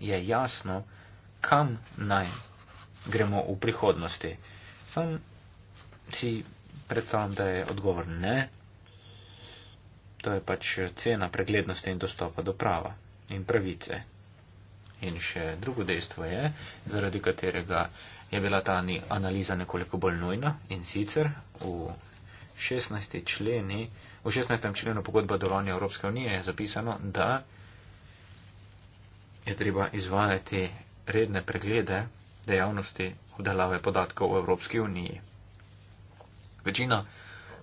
je jasno, kam naj gremo v prihodnosti. Sam si predstavljam, da je odgovor ne, to je pač cena preglednosti in dostopa do prava in pravice. In še drugo dejstvo je, zaradi katerega je bila ta analiza nekoliko bolj nujna in sicer v 16. členi, v 16. členu pogodba delovanja Evropske unije je zapisano, da je treba izvajati redne preglede dejavnosti obdelave podatkov v Evropski uniji. Večina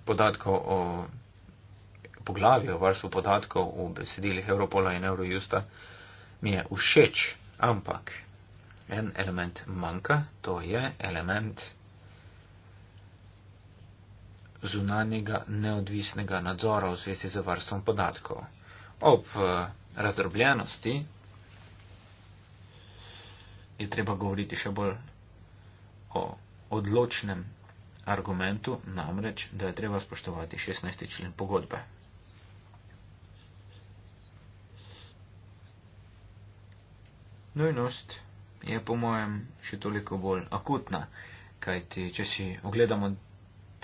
podatkov o poglavje o varstvu podatkov v besedilih Europola in Eurojusta mi je všeč, ampak en element manjka, to je element zunanjega neodvisnega nadzora v zvezi z varstvom podatkov. Ob eh, razdrobljenosti je treba govoriti še bolj o odločnem argumentu, namreč, da je treba spoštovati 16. člen pogodbe. nujnost je po mojem še toliko bolj akutna, kajti če si ogledamo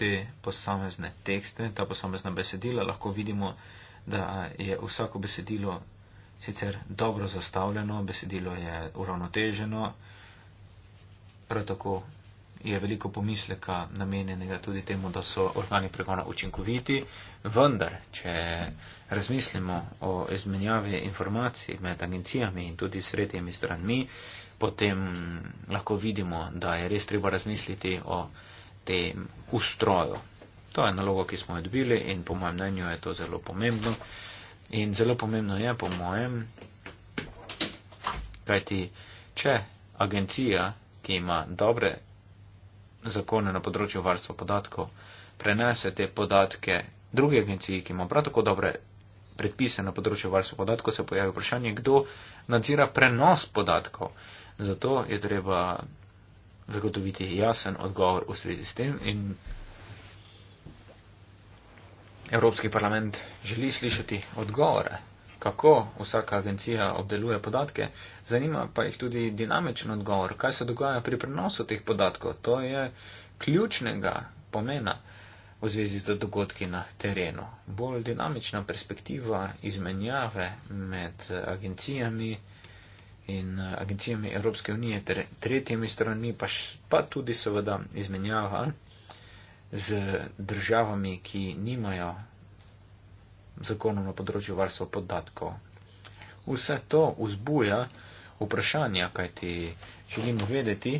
te posamezne tekste, ta posamezna besedila, lahko vidimo, da je vsako besedilo sicer dobro zastavljeno, besedilo je uravnoteženo, prav tako je veliko pomisleka namenjenega tudi temu, da so organi pregona učinkoviti, vendar, če razmislimo o izmenjavi informacij med agencijami in tudi srednjimi stranmi, potem lahko vidimo, da je res treba razmisliti o tem ustroju. To je nalogo, ki smo jo dobili in po mojem mnenju je to zelo pomembno. In zelo pomembno je, po mojem, kajti, če agencija, ki ima dobre zakone na področju varstva podatkov, prenese te podatke drugi agenciji, ki ima prav tako dobre predpise na področju varstva podatkov, se pojavi vprašanje, kdo nadzira prenos podatkov. Zato je treba zagotoviti jasen odgovor v sredi s tem in Evropski parlament želi slišati odgovore kako vsaka agencija obdeluje podatke, zanima pa jih tudi dinamičen odgovor, kaj se dogaja pri prenosu teh podatkov. To je ključnega pomena v zvezi z dogodki na terenu. Bolj dinamična perspektiva izmenjave med eh, agencijami in eh, agencijami Evropske unije ter tretjimi strani, pa, š, pa tudi seveda izmenjava z državami, ki nimajo zakonov na področju varstva podatkov. Vse to vzbuja vprašanja, kajti želimo vedeti,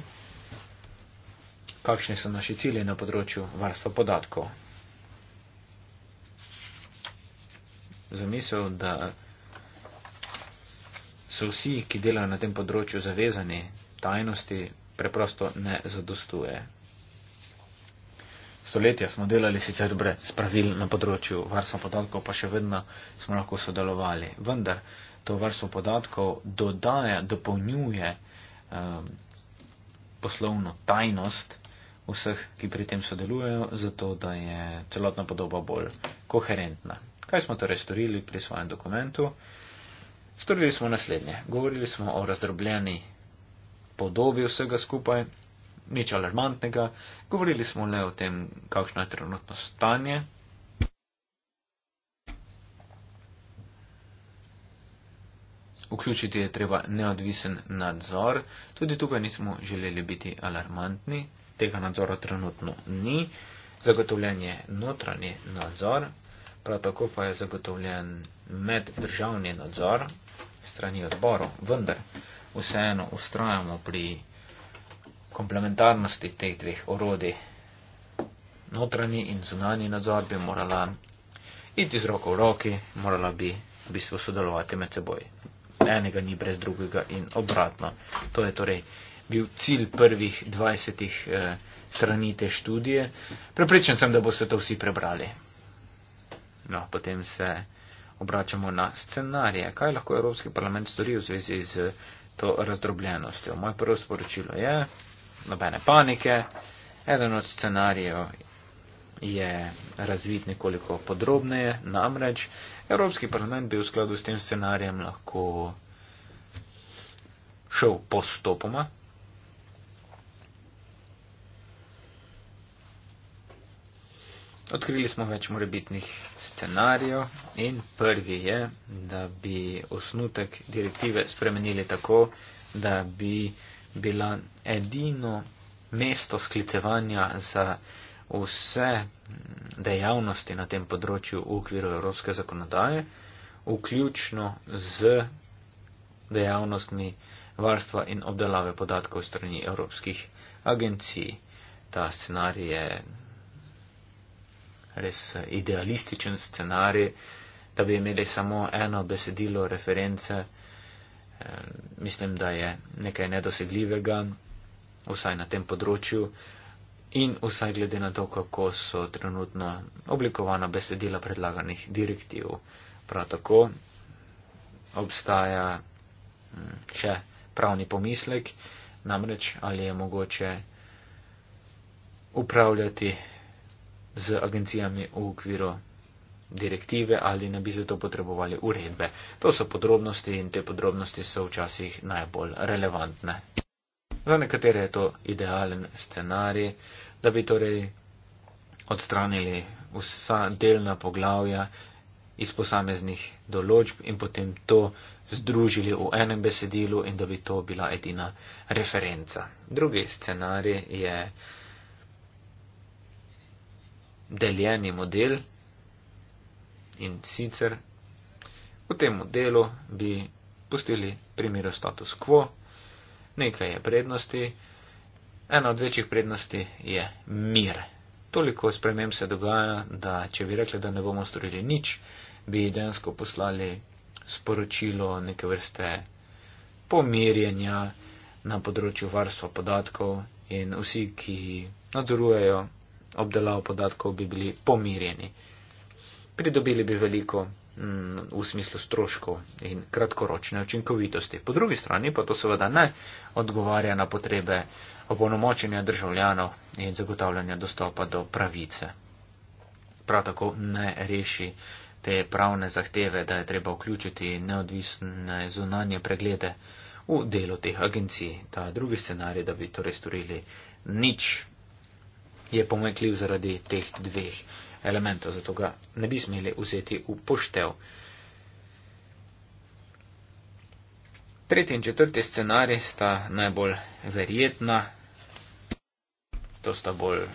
kakšne so naši cilje na področju varstva podatkov. Zamisel, da so vsi, ki delajo na tem področju, zavezani tajnosti, preprosto ne zadostuje stoletja smo delali sicer brez pravil na področju varstva podatkov, pa še vedno smo lahko sodelovali. Vendar to varstvo podatkov dodaja, dopolnjuje um, poslovno tajnost vseh, ki pri tem sodelujejo, zato da je celotna podoba bolj koherentna. Kaj smo torej storili pri svojem dokumentu? Storili smo naslednje. Govorili smo o razdrobljeni podobi vsega skupaj, nič alarmantnega, govorili smo le o tem, kakšno je trenutno stanje. Vključiti je treba neodvisen nadzor, tudi tukaj nismo želeli biti alarmantni, tega nadzora trenutno ni, zagotovljen je notranji nadzor, prav tako pa je zagotovljen meddržavni nadzor strani odborov, vendar vseeno ustrajamo pri komplementarnosti teh dveh orodij. Notranji in zunanji nadzor bi morala iti z roko v roki, morala bi v bistvu sodelovati med seboj. Enega ni brez drugega in obratno. To je torej bil cilj prvih 20 eh, strani te študije. Prepričan sem, da boste to vsi prebrali. No, potem se obračamo na scenarije. Kaj lahko Evropski parlament stori v zvezi z to razdrobljenostjo? Moje prvo sporočilo je, nobene panike. Eden od scenarijev je razvid nekoliko podrobneje, namreč Evropski parlament bi v skladu s tem scenarijem lahko šel postopoma. Odkrili smo več morebitnih scenarijev in prvi je, da bi osnutek direktive spremenili tako, da bi bila edino mesto sklicevanja za vse dejavnosti na tem področju v okviru evropske zakonodaje, vključno z dejavnostmi varstva in obdelave podatkov strani evropskih agencij. Ta scenarij je res idealističen scenarij, da bi imeli samo eno besedilo reference mislim, da je nekaj nedosegljivega, vsaj na tem področju in vsaj glede na to, kako so trenutno oblikovana besedila predlaganih direktiv. Prav tako obstaja še pravni pomislek, namreč ali je mogoče upravljati z agencijami v okviru direktive ali ne bi zato potrebovali uredbe. To so podrobnosti in te podrobnosti so včasih najbolj relevantne. Za nekatere je to idealen scenarij, da bi torej odstranili vsa delna poglavja iz posameznih določb in potem to združili v enem besedilu in da bi to bila edina referenca. Drugi scenarij je deljeni model, in sicer v tem modelu bi pustili pri miru status quo, nekaj je prednosti, ena od večjih prednosti je mir. Toliko sprememb se dogaja, da če bi rekli, da ne bomo storili nič, bi dejansko poslali sporočilo neke vrste pomirjenja na področju varstva podatkov in vsi, ki nadzorujejo obdelavo podatkov, bi bili pomirjeni pridobili bi veliko mm, v smislu stroškov in kratkoročne učinkovitosti. Po drugi strani pa to seveda ne odgovarja na potrebe opolnomočenja državljanov in zagotavljanja dostopa do pravice. Prav tako ne reši te pravne zahteve, da je treba vključiti neodvisne zunanje preglede v delo teh agencij. Ta drugi scenarij, da bi torej storili nič, je pomekljiv zaradi teh dveh elementov, zato ga ne bi smeli vzeti v poštev. Tretji in četrti scenarij sta najbolj verjetna, to sta bolj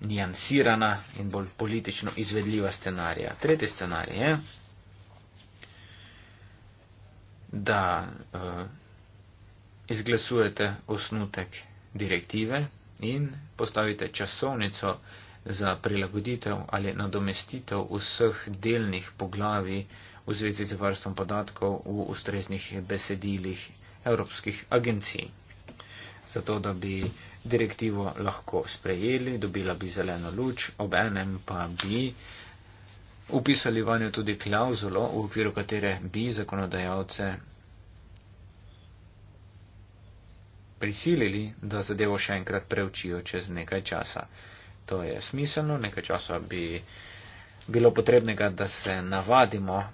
njansirana in bolj politično izvedljiva scenarija. Tretji scenarij je, da uh, izglasujete osnutek direktive in postavite časovnico za prilagoditev ali nadomestitev vseh delnih poglavi v zvezi z varstvom podatkov v ustreznih besedilih evropskih agencij. Zato, da bi direktivo lahko sprejeli, dobila bi zeleno luč, ob enem pa bi upisali vanjo tudi klauzulo, v okviru katere bi zakonodajalce prisilili, da zadevo še enkrat preučijo čez nekaj časa to je smiselno, nekaj časa bi bilo potrebnega, da se navadimo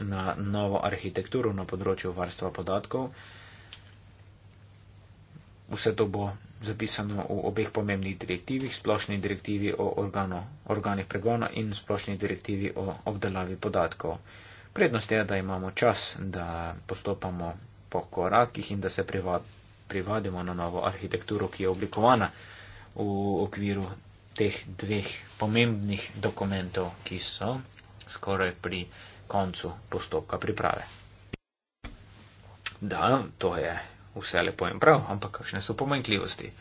na novo arhitekturo na področju varstva podatkov. Vse to bo zapisano v obeh pomembnih direktivih, splošni direktivi o organu, organih pregona in splošni direktivi o obdelavi podatkov. Prednost je, da imamo čas, da postopamo po korakih in da se privadimo na novo arhitekturo, ki je oblikovana v okviru teh dveh pomembnih dokumentov, ki so skoraj pri koncu postopka priprave. Da, to je vse lepo in prav, ampak kakšne so pomenkljivosti?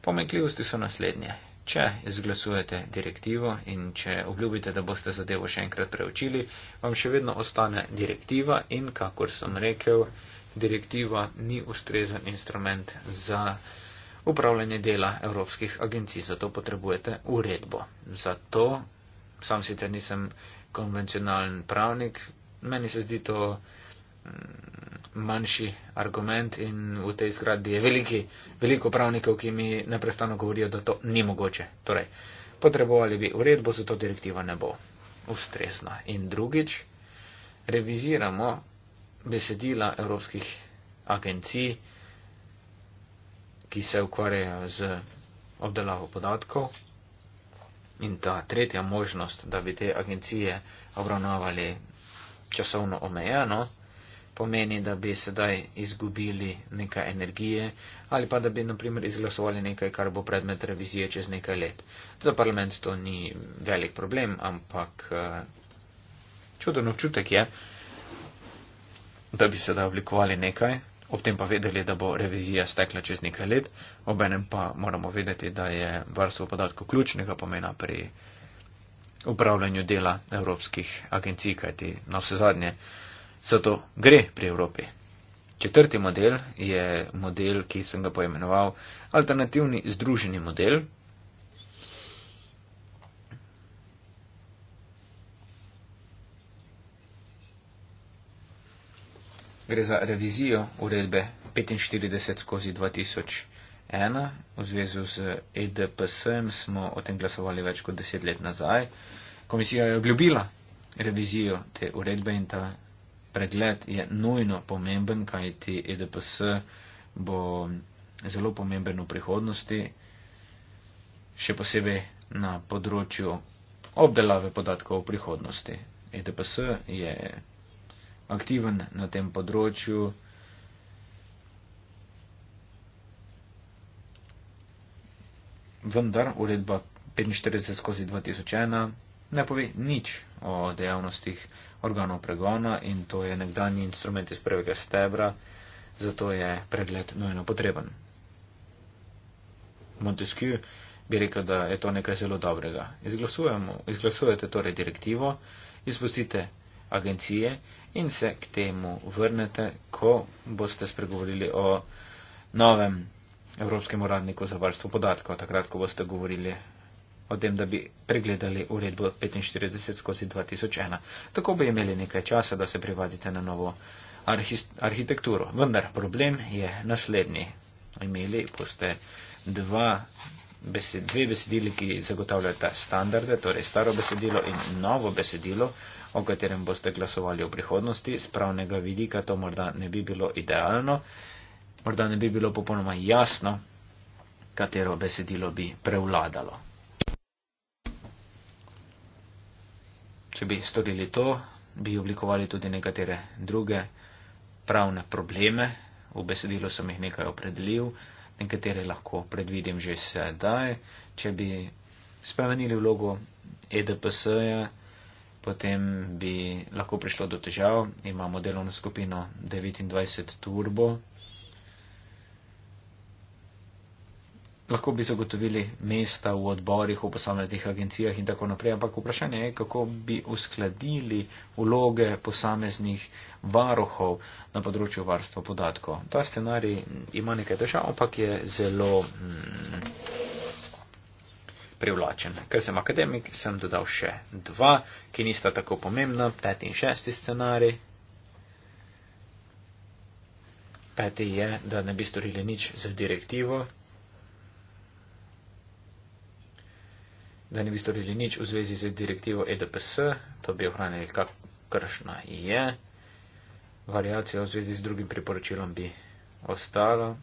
Pomenkljivosti so naslednje. Če izglasujete direktivo in če obljubite, da boste zadevo še enkrat preučili, vam še vedno ostane direktiva in, kakor sem rekel, direktiva ni ustrezen instrument za. Upravljanje dela evropskih agencij, zato potrebujete uredbo. Zato, sam sicer nisem konvencionalen pravnik, meni se zdi to mm, manjši argument in v tej zgradbi je veliki, veliko pravnikov, ki mi neprestano govorijo, da to ni mogoče. Torej, potrebovali bi uredbo, zato direktiva ne bo ustrezna. In drugič, reviziramo besedila evropskih agencij, ki se ukvarjajo z obdelavo podatkov. In ta tretja možnost, da bi te agencije obravnavali časovno omejeno, pomeni, da bi sedaj izgubili nekaj energije ali pa da bi, na primer, izglasovali nekaj, kar bo predmet revizije čez nekaj let. Za parlament to ni velik problem, ampak eh, čuden občutek je, da bi sedaj oblikovali nekaj, ob tem pa vedeli, da bo revizija stekla čez nekaj let, ob enem pa moramo vedeti, da je varstvo podatkov ključnega pomena pri upravljanju dela evropskih agencij, kajti na vse zadnje se to gre pri Evropi. Četrti model je model, ki sem ga poimenoval alternativni združeni model, gre za revizijo uredbe 45 skozi 2001 v zvezi z EDPS-em, smo o tem glasovali več kot deset let nazaj. Komisija je obljubila revizijo te uredbe in ta pregled je nujno pomemben, kajti EDPS bo zelo pomemben v prihodnosti, še posebej na področju obdelave podatkov v prihodnosti. EDPS je aktiven na tem področju. Vendar uredba 45 skozi 2001 ne pove nič o dejavnostih organov pregona in to je nekdani instrument iz prvega stebra, zato je pregled nujno potreben. Montesquieu bi rekel, da je to nekaj zelo dobrega. Izglasujete torej direktivo, izpustite agencije in se k temu vrnete, ko boste spregovorili o novem Evropskem uradniku za varstvo podatkov, takrat, ko boste govorili o tem, da bi pregledali uredbo 45 skozi 2001. Tako bi imeli nekaj časa, da se privadite na novo arhitekturo. Vendar problem je naslednji. Imeli boste dva, besed, dve besedili, ki zagotavljata standarde, torej staro besedilo in novo besedilo, o katerem boste glasovali v prihodnosti. Z pravnega vidika to morda ne bi bilo idealno, morda ne bi bilo popolnoma jasno, katero besedilo bi prevladalo. Če bi storili to, bi oblikovali tudi nekatere druge pravne probleme. V besedilu sem jih nekaj opredelil, nekatere lahko predvidim že sedaj. Če bi spremenili vlogo EDPS-ja, potem bi lahko prišlo do težav. Imamo delovno skupino 29 Turbo. Lahko bi zagotovili mesta v odborih, v posameznih agencijah in tako naprej, ampak vprašanje je, kako bi uskladili vloge posameznih varohov na področju varstva podatkov. Ta scenarij ima nekaj težav, ampak je zelo. Hmm, privlačen. Ker sem akademik, sem dodal še dva, ki nista tako pomembna, peti in šesti scenarij. Peti je, da ne bi storili nič za direktivo. Da ne bi storili nič v zvezi z direktivo EDPS, to bi ohranili kakršna je. Variacija v zvezi z drugim priporočilom bi ostala.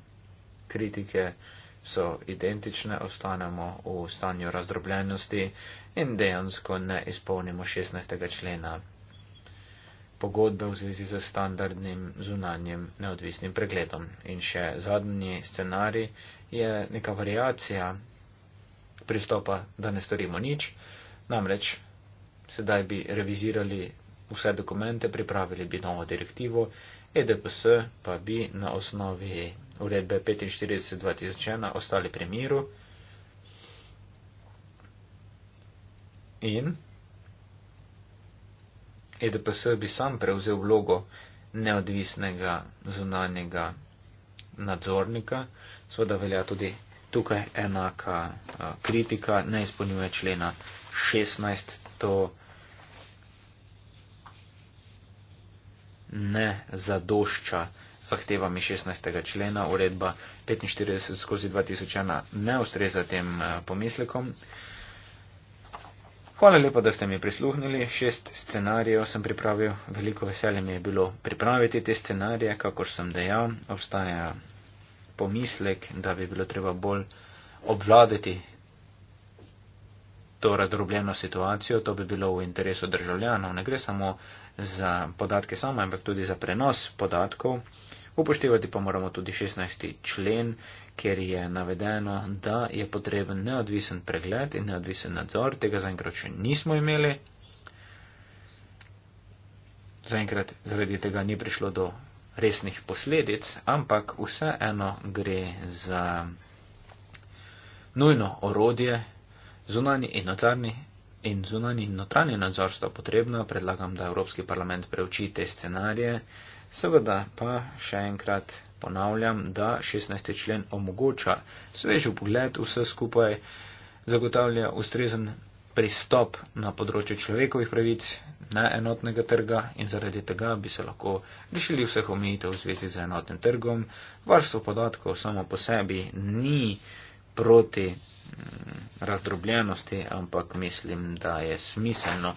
Kritike so identične, ostanemo v stanju razdrobljenosti in dejansko ne izpolnimo 16. člena pogodbe v zvezi z standardnim zunanjem neodvisnim pregledom. In še zadnji scenarij je neka variacija pristopa, da ne storimo nič, namreč sedaj bi revizirali vse dokumente, pripravili bi novo direktivo, EDPS pa bi na osnovi uredbe 45.2001 ostali pri miru in EDPS bi sam prevzel vlogo neodvisnega zunanjega nadzornika. Sveda velja tudi tukaj enaka kritika, ne izpolnjuje člena 16. To ne zadošča zahtevami 16. člena uredba 45 skozi 2001 ne ustreza tem eh, pomislekom. Hvala lepa, da ste mi prisluhnili. Šest scenarijev sem pripravil. Veliko veselje mi je bilo pripraviti te scenarije, kakor sem dejal. Obstaja pomislek, da bi bilo treba bolj obvladati to razdrobljeno situacijo. To bi bilo v interesu državljanov. Ne gre samo za podatke samo, ampak tudi za prenos podatkov. Upoštevati pa moramo tudi 16. člen, kjer je navedeno, da je potreben neodvisen pregled in neodvisen nadzor. Tega zaenkrat še nismo imeli. Zaenkrat zaradi tega ni prišlo do resnih posledic, ampak vseeno gre za nujno orodje, zunani in notarni. In zunani in notranji nadzor sta potrebna. Predlagam, da Evropski parlament preuči te scenarije. Seveda pa še enkrat ponavljam, da 16. člen omogoča svež pogled vse skupaj, zagotavlja ustrezen pristop na področju človekovih pravic, ne enotnega trga in zaradi tega bi se lahko rešili vseh omejitev v zvezi z enotnim trgom. Varstvo podatkov samo po sebi ni proti mm, razdrobljenosti, ampak mislim, da je smiselno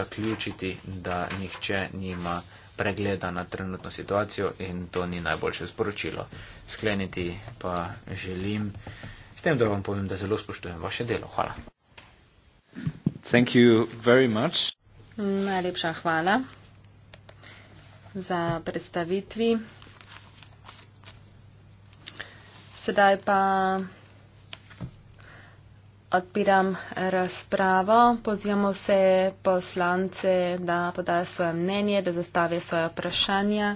zaključiti, da nihče nima. Ni pregleda na trenutno situacijo in to ni najboljše sporočilo. Skleniti pa želim s tem, da vam povem, da zelo spoštujem vaše delo. Hvala. Najlepša hvala za predstavitvi. Sedaj pa. Odpiram eh, razpravo, pozivamo vse poslance, da podajo svoje mnenje, da zastavijo svoje vprašanja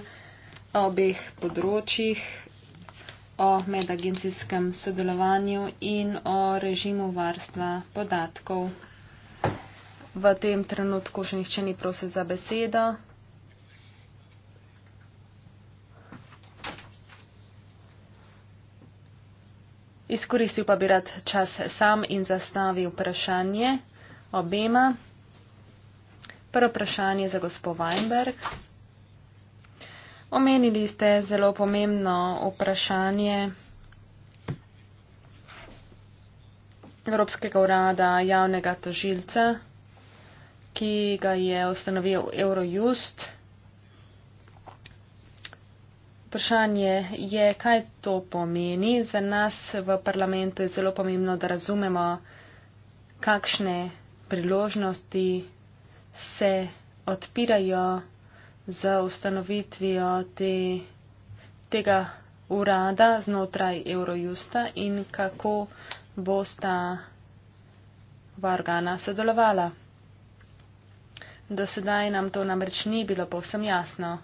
o obeh področjih, o medagencijskem sodelovanju in o režimu varstva podatkov. V tem trenutku še nihče ni prosil za besedo. Izkoristil pa bi rad čas sam in zastavil vprašanje obema. Prvo vprašanje za gospod Weinberg. Omenili ste zelo pomembno vprašanje Evropskega urada javnega tožilca, ki ga je ustanovil Eurojust vprašanje je, kaj to pomeni. Za nas v parlamentu je zelo pomembno, da razumemo, kakšne priložnosti se odpirajo z ustanovitvijo te, tega urada znotraj Eurojusta in kako bosta Vargana sodelovala. Do sedaj nam to namreč ni bilo povsem jasno.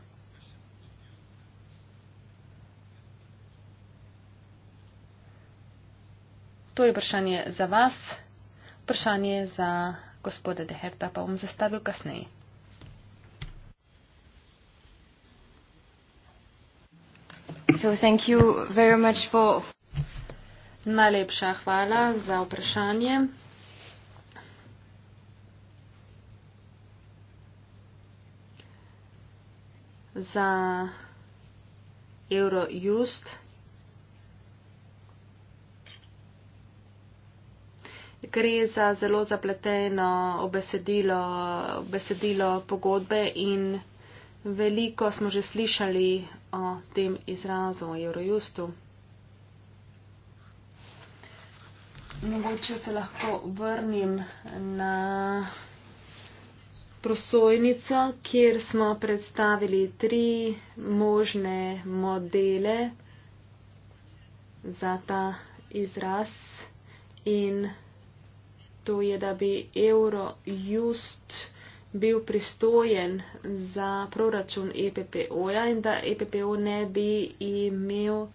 to je vprašanje za vas, vprašanje za gospoda Deherta pa bom zastavil kasneje. For... Najlepša hvala za vprašanje. Za Eurojust gre za zelo zapleteno obesedilo, obesedilo pogodbe in veliko smo že slišali o tem izrazu o Eurojustu. Mogoče se lahko vrnim na prosojnico, kjer smo predstavili tri možne modele za ta izraz in to je, da bi evro just bil pristojen za proračun EPPO-ja in da EPPO ne bi imel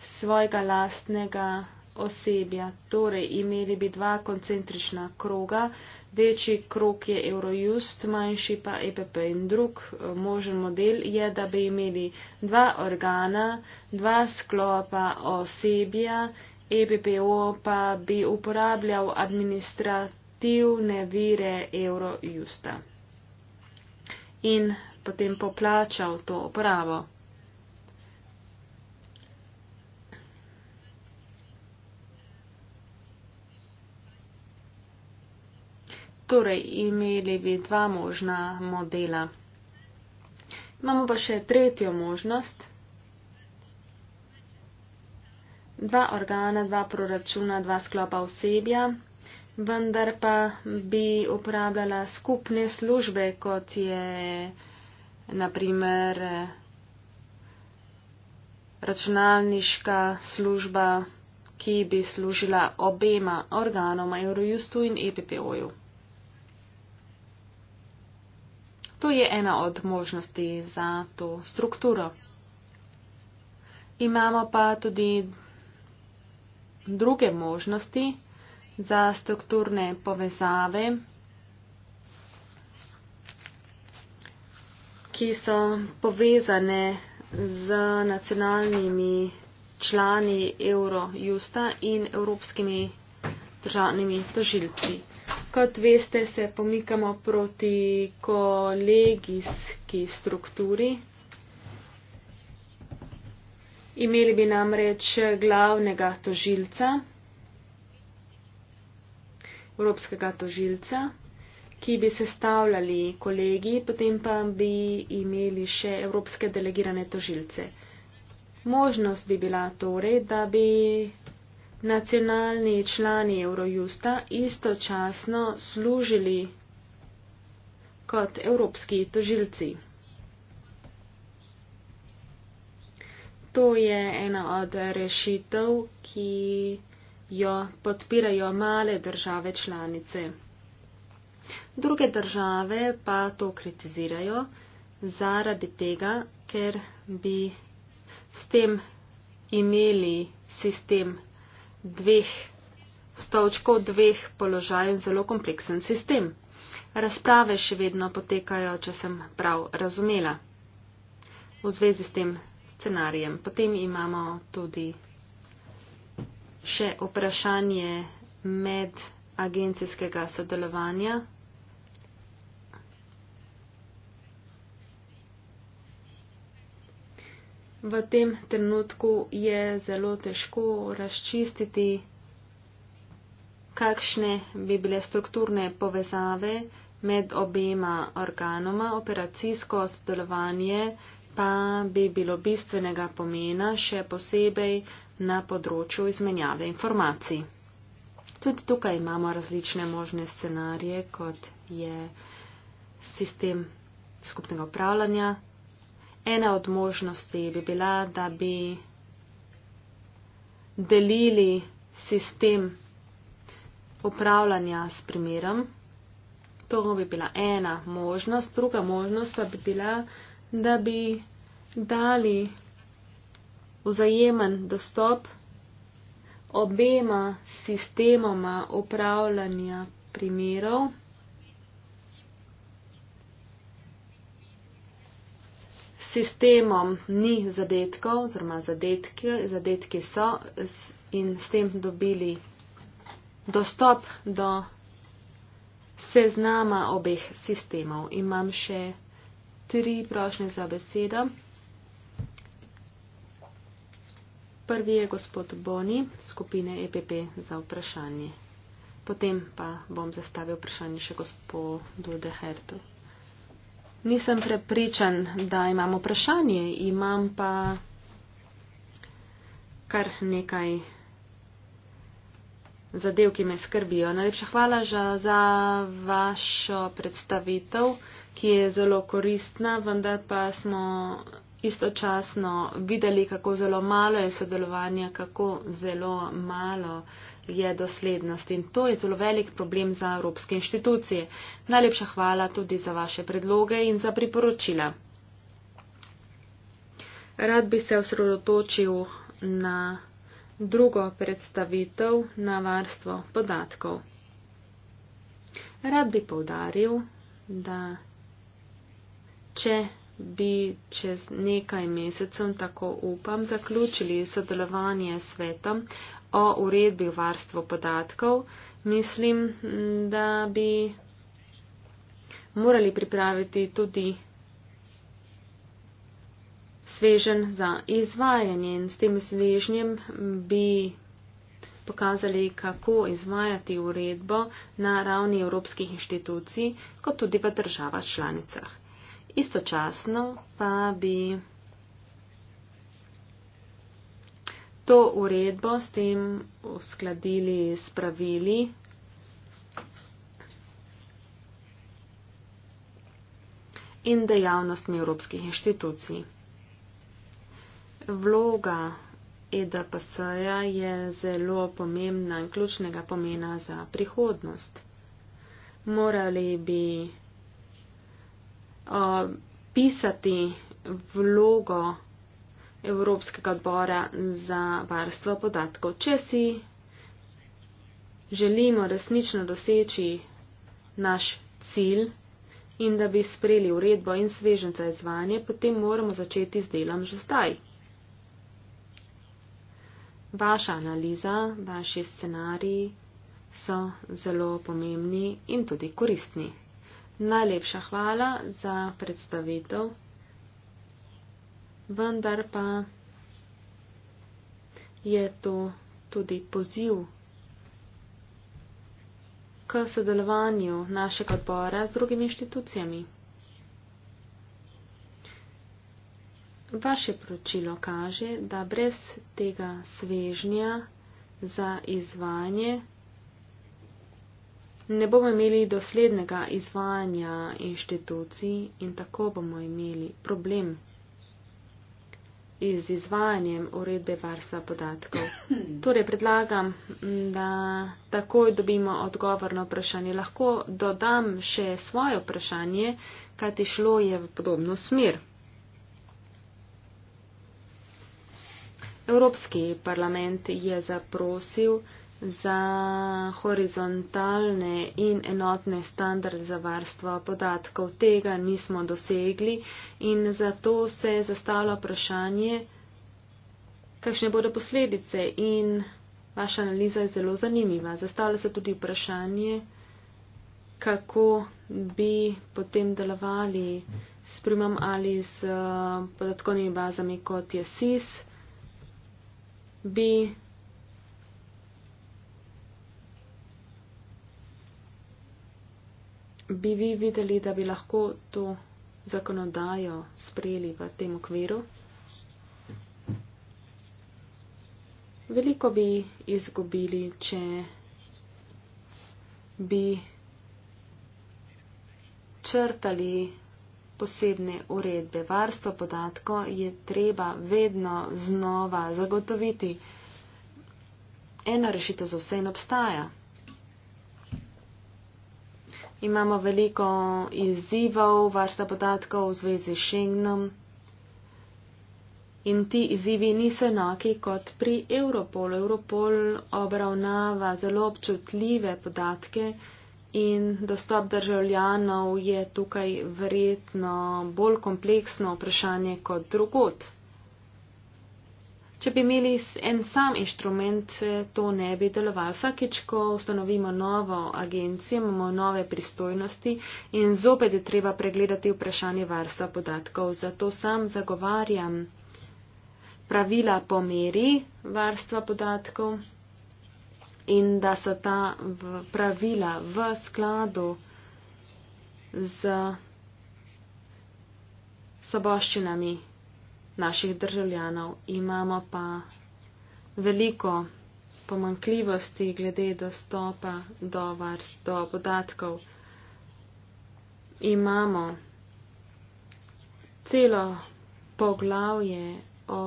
svojega lastnega osebja. Torej, imeli bi dva koncentrična kroga, večji krog je Eurojust, manjši pa EPP. In drug eh, možen model je, da bi imeli dva organa, dva sklopa osebja EBPO pa bi uporabljal administrativne vire Eurojusta in potem poplačal to opravo. Torej, imeli bi dva možna modela. Imamo pa še tretjo možnost dva organa, dva proračuna, dva sklopa osebja, vendar pa bi uporabljala skupne službe, kot je naprimer računalniška služba, ki bi služila obema organoma Eurojustu in EPPO-ju. To je ena od možnosti za to strukturo. Imamo pa tudi druge možnosti za strukturne povezave, ki so povezane z nacionalnimi člani Eurojusta in evropskimi državnimi tožilci. Kot veste, se pomikamo proti kolegijski strukturi. Imeli bi namreč glavnega tožilca, evropskega tožilca, ki bi sestavljali kolegi, potem pa bi imeli še evropske delegirane tožilce. Možnost bi bila torej, da bi nacionalni člani Eurojusta istočasno služili kot evropski tožilci. to je ena od rešitev, ki jo podpirajo male države članice. Druge države pa to kritizirajo zaradi tega, ker bi s tem imeli sistem dveh stavčkov, dveh položajev, zelo kompleksen sistem. Razprave še vedno potekajo, če sem prav razumela. V zvezi s tem scenarijem. Potem imamo tudi še vprašanje med agencijskega sodelovanja. V tem trenutku je zelo težko razčistiti, kakšne bi bile strukturne povezave med obema organoma. Operacijsko sodelovanje pa bi bilo bistvenega pomena še posebej na področju izmenjave informacij. Tudi tukaj imamo različne možne scenarije, kot je sistem skupnega upravljanja. Ena od možnosti bi bila, da bi delili sistem upravljanja s primerom. To bi bila ena možnost. Druga možnost pa bi bila, da bi dali vzajemen dostop obema sistemoma upravljanja primerov. Sistemom ni zadetkov, oziroma zadetki, zadetki so in s tem dobili dostop do seznama obeh sistemov. Imam še tri prošnje za besedo. Prvi je gospod Boni, skupine EPP za vprašanje. Potem pa bom zastavil vprašanje še gospodu Dehertu. Nisem prepričan, da imam vprašanje, imam pa kar nekaj zadev, ki me skrbijo. Najlepša hvala že za vašo predstavitev ki je zelo koristna, vendar pa smo istočasno videli, kako zelo malo je sodelovanja, kako zelo malo je doslednost in to je zelo velik problem za evropske inštitucije. Najlepša hvala tudi za vaše predloge in za priporočila. Rad bi se osredotočil na drugo predstavitev na varstvo podatkov. Rad bi povdaril, da če bi čez nekaj mesecev, tako upam, zaključili sodelovanje s svetom o uredbi o varstvu podatkov, mislim, da bi morali pripraviti tudi svežen za izvajanje in s tem svežnjem bi pokazali, kako izvajati uredbo na ravni evropskih inštitucij, kot tudi v državah članicah istočasno pa bi to uredbo s tem uskladili s pravili. in dejavnostmi evropskih inštitucij. Vloga EDPS-ja je zelo pomembna in ključnega pomena za prihodnost. Morali bi pisati vlogo Evropskega odbora za varstvo podatkov. Če si želimo resnično doseči naš cilj in da bi sprejeli uredbo in svežen za izvanje, potem moramo začeti z delom že zdaj. Vaša analiza, vaši scenariji so zelo pomembni in tudi koristni. Najlepša hvala za predstavitev, vendar pa je to tudi poziv k sodelovanju našega odbora z drugimi inštitucijami. Vaše poročilo kaže, da brez tega svežnja za izvajanje ne bomo imeli doslednega izvajanja inštitucij in tako bomo imeli problem z izvajanjem uredbe varstva podatkov. Torej predlagam, da takoj dobimo odgovor na vprašanje. Lahko dodam še svoje vprašanje, kajti šlo je v podobno smer. Evropski parlament je zaprosil, za horizontalne in enotne standarde za varstvo podatkov. Tega nismo dosegli in zato se zastavlja vprašanje, kakšne bodo posledice in vaša analiza je zelo zanimiva. Zastavlja se tudi vprašanje, kako bi potem delovali s primam ali z eh, podatkovnimi bazami kot je SIS. Bi bi vi videli, da bi lahko to zakonodajo sprejeli v tem okviru? Veliko bi izgubili, če bi črtali posebne uredbe. Varstvo podatko je treba vedno znova zagotoviti. Ena rešitev za vse in obstaja imamo veliko izzivov varstva podatkov v zvezi s Schengenom in ti izzivi niso enaki kot pri Europolu. Europol obravnava zelo občutljive podatke in dostop državljanov je tukaj verjetno bolj kompleksno vprašanje kot drugot. Če bi imeli en sam inštrument, eh, to ne bi delovalo. Vsakič, ko ustanovimo novo agencijo, imamo nove pristojnosti in zopet je treba pregledati vprašanje varstva podatkov. Zato sam zagovarjam pravila po meri varstva podatkov in da so ta pravila v skladu z soboščinami naših državljanov. Imamo pa veliko pomankljivosti glede dostopa do, varst, do podatkov. Imamo celo poglavje o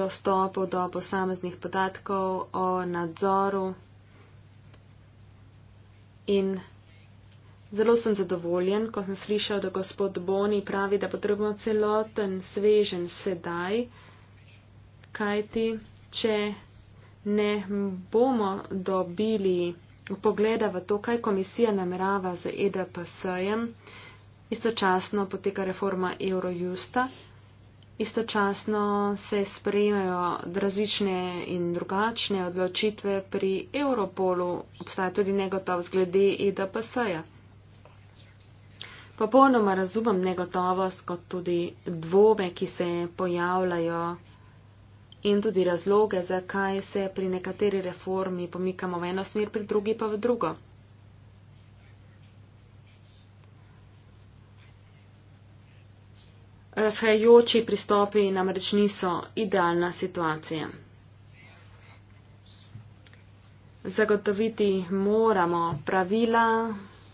dostopu do posameznih podatkov, o nadzoru in Zelo sem zadovoljen, ko sem slišal, da gospod Boni pravi, da potrebujemo celoten svežen sedaj, kajti če ne bomo dobili pogleda v to, kaj komisija namerava z EDPS-jem, istočasno poteka reforma Eurojusta, istočasno se sprejmejo različne in drugačne odločitve pri Europolu, obstaja tudi negotovost glede EDPS-ja. Popolnoma razumem negotovost, kot tudi dvome, ki se pojavljajo in tudi razloge, zakaj se pri nekateri reformi pomikamo v eno smer, pri drugi pa v drugo. Razhajajoči pristopi namreč niso idealna situacija. Zagotoviti moramo pravila,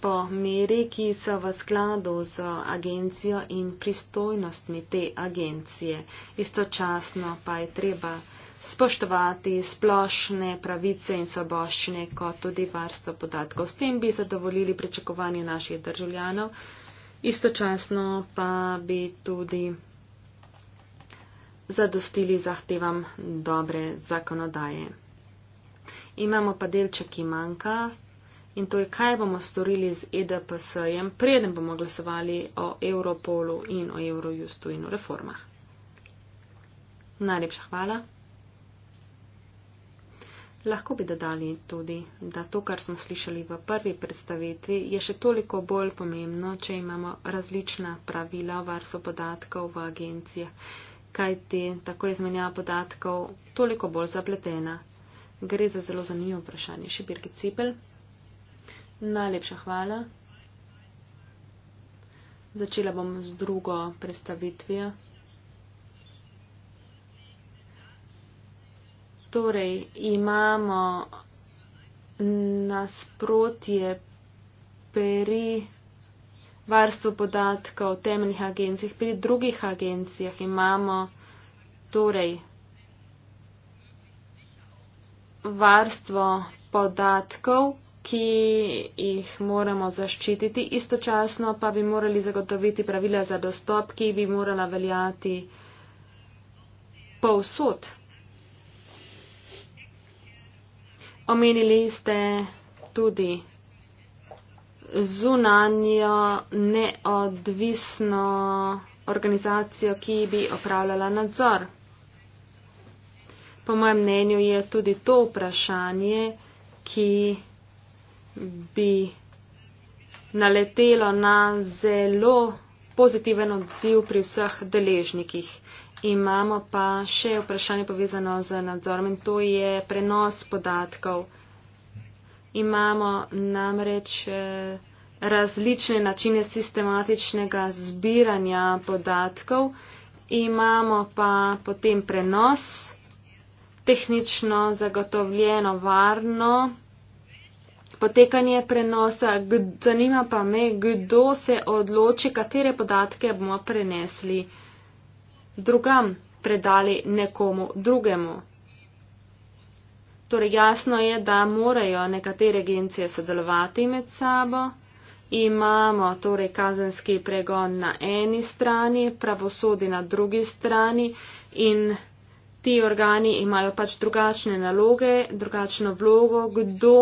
po meri, ki so v skladu z agencijo in pristojnostmi te agencije. Istočasno pa je treba spoštovati splošne pravice in soboščine, kot tudi varstvo podatkov. S tem bi zadovoljili pričakovanje naših državljanov, istočasno pa bi tudi zadostili zahtevam dobre zakonodaje. Imamo pa delček, ki manjka, in to je, kaj bomo storili z EDPS-jem, preden bomo glasovali o Europolu in o Eurojustu in o reformah. Najlepša hvala. Lahko bi dodali tudi, da to, kar smo slišali v prvi predstavitvi, je še toliko bolj pomembno, če imamo različna pravila o varstvu podatkov v agencijah, kajti tako je zmenjava podatkov toliko bolj zapletena. Gre za zelo zanimivo vprašanje. Šibirki Cipel. Najlepša hvala. Začela bom z drugo predstavitvijo. Torej, imamo nasprotje pri varstvu podatkov v temeljnih agencijah, pri drugih agencijah imamo torej varstvo podatkov ki jih moramo zaščititi, istočasno pa bi morali zagotoviti pravila za dostop, ki bi morala veljati povsod. Omenili ste tudi zunanjo neodvisno organizacijo, ki bi opravljala nadzor. Po mojem mnenju je tudi to vprašanje, ki bi naletelo na zelo pozitiven odziv pri vseh deležnikih. Imamo pa še vprašanje povezano z nadzorom in to je prenos podatkov. Imamo namreč eh, različne načine sistematičnega zbiranja podatkov, imamo pa potem prenos, tehnično zagotovljeno varno, potekanje prenosa. Zanima pa me, kdo se odloči, katere podatke bomo prenesli drugam, predali nekomu drugemu. Torej jasno je, da morajo nekatere agencije sodelovati med sabo. Imamo torej kazenski pregon na eni strani, pravosodi na drugi strani in ti organi imajo pač drugačne naloge, drugačno vlogo, kdo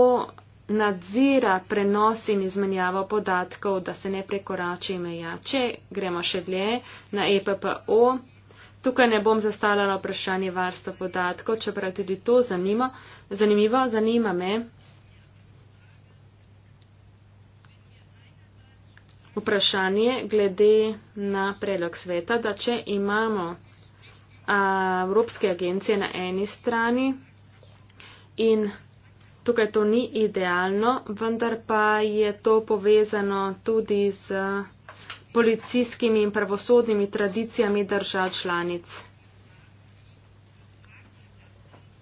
nadzira prenos in izmenjavo podatkov, da se ne prekorači meja. Če gremo še dlje na EPPO, tukaj ne bom zastavljala vprašanje varstva podatkov, čeprav tudi to zanima, zanimivo, zanima me. Vprašanje glede na predlog sveta, da če imamo a, Evropske agencije na eni strani in tukaj to ni idealno, vendar pa je to povezano tudi z policijskimi in pravosodnimi tradicijami držav članic.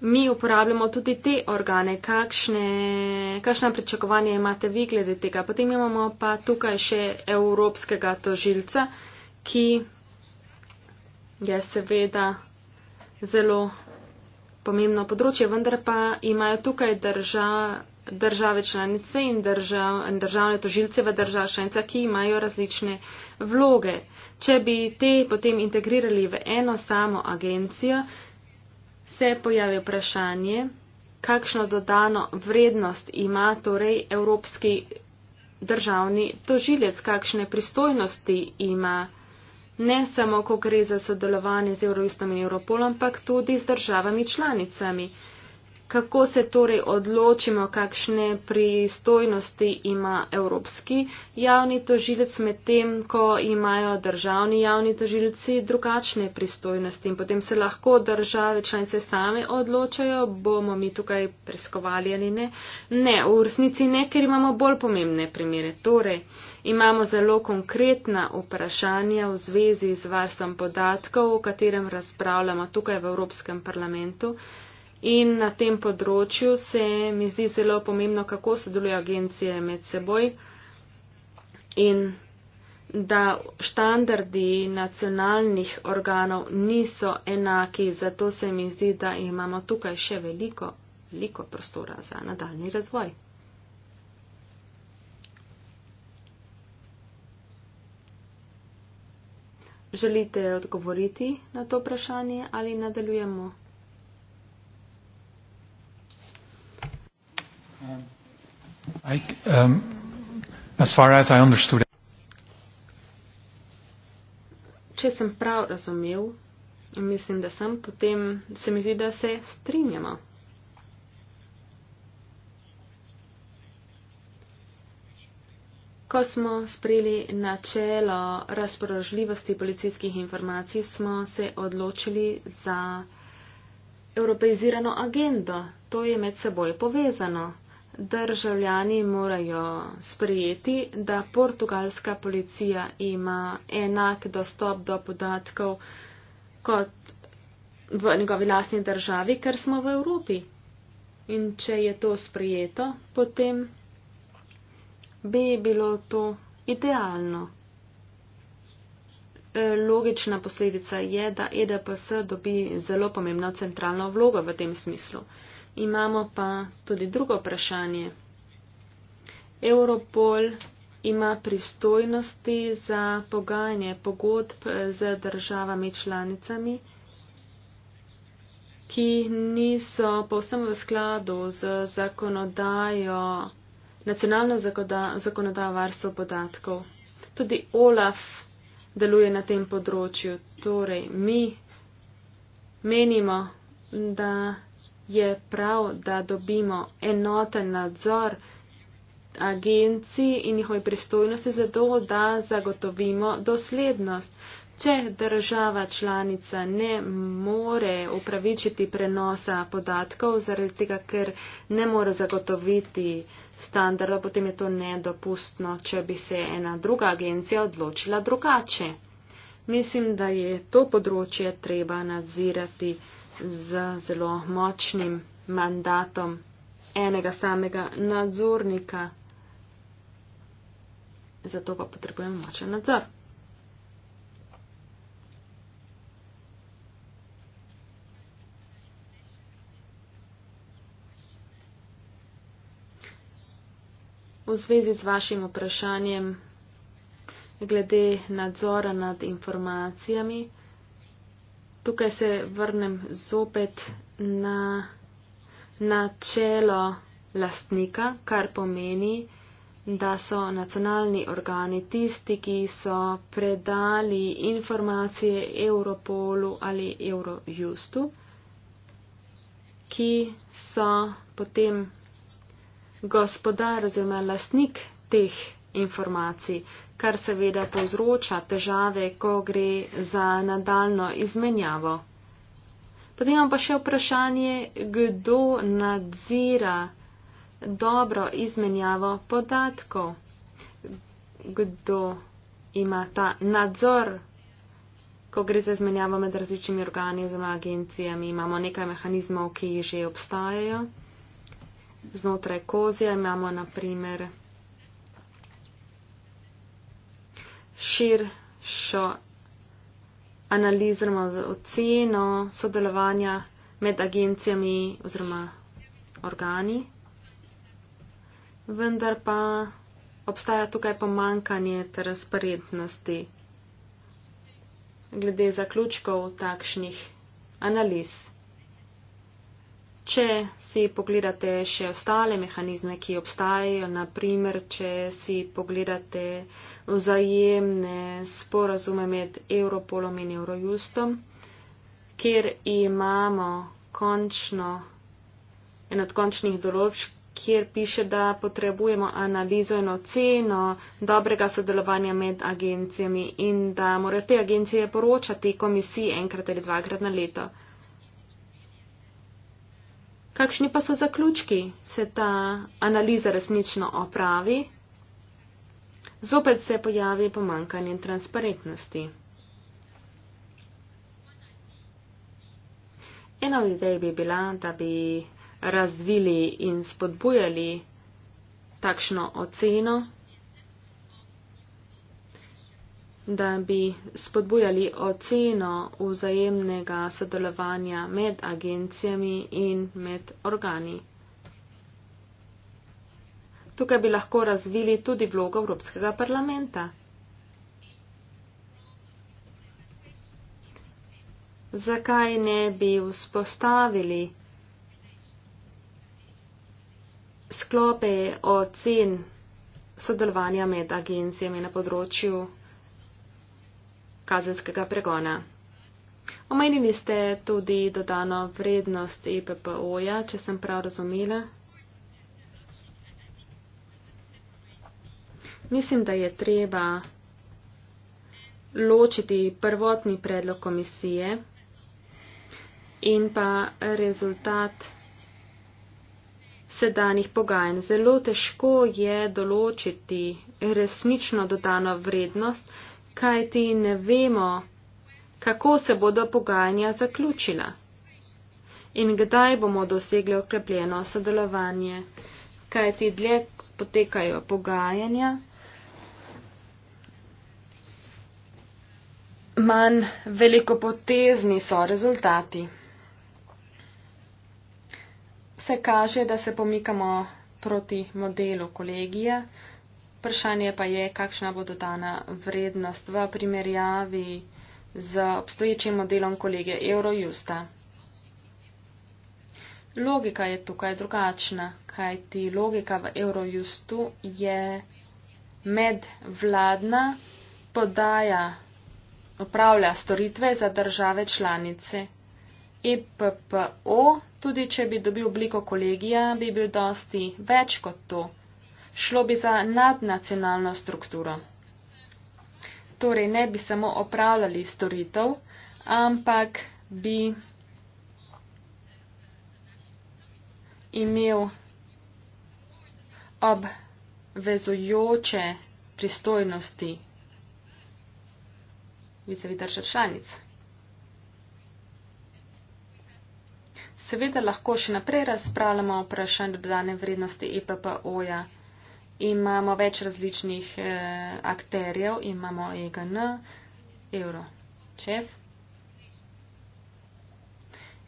Mi uporabljamo tudi te organe, kakšne, kakšne pričakovanje imate vi glede tega. Potem imamo pa tukaj še evropskega tožilca, ki je seveda zelo pomembno področje, vendar pa imajo tukaj drža, države članice in, držav, in državne tožilce v državah članica, ki imajo različne vloge. Če bi te potem integrirali v eno samo agencijo, se pojavi vprašanje, kakšno dodano vrednost ima torej evropski državni tožilec, kakšne pristojnosti ima ne samo, ko gre za sodelovanje z Eurojustom in Europolom, ampak tudi z državami članicami. Kako se torej odločimo, kakšne pristojnosti ima evropski javni tožilec, medtem ko imajo državni javni tožilci drugačne pristojnosti in potem se lahko države članice same odločajo, bomo mi tukaj preskovali ali ne. Ne, v resnici ne, ker imamo bolj pomembne primere. Torej, Imamo zelo konkretna vprašanja v zvezi z varstvom podatkov, o katerem razpravljamo tukaj v Evropskem parlamentu. In na tem področju se mi zdi zelo pomembno, kako sodelujo agencije med seboj in da štandardi nacionalnih organov niso enaki. Zato se mi zdi, da imamo tukaj še veliko, veliko prostora za nadaljni razvoj. Želite odgovoriti na to vprašanje ali nadaljujemo? Um, I, um, as as Če sem prav razumel, mislim, da sem, potem se mi zdi, da se strinjamo. Ko smo sprejeli načelo razporožljivosti policijskih informacij, smo se odločili za evropeizirano agendo. To je med seboj povezano. Državljani morajo sprejeti, da portugalska policija ima enak dostop do podatkov kot v njegovi lastni državi, ker smo v Evropi. In če je to sprejeto, potem bi bilo to idealno. E, logična posledica je, da EDPS dobi zelo pomembno centralno vlogo v tem smislu. Imamo pa tudi drugo vprašanje. Europol ima pristojnosti za pogajanje pogodb z državami članicami, ki niso povsem v skladu z zakonodajo nacionalna zakonodaja varstva podatkov. Tudi OLAF deluje na tem področju. Torej, mi menimo, da je prav, da dobimo enoten nadzor agenciji in njihovi pristojnosti za to, da zagotovimo doslednost. Če država članica ne more upravičiti prenosa podatkov zaradi tega, ker ne more zagotoviti standarda, potem je to nedopustno, če bi se ena druga agencija odločila drugače. Mislim, da je to področje treba nadzirati z zelo močnim mandatom enega samega nadzornika. Zato pa potrebujemo močen nadzor. v zvezi z vašim vprašanjem glede nadzora nad informacijami. Tukaj se vrnem zopet na načelo lastnika, kar pomeni, da so nacionalni organi tisti, ki so predali informacije Europolu ali Eurojustu, ki so potem gospodar oziroma lastnik teh informacij, kar seveda povzroča težave, ko gre za nadaljno izmenjavo. Potem pa še vprašanje, kdo nadzira dobro izmenjavo podatkov, kdo ima ta nadzor, ko gre za izmenjavo med različnimi organi oziroma agencijami. Imamo nekaj mehanizmov, ki že obstajajo znotraj kozja imamo naprimer širšo analizo oziroma oceno sodelovanja med agencijami oziroma organi. Vendar pa obstaja tukaj pomankanje transparentnosti glede zaključkov takšnih analiz. Če si pogledate še ostale mehanizme, ki obstajajo, naprimer, če si pogledate vzajemne sporazume med Europolom in Eurojustom, kjer imamo končno, en od končnih določb, kjer piše, da potrebujemo analizo in oceno dobrega sodelovanja med agencijami in da morajo te agencije poročati komisiji enkrat ali dvakrat na leto. Kakšni pa so zaključki, se ta analiza resnično opravi? Zopet se pojavi pomankanje transparentnosti. Ena od idej bi bila, da bi razvili in spodbujali takšno oceno da bi spodbujali oceno vzajemnega sodelovanja med agencijami in med organi. Tukaj bi lahko razvili tudi vlogo Evropskega parlamenta. Zakaj ne bi vzpostavili sklope ocen sodelovanja med agencijami na področju kazenskega pregona. Omenili ste tudi dodano vrednost EPPO-ja, če sem prav razumela. Mislim, da je treba ločiti prvotni predlog komisije in pa rezultat sedanjih pogajanj. Zelo težko je določiti resnično dodano vrednost, kaj ti ne vemo, kako se bodo pogajanja zaključila in kdaj bomo dosegli okrepljeno sodelovanje, kaj ti dlje potekajo pogajanja, manj velikopotezni so rezultati. Vse kaže, da se pomikamo proti modelu kolegija, Vprašanje pa je, kakšna bo dodana vrednost v primerjavi z obstoječim modelom kolege Eurojusta. Logika je tukaj drugačna, kajti logika v Eurojustu je medvladna podaja, upravlja storitve za države članice. EPPO, tudi če bi dobil obliko kolegija, bi bil dosti več kot to šlo bi za nadnacionalno strukturo. Torej ne bi samo opravljali storitev, ampak bi imel obvezujoče pristojnosti vizavi držav članic. Seveda lahko še naprej razpravljamo o vprašanju dodane vrednosti EPPO-ja imamo več različnih eh, akterjev, imamo EGN, Euro, Čef.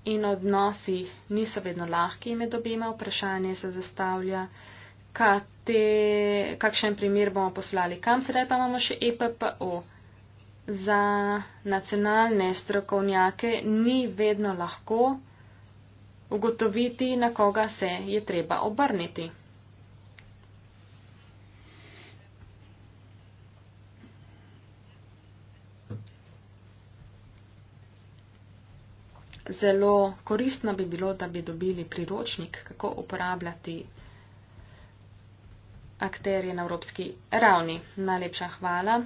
In odnosi niso vedno lahki med obima, vprašanje se zastavlja, kate, kakšen primer bomo poslali, kam sedaj pa imamo še EPPO. Za nacionalne strokovnjake ni vedno lahko ugotoviti, na koga se je treba obrniti. zelo koristno bi bilo, da bi dobili priročnik, kako uporabljati akterje na evropski ravni. Najlepša hvala.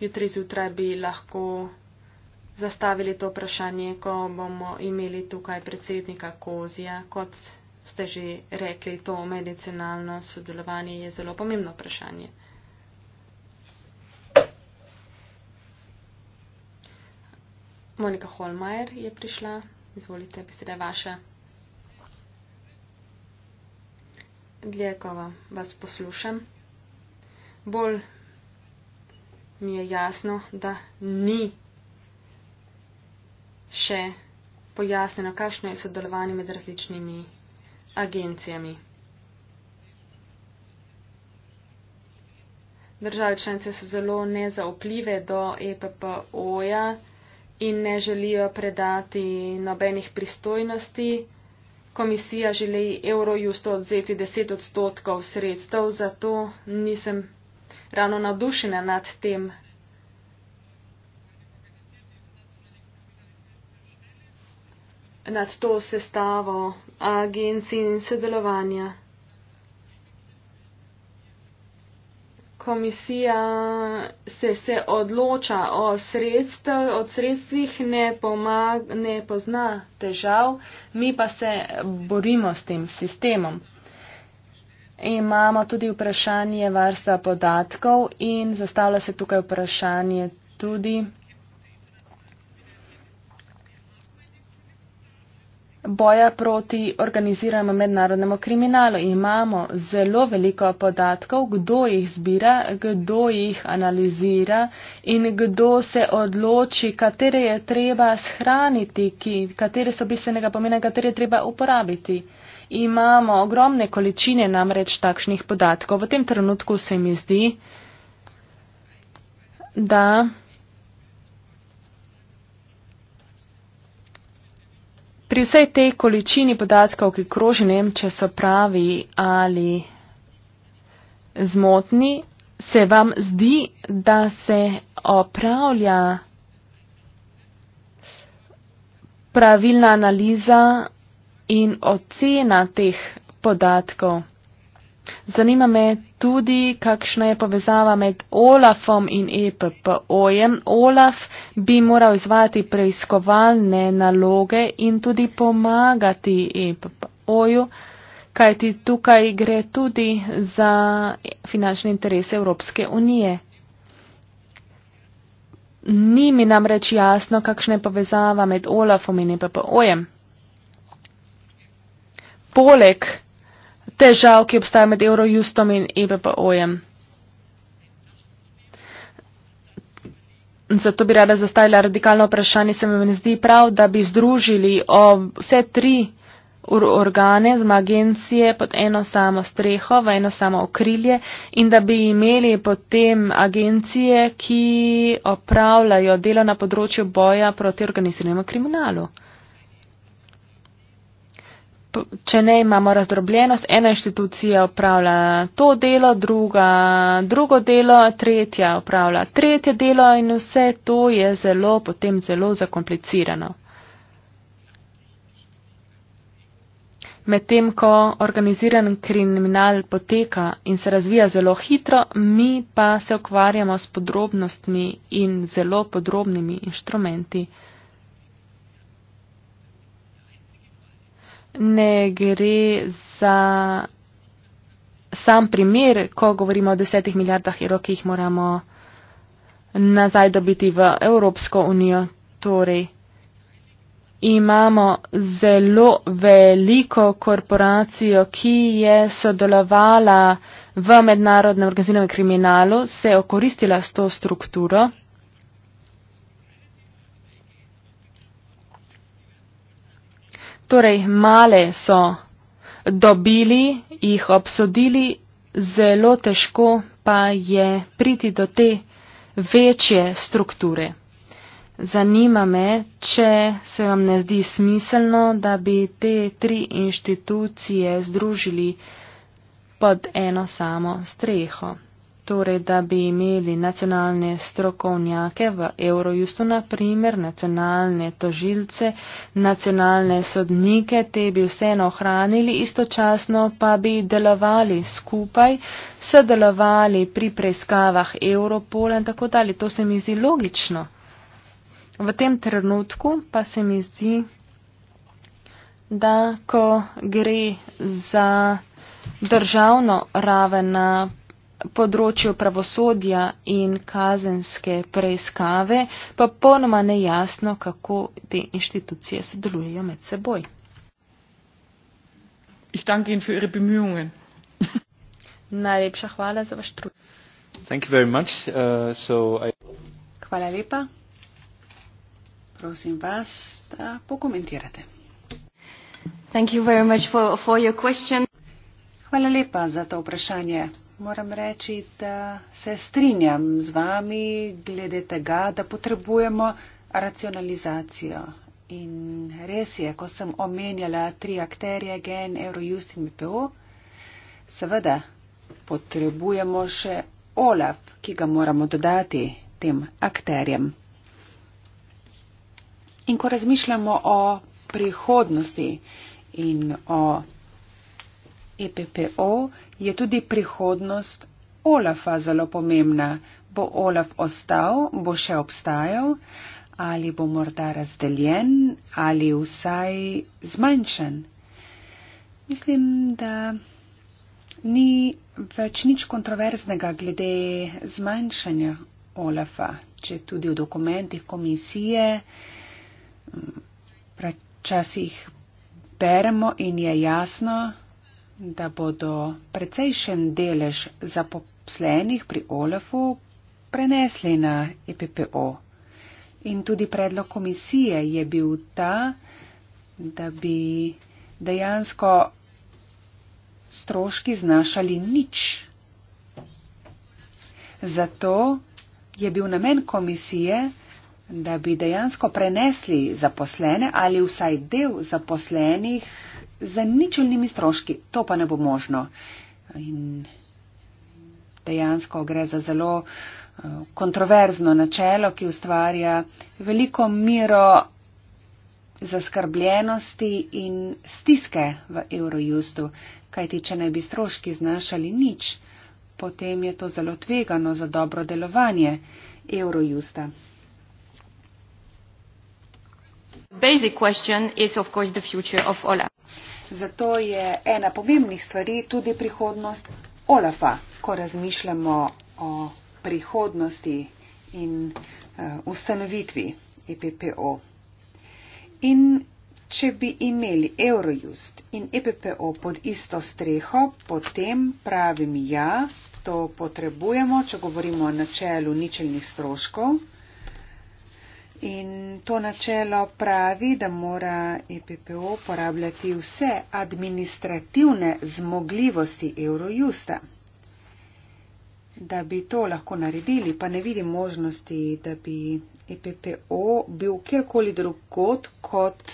Jutri zjutraj bi lahko zastavili to vprašanje, ko bomo imeli tukaj predsednika Kozija. Kot ste že rekli, to medicinalno sodelovanje je zelo pomembno vprašanje. Monika Holmajer je prišla. Izvolite, beseda je vaša. Dlekova, vas poslušam. Bolj mi je jasno, da ni še pojasneno, kakšno je sodelovanje med različnimi agencijami. Države članice so zelo nezaupljive do EPPO-ja in ne želijo predati nobenih pristojnosti. Komisija želi Eurojustu odzeti 10 odstotkov sredstev, zato nisem ravno navdušena nad tem. nad to sestavo agencij in sodelovanja. komisija se, se odloča o sredstv, od sredstvih, ne, pomag, ne pozna težav, mi pa se borimo s tem sistemom. Imamo tudi vprašanje varstva podatkov in zastavlja se tukaj vprašanje tudi. boja proti organiziranemu mednarodnemu kriminalu. Imamo zelo veliko podatkov, kdo jih zbira, kdo jih analizira in kdo se odloči, katere je treba shraniti, ki, katere so bistvenega pomena, katere je treba uporabiti. Imamo ogromne količine namreč takšnih podatkov. V tem trenutku se mi zdi, da. pri vsej tej količini podatkov, ki kroži Nemče, so pravi ali zmotni, se vam zdi, da se opravlja pravilna analiza in ocena teh podatkov. Zanima me tudi, kakšna je povezava med Olafom in EPPO-jem. Olaf bi moral izvati preiskovalne naloge in tudi pomagati EPPO-ju, kajti tukaj gre tudi za finančne interese Evropske unije. Ni mi namreč jasno, kakšna je povezava med Olafom in EPPO-jem. Poleg težav, ki obstaja med Eurojustom in EBPO-jem. Zato bi rada zastavila radikalno vprašanje. Se mi ne zdi prav, da bi združili vse tri organe, zma agencije pod eno samo streho, v eno samo okrilje in da bi imeli potem agencije, ki opravljajo delo na področju boja proti organiziranemu kriminalu če ne imamo razdrobljenost, ena inštitucija upravlja to delo, druga drugo delo, tretja upravlja tretje delo in vse to je zelo, potem zelo zakomplicirano. Medtem, ko organiziran kriminal poteka in se razvija zelo hitro, mi pa se ukvarjamo s podrobnostmi in zelo podrobnimi inštrumenti. ne gre za sam primer, ko govorimo o desetih milijardah evrov, ki jih moramo nazaj dobiti v Evropsko unijo. Torej, imamo zelo veliko korporacijo, ki je sodelovala v mednarodnem organiziranem kriminalu, se okoristila s to strukturo. torej male so dobili, jih obsodili, zelo težko pa je priti do te večje strukture. Zanima me, če se vam ne zdi smiselno, da bi te tri inštitucije združili pod eno samo streho torej da bi imeli nacionalne strokovnjake v Eurojustu, naprimer nacionalne tožilce, nacionalne sodnike, te bi vseeno ohranili, istočasno pa bi delovali skupaj, sodelovali pri preiskavah Europola in tako dalje. To se mi zdi logično. V tem trenutku pa se mi zdi, da ko gre za državno raven na področju pravosodja in kazenske preiskave pa ponoma nejasno, kako te inštitucije sodelujejo med seboj. Najlepša hvala za vaš trud. Uh, so... Hvala lepa. Prosim vas, da pokomentirate. Thank you very much for, for your question. Hvala lepa za to vprašanje moram reči, da se strinjam z vami glede tega, da potrebujemo racionalizacijo. In res je, ko sem omenjala tri akterje, gen, Eurojust in MPO, seveda potrebujemo še OLAF, ki ga moramo dodati tem akterjem. In ko razmišljamo o prihodnosti in o EPPO je tudi prihodnost Olafa zelo pomembna. Bo Olaf ostal, bo še obstajal ali bo morda razdeljen ali vsaj zmanjšan. Mislim, da ni več nič kontroverznega glede zmanjšanja Olafa, če tudi v dokumentih komisije včasih beremo in je jasno, da bodo precejšen delež zaposlenih pri OLAF-u prenesli na EPPO. In tudi predlog komisije je bil ta, da bi dejansko stroški znašali nič. Zato je bil namen komisije, da bi dejansko prenesli zaposlene ali vsaj del zaposlenih za ničelnimi stroški, to pa ne bo možno. In dejansko gre za zelo eh, kontroverzno načelo, ki ustvarja veliko miro zaskrbljenosti in stiske v Eurojustu, kajti če ne bi stroški znašali nič, potem je to zelo tvegano za dobro delovanje Eurojusta. Basic question is of course the future of OLA. Zato je ena pomembnih stvari tudi prihodnost Olafa, ko razmišljamo o prihodnosti in uh, ustanovitvi EPPO. In če bi imeli Eurojust in EPPO pod isto streho, potem pravim ja, to potrebujemo, če govorimo o načelu ničelnih stroškov. In to načelo pravi, da mora EPPO uporabljati vse administrativne zmogljivosti Eurojusta. Da bi to lahko naredili, pa ne vidim možnosti, da bi EPPO bil kjerkoli drugot kot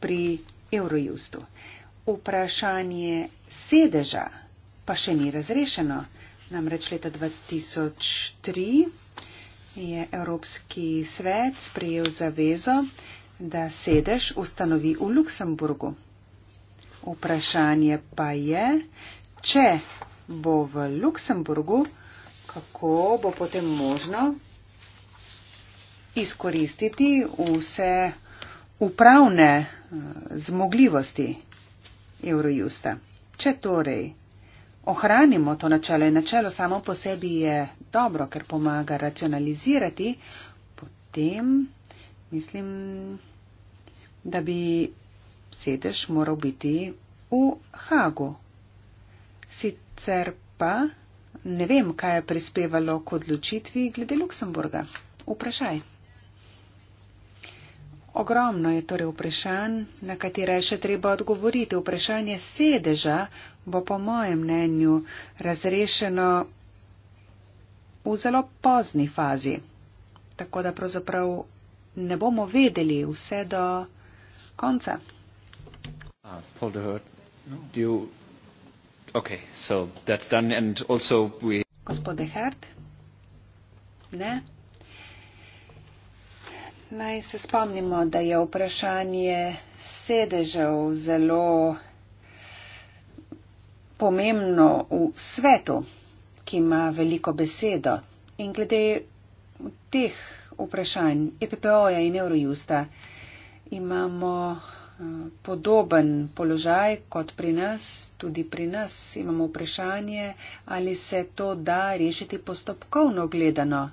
pri Eurojustu. Vprašanje sedeža pa še ni razrešeno. Namreč leta 2003 je Evropski svet sprejel zavezo, da sedež ustanovi v Luksemburgu. Vprašanje pa je, če bo v Luksemburgu, kako bo potem možno izkoristiti vse upravne eh, zmogljivosti Eurojusta. Če torej ohranimo to načelo in načelo samo po sebi je dobro, ker pomaga racionalizirati, potem mislim, da bi sedež moral biti v Hagu. Sicer pa ne vem, kaj je prispevalo k odločitvi glede Luksemburga. Vprašaj. Ogromno je torej vprašanj, na katera je še treba odgovoriti. Vprašanje sedeža bo po mojem mnenju razrešeno v zelo pozni fazi, tako da pravzaprav ne bomo vedeli vse do konca. Ah, Gospod Dehert? Ne. Naj se spomnimo, da je vprašanje sedežev zelo pomembno v svetu, ki ima veliko besedo. In glede teh vprašanj EPPO-ja in Eurojusta imamo eh, podoben položaj kot pri nas, tudi pri nas imamo vprašanje, ali se to da rešiti postopkovno gledano.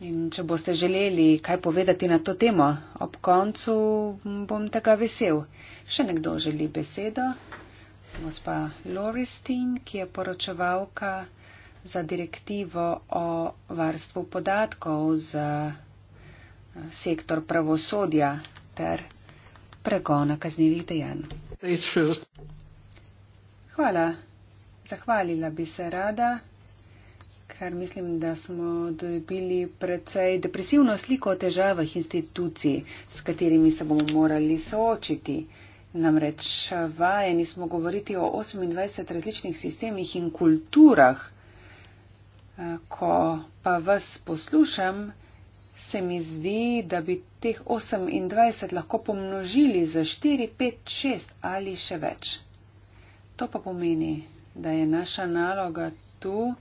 In če boste želeli kaj povedati na to temo, ob koncu bom tega vesel. Še nekdo želi besedo? Gospa Loristin, ki je poročevalka za direktivo o varstvu podatkov za eh, sektor pravosodja ter pregona kaznjivih dejanj. Hvala. Zahvalila bi se rada ker mislim, da smo dobili precej depresivno sliko o težavah institucij, s katerimi se bomo morali soočiti. Namreč vajeni smo govoriti o 28 različnih sistemih in kulturah. Ko pa vas poslušam, se mi zdi, da bi teh 28 lahko pomnožili za 4, 5, 6 ali še več. To pa pomeni, da je naša naloga tu,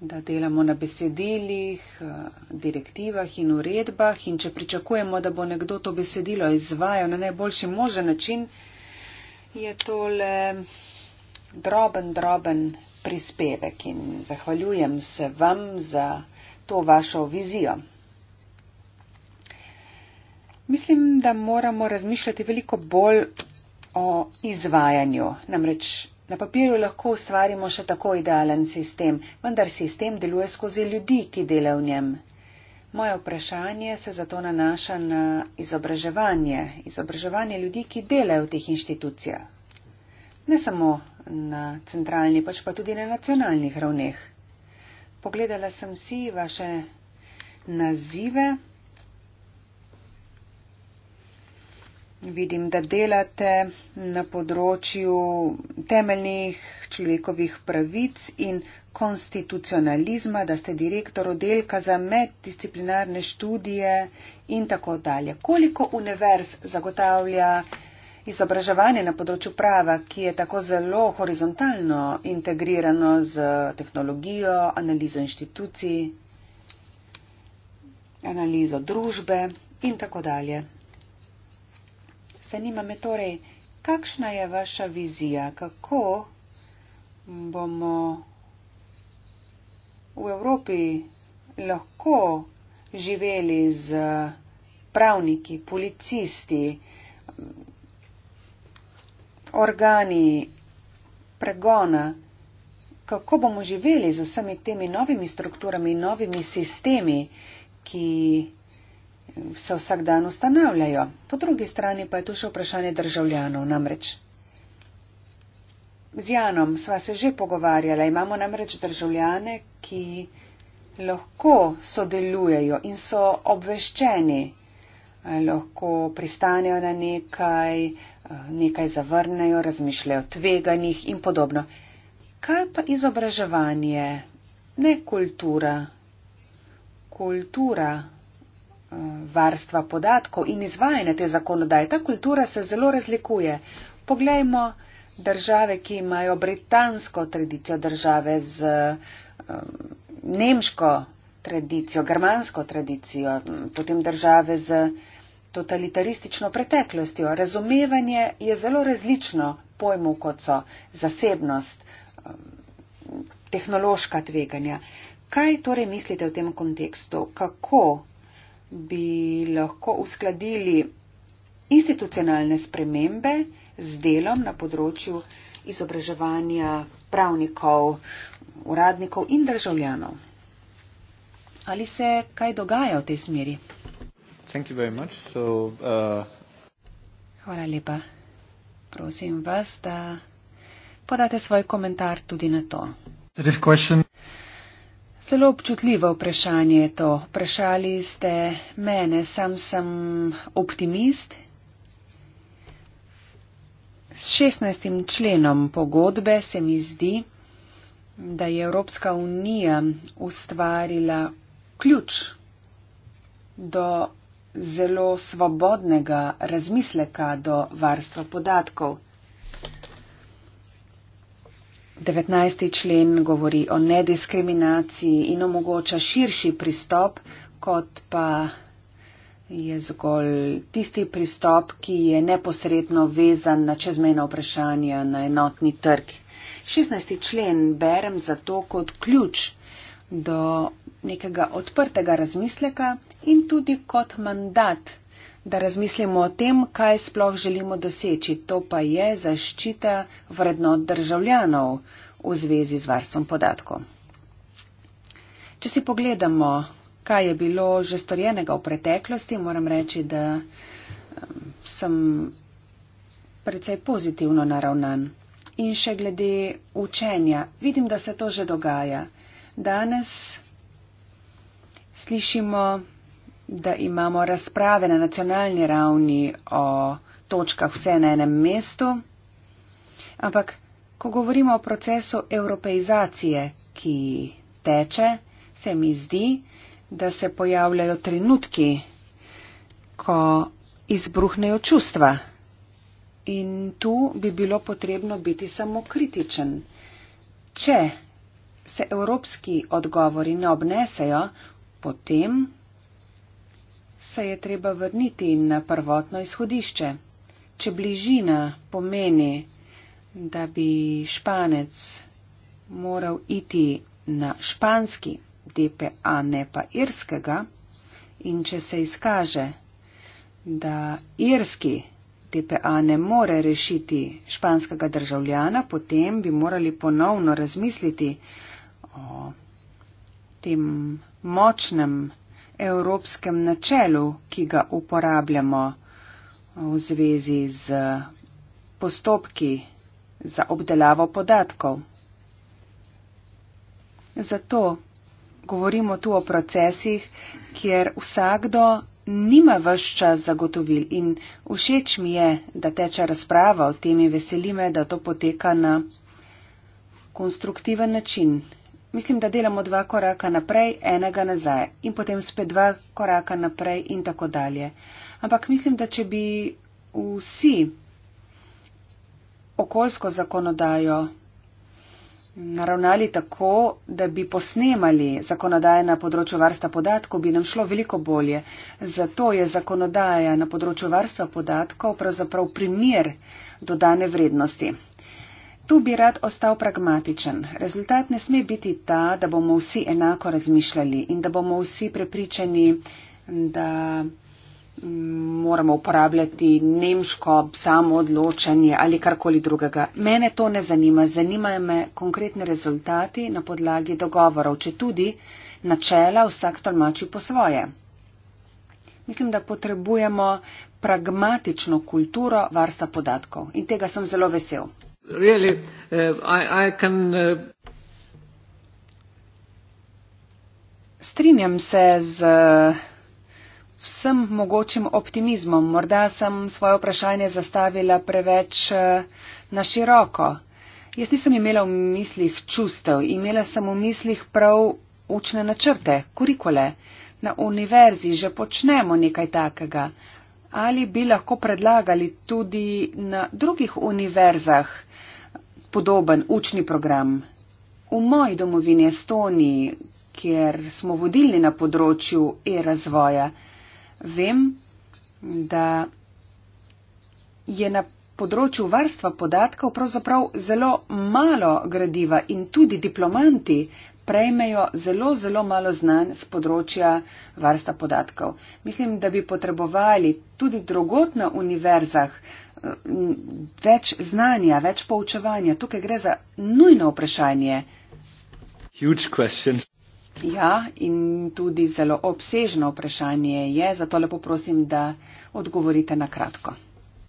da delamo na besedilih, eh, direktivah in uredbah in če pričakujemo, da bo nekdo to besedilo izvajal na najboljši možen način, je tole droben, droben prispevek in zahvaljujem se vam za to vašo vizijo. Mislim, da moramo razmišljati veliko bolj o izvajanju, namreč Na papirju lahko ustvarimo še tako idealen sistem, vendar sistem deluje skozi ljudi, ki dela v njem. Moje vprašanje se zato nanaša na izobraževanje, izobraževanje ljudi, ki delajo v teh inštitucijah. Ne samo na centralni, pač pa tudi na nacionalnih ravneh. Pogledala sem si vaše nazive. vidim, da delate na področju temeljnih človekovih pravic in konstitucionalizma, da ste direktor oddelka za meddisciplinarne študije in tako dalje. Koliko univerz zagotavlja izobraževanje na področju prava, ki je tako zelo horizontalno integrirano z tehnologijo, analizo inštitucij, analizo družbe in tako dalje? Zanima me torej, kakšna je vaša vizija, kako bomo v Evropi lahko živeli z pravniki, policisti, organi pregona, kako bomo živeli z vsemi temi novimi strukturami, novimi sistemi, ki se vsak dan ustanavljajo. Po drugi strani pa je tu še vprašanje državljanov namreč. Z Janom sva se že pogovarjala, imamo namreč državljane, ki lahko sodelujejo in so obveščeni, lahko pristanejo na nekaj, nekaj zavrnejo, razmišljajo o tveganjih in podobno. Kaj pa izobraževanje, ne kultura? Kultura varstva podatkov in izvajanja te zakonodaje. Ta kultura se zelo razlikuje. Poglejmo države, ki imajo britansko tradicijo, države z um, nemško tradicijo, germansko tradicijo, potem države z totalitaristično preteklostjo. Razumevanje je zelo različno pojmov, kot so zasebnost, um, tehnološka tveganja. Kaj torej mislite v tem kontekstu? Kako bi lahko uskladili institucionalne spremembe z delom na področju izobraževanja pravnikov, uradnikov in državljanov. Ali se kaj dogaja v tej smeri? So, uh... Hvala lepa. Prosim vas, da podate svoj komentar tudi na to. Question... Zelo občutljivo vprašanje je to. Vprašali ste mene, sam sem optimist. S 16. členom pogodbe se mi zdi, da je Evropska unija ustvarila ključ do zelo svobodnega razmisleka do varstva podatkov. 19. člen govori o nediskriminaciji in omogoča širši pristop, kot pa je zgolj tisti pristop, ki je neposredno vezan na čezmejna vprašanja na enotni trg. 16. člen berem zato kot ključ do nekega odprtega razmisleka in tudi kot mandat da razmislimo o tem, kaj sploh želimo doseči. To pa je zaščita vrednot državljanov v zvezi z varstvom podatkov. Če si pogledamo, kaj je bilo že storjenega v preteklosti, moram reči, da sem precej pozitivno naravnan. In še glede učenja, vidim, da se to že dogaja. Danes slišimo da imamo razprave na nacionalni ravni o točkah vse na enem mestu, ampak ko govorimo o procesu evropeizacije, ki teče, se mi zdi, da se pojavljajo trenutki, ko izbruhnejo čustva. In tu bi bilo potrebno biti samo kritičen. Če se evropski odgovori ne obnesejo, potem se je treba vrniti na prvotno izhodišče. Če bližina pomeni, da bi španec moral iti na španski DPA, ne pa irskega, in če se izkaže, da irski DPA ne more rešiti španskega državljana, potem bi morali ponovno razmisliti o tem močnem evropskem načelu, ki ga uporabljamo v zvezi z postopki za obdelavo podatkov. Zato govorimo tu o procesih, kjer vsakdo nima vse čas zagotovil in všeč mi je, da teče razprava o tem in veseli me, da to poteka na konstruktiven način. Mislim, da delamo dva koraka naprej, enega nazaj in potem spet dva koraka naprej in tako dalje. Ampak mislim, da če bi vsi okoljsko zakonodajo naravnali tako, da bi posnemali zakonodaje na področju varstva podatkov, bi nam šlo veliko bolje. Zato je zakonodaja na področju varstva podatkov pravzaprav primer dodane vrednosti. Tu bi rad ostal pragmatičen. Rezultat ne sme biti ta, da bomo vsi enako razmišljali in da bomo vsi prepričani, da mm, moramo uporabljati nemško samo odločanje ali karkoli drugega. Mene to ne zanima. Zanimajo me konkretni rezultati na podlagi dogovorov, če tudi načela vsak tolmači po svoje. Mislim, da potrebujemo pragmatično kulturo varstva podatkov in tega sem zelo vesel really, uh, I, I can, uh... Strinjam se z uh, vsem mogočim optimizmom. Morda sem svoje vprašanje zastavila preveč uh, na široko. Jaz nisem imela v mislih čustev, imela sem v mislih prav učne načrte, kurikole. Na univerzi že počnemo nekaj takega. Ali bi lahko predlagali tudi na drugih univerzah? podoben učni program. V moji domovini Estoniji, kjer smo vodili na področju e-razvoja, vem, da je na področju varstva podatkov pravzaprav zelo malo gradiva in tudi diplomanti prejmejo zelo, zelo malo znanj z področja varsta podatkov. Mislim, da bi potrebovali tudi drugot na univerzah eh, več znanja, več poučevanja. Tukaj gre za nujno vprašanje. Ja, in tudi zelo obsežno vprašanje je, zato lepo prosim, da odgovorite na kratko.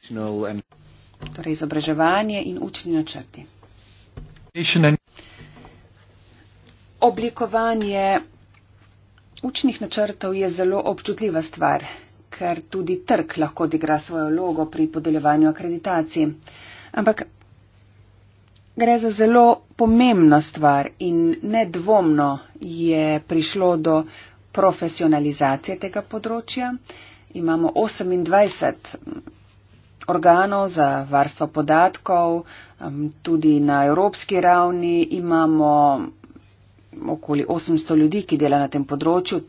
Torej, izobraževanje in učni načrti oblikovanje učnih načrtov je zelo občutljiva stvar, ker tudi trg lahko odigra svojo vlogo pri podeljevanju akreditacij. Ampak gre za zelo pomembno stvar in nedvomno je prišlo do profesionalizacije tega področja. Imamo 28 organov za varstvo podatkov, tudi na evropski ravni imamo okoli 800 ljudi, ki dela na tem področju.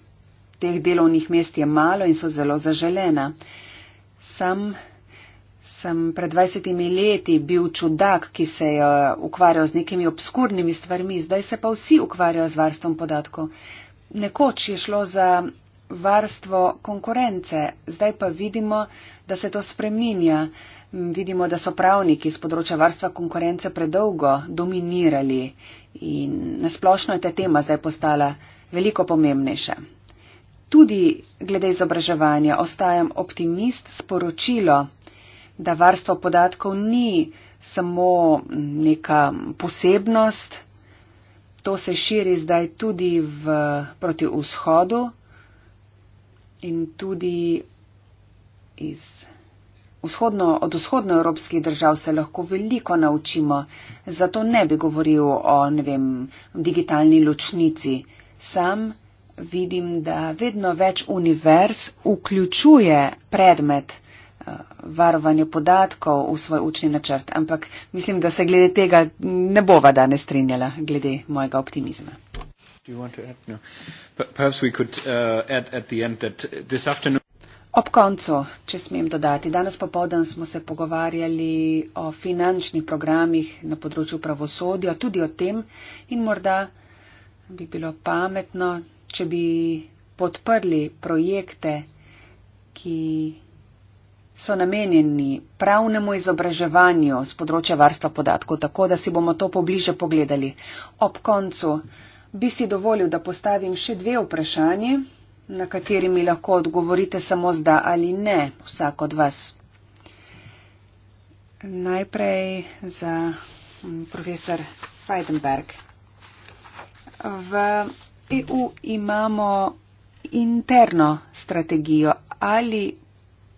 Teh delovnih mest je malo in so zelo zaželena. Sam sem pred 20 leti bil čudak, ki se je ukvarjal z nekimi obskurnimi stvarmi, zdaj se pa vsi ukvarjajo z varstvom podatkov. Nekoč je šlo za varstvo konkurence. Zdaj pa vidimo, da se to spreminja. Vidimo, da so pravniki z področja varstva konkurence predolgo dominirali in nasplošno je ta tema zdaj postala veliko pomembnejša. Tudi glede izobraževanja ostajam optimist sporočilo, da varstvo podatkov ni samo neka posebnost, To se širi zdaj tudi v, proti vzhodu, in tudi iz vzhodno, od vzhodnoevropskih držav se lahko veliko naučimo. Zato ne bi govoril o vem, digitalni ločnici. Sam vidim, da vedno več univerz vključuje predmet eh, varovanje podatkov v svoj učni načrt, ampak mislim, da se glede tega ne bova danes strinjala, glede mojega optimizma. Do you want to add? No. Perhaps we could uh, add at the end that this afternoon. Ob koncu, če smem dodati, danes popovdan smo se pogovarjali o finančnih programih na področju pravosodja, tudi o tem in morda bi bilo pametno, če bi podprli projekte, ki so namenjeni pravnemu izobraževanju z področja varstva podatkov, tako da si bomo to pobliže pogledali. Ob koncu bi si dovolil, da postavim še dve vprašanje, na kateri mi lahko odgovorite samo zda ali ne, vsak od vas. Najprej za mm, profesor Feidenberg. V EU imamo interno strategijo ali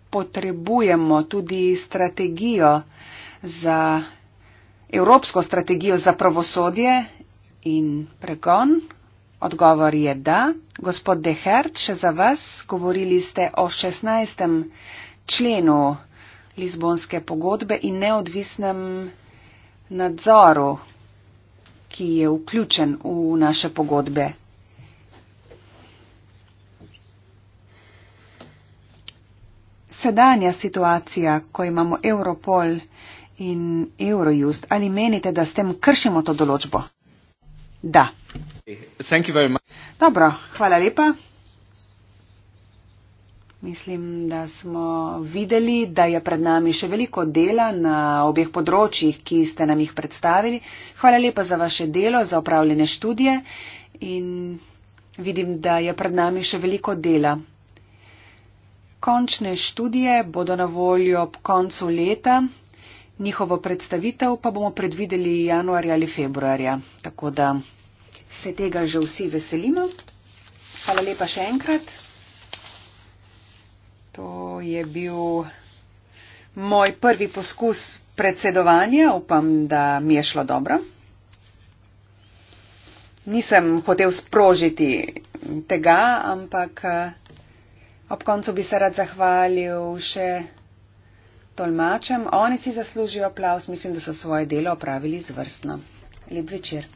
potrebujemo tudi strategijo za. Evropsko strategijo za pravosodje in pregon? Odgovor je da. Gospod Dehert, še za vas, govorili ste o 16. členu Lizbonske pogodbe in neodvisnem nadzoru, ki je vključen v naše pogodbe. Sedanja situacija, ko imamo Europol in Eurojust, ali menite, da s tem kršimo to določbo? Da. Dobro, hvala lepa. Mislim, da smo videli, da je pred nami še veliko dela na obeh področjih, ki ste nam jih predstavili. Hvala lepa za vaše delo, za opravljene študije in vidim, da je pred nami še veliko dela. Končne študije bodo na voljo ob koncu leta njihovo predstavitev pa bomo predvideli januarja ali februarja. Tako da se tega že vsi veselimo. Hvala lepa še enkrat. To je bil moj prvi poskus predsedovanja. Upam, da mi je šlo dobro. Nisem hotel sprožiti tega, ampak eh, ob koncu bi se rad zahvalil še tolmačem. Oni si zaslužijo aplaus, mislim, da so svoje delo opravili izvrstno. Lep večer.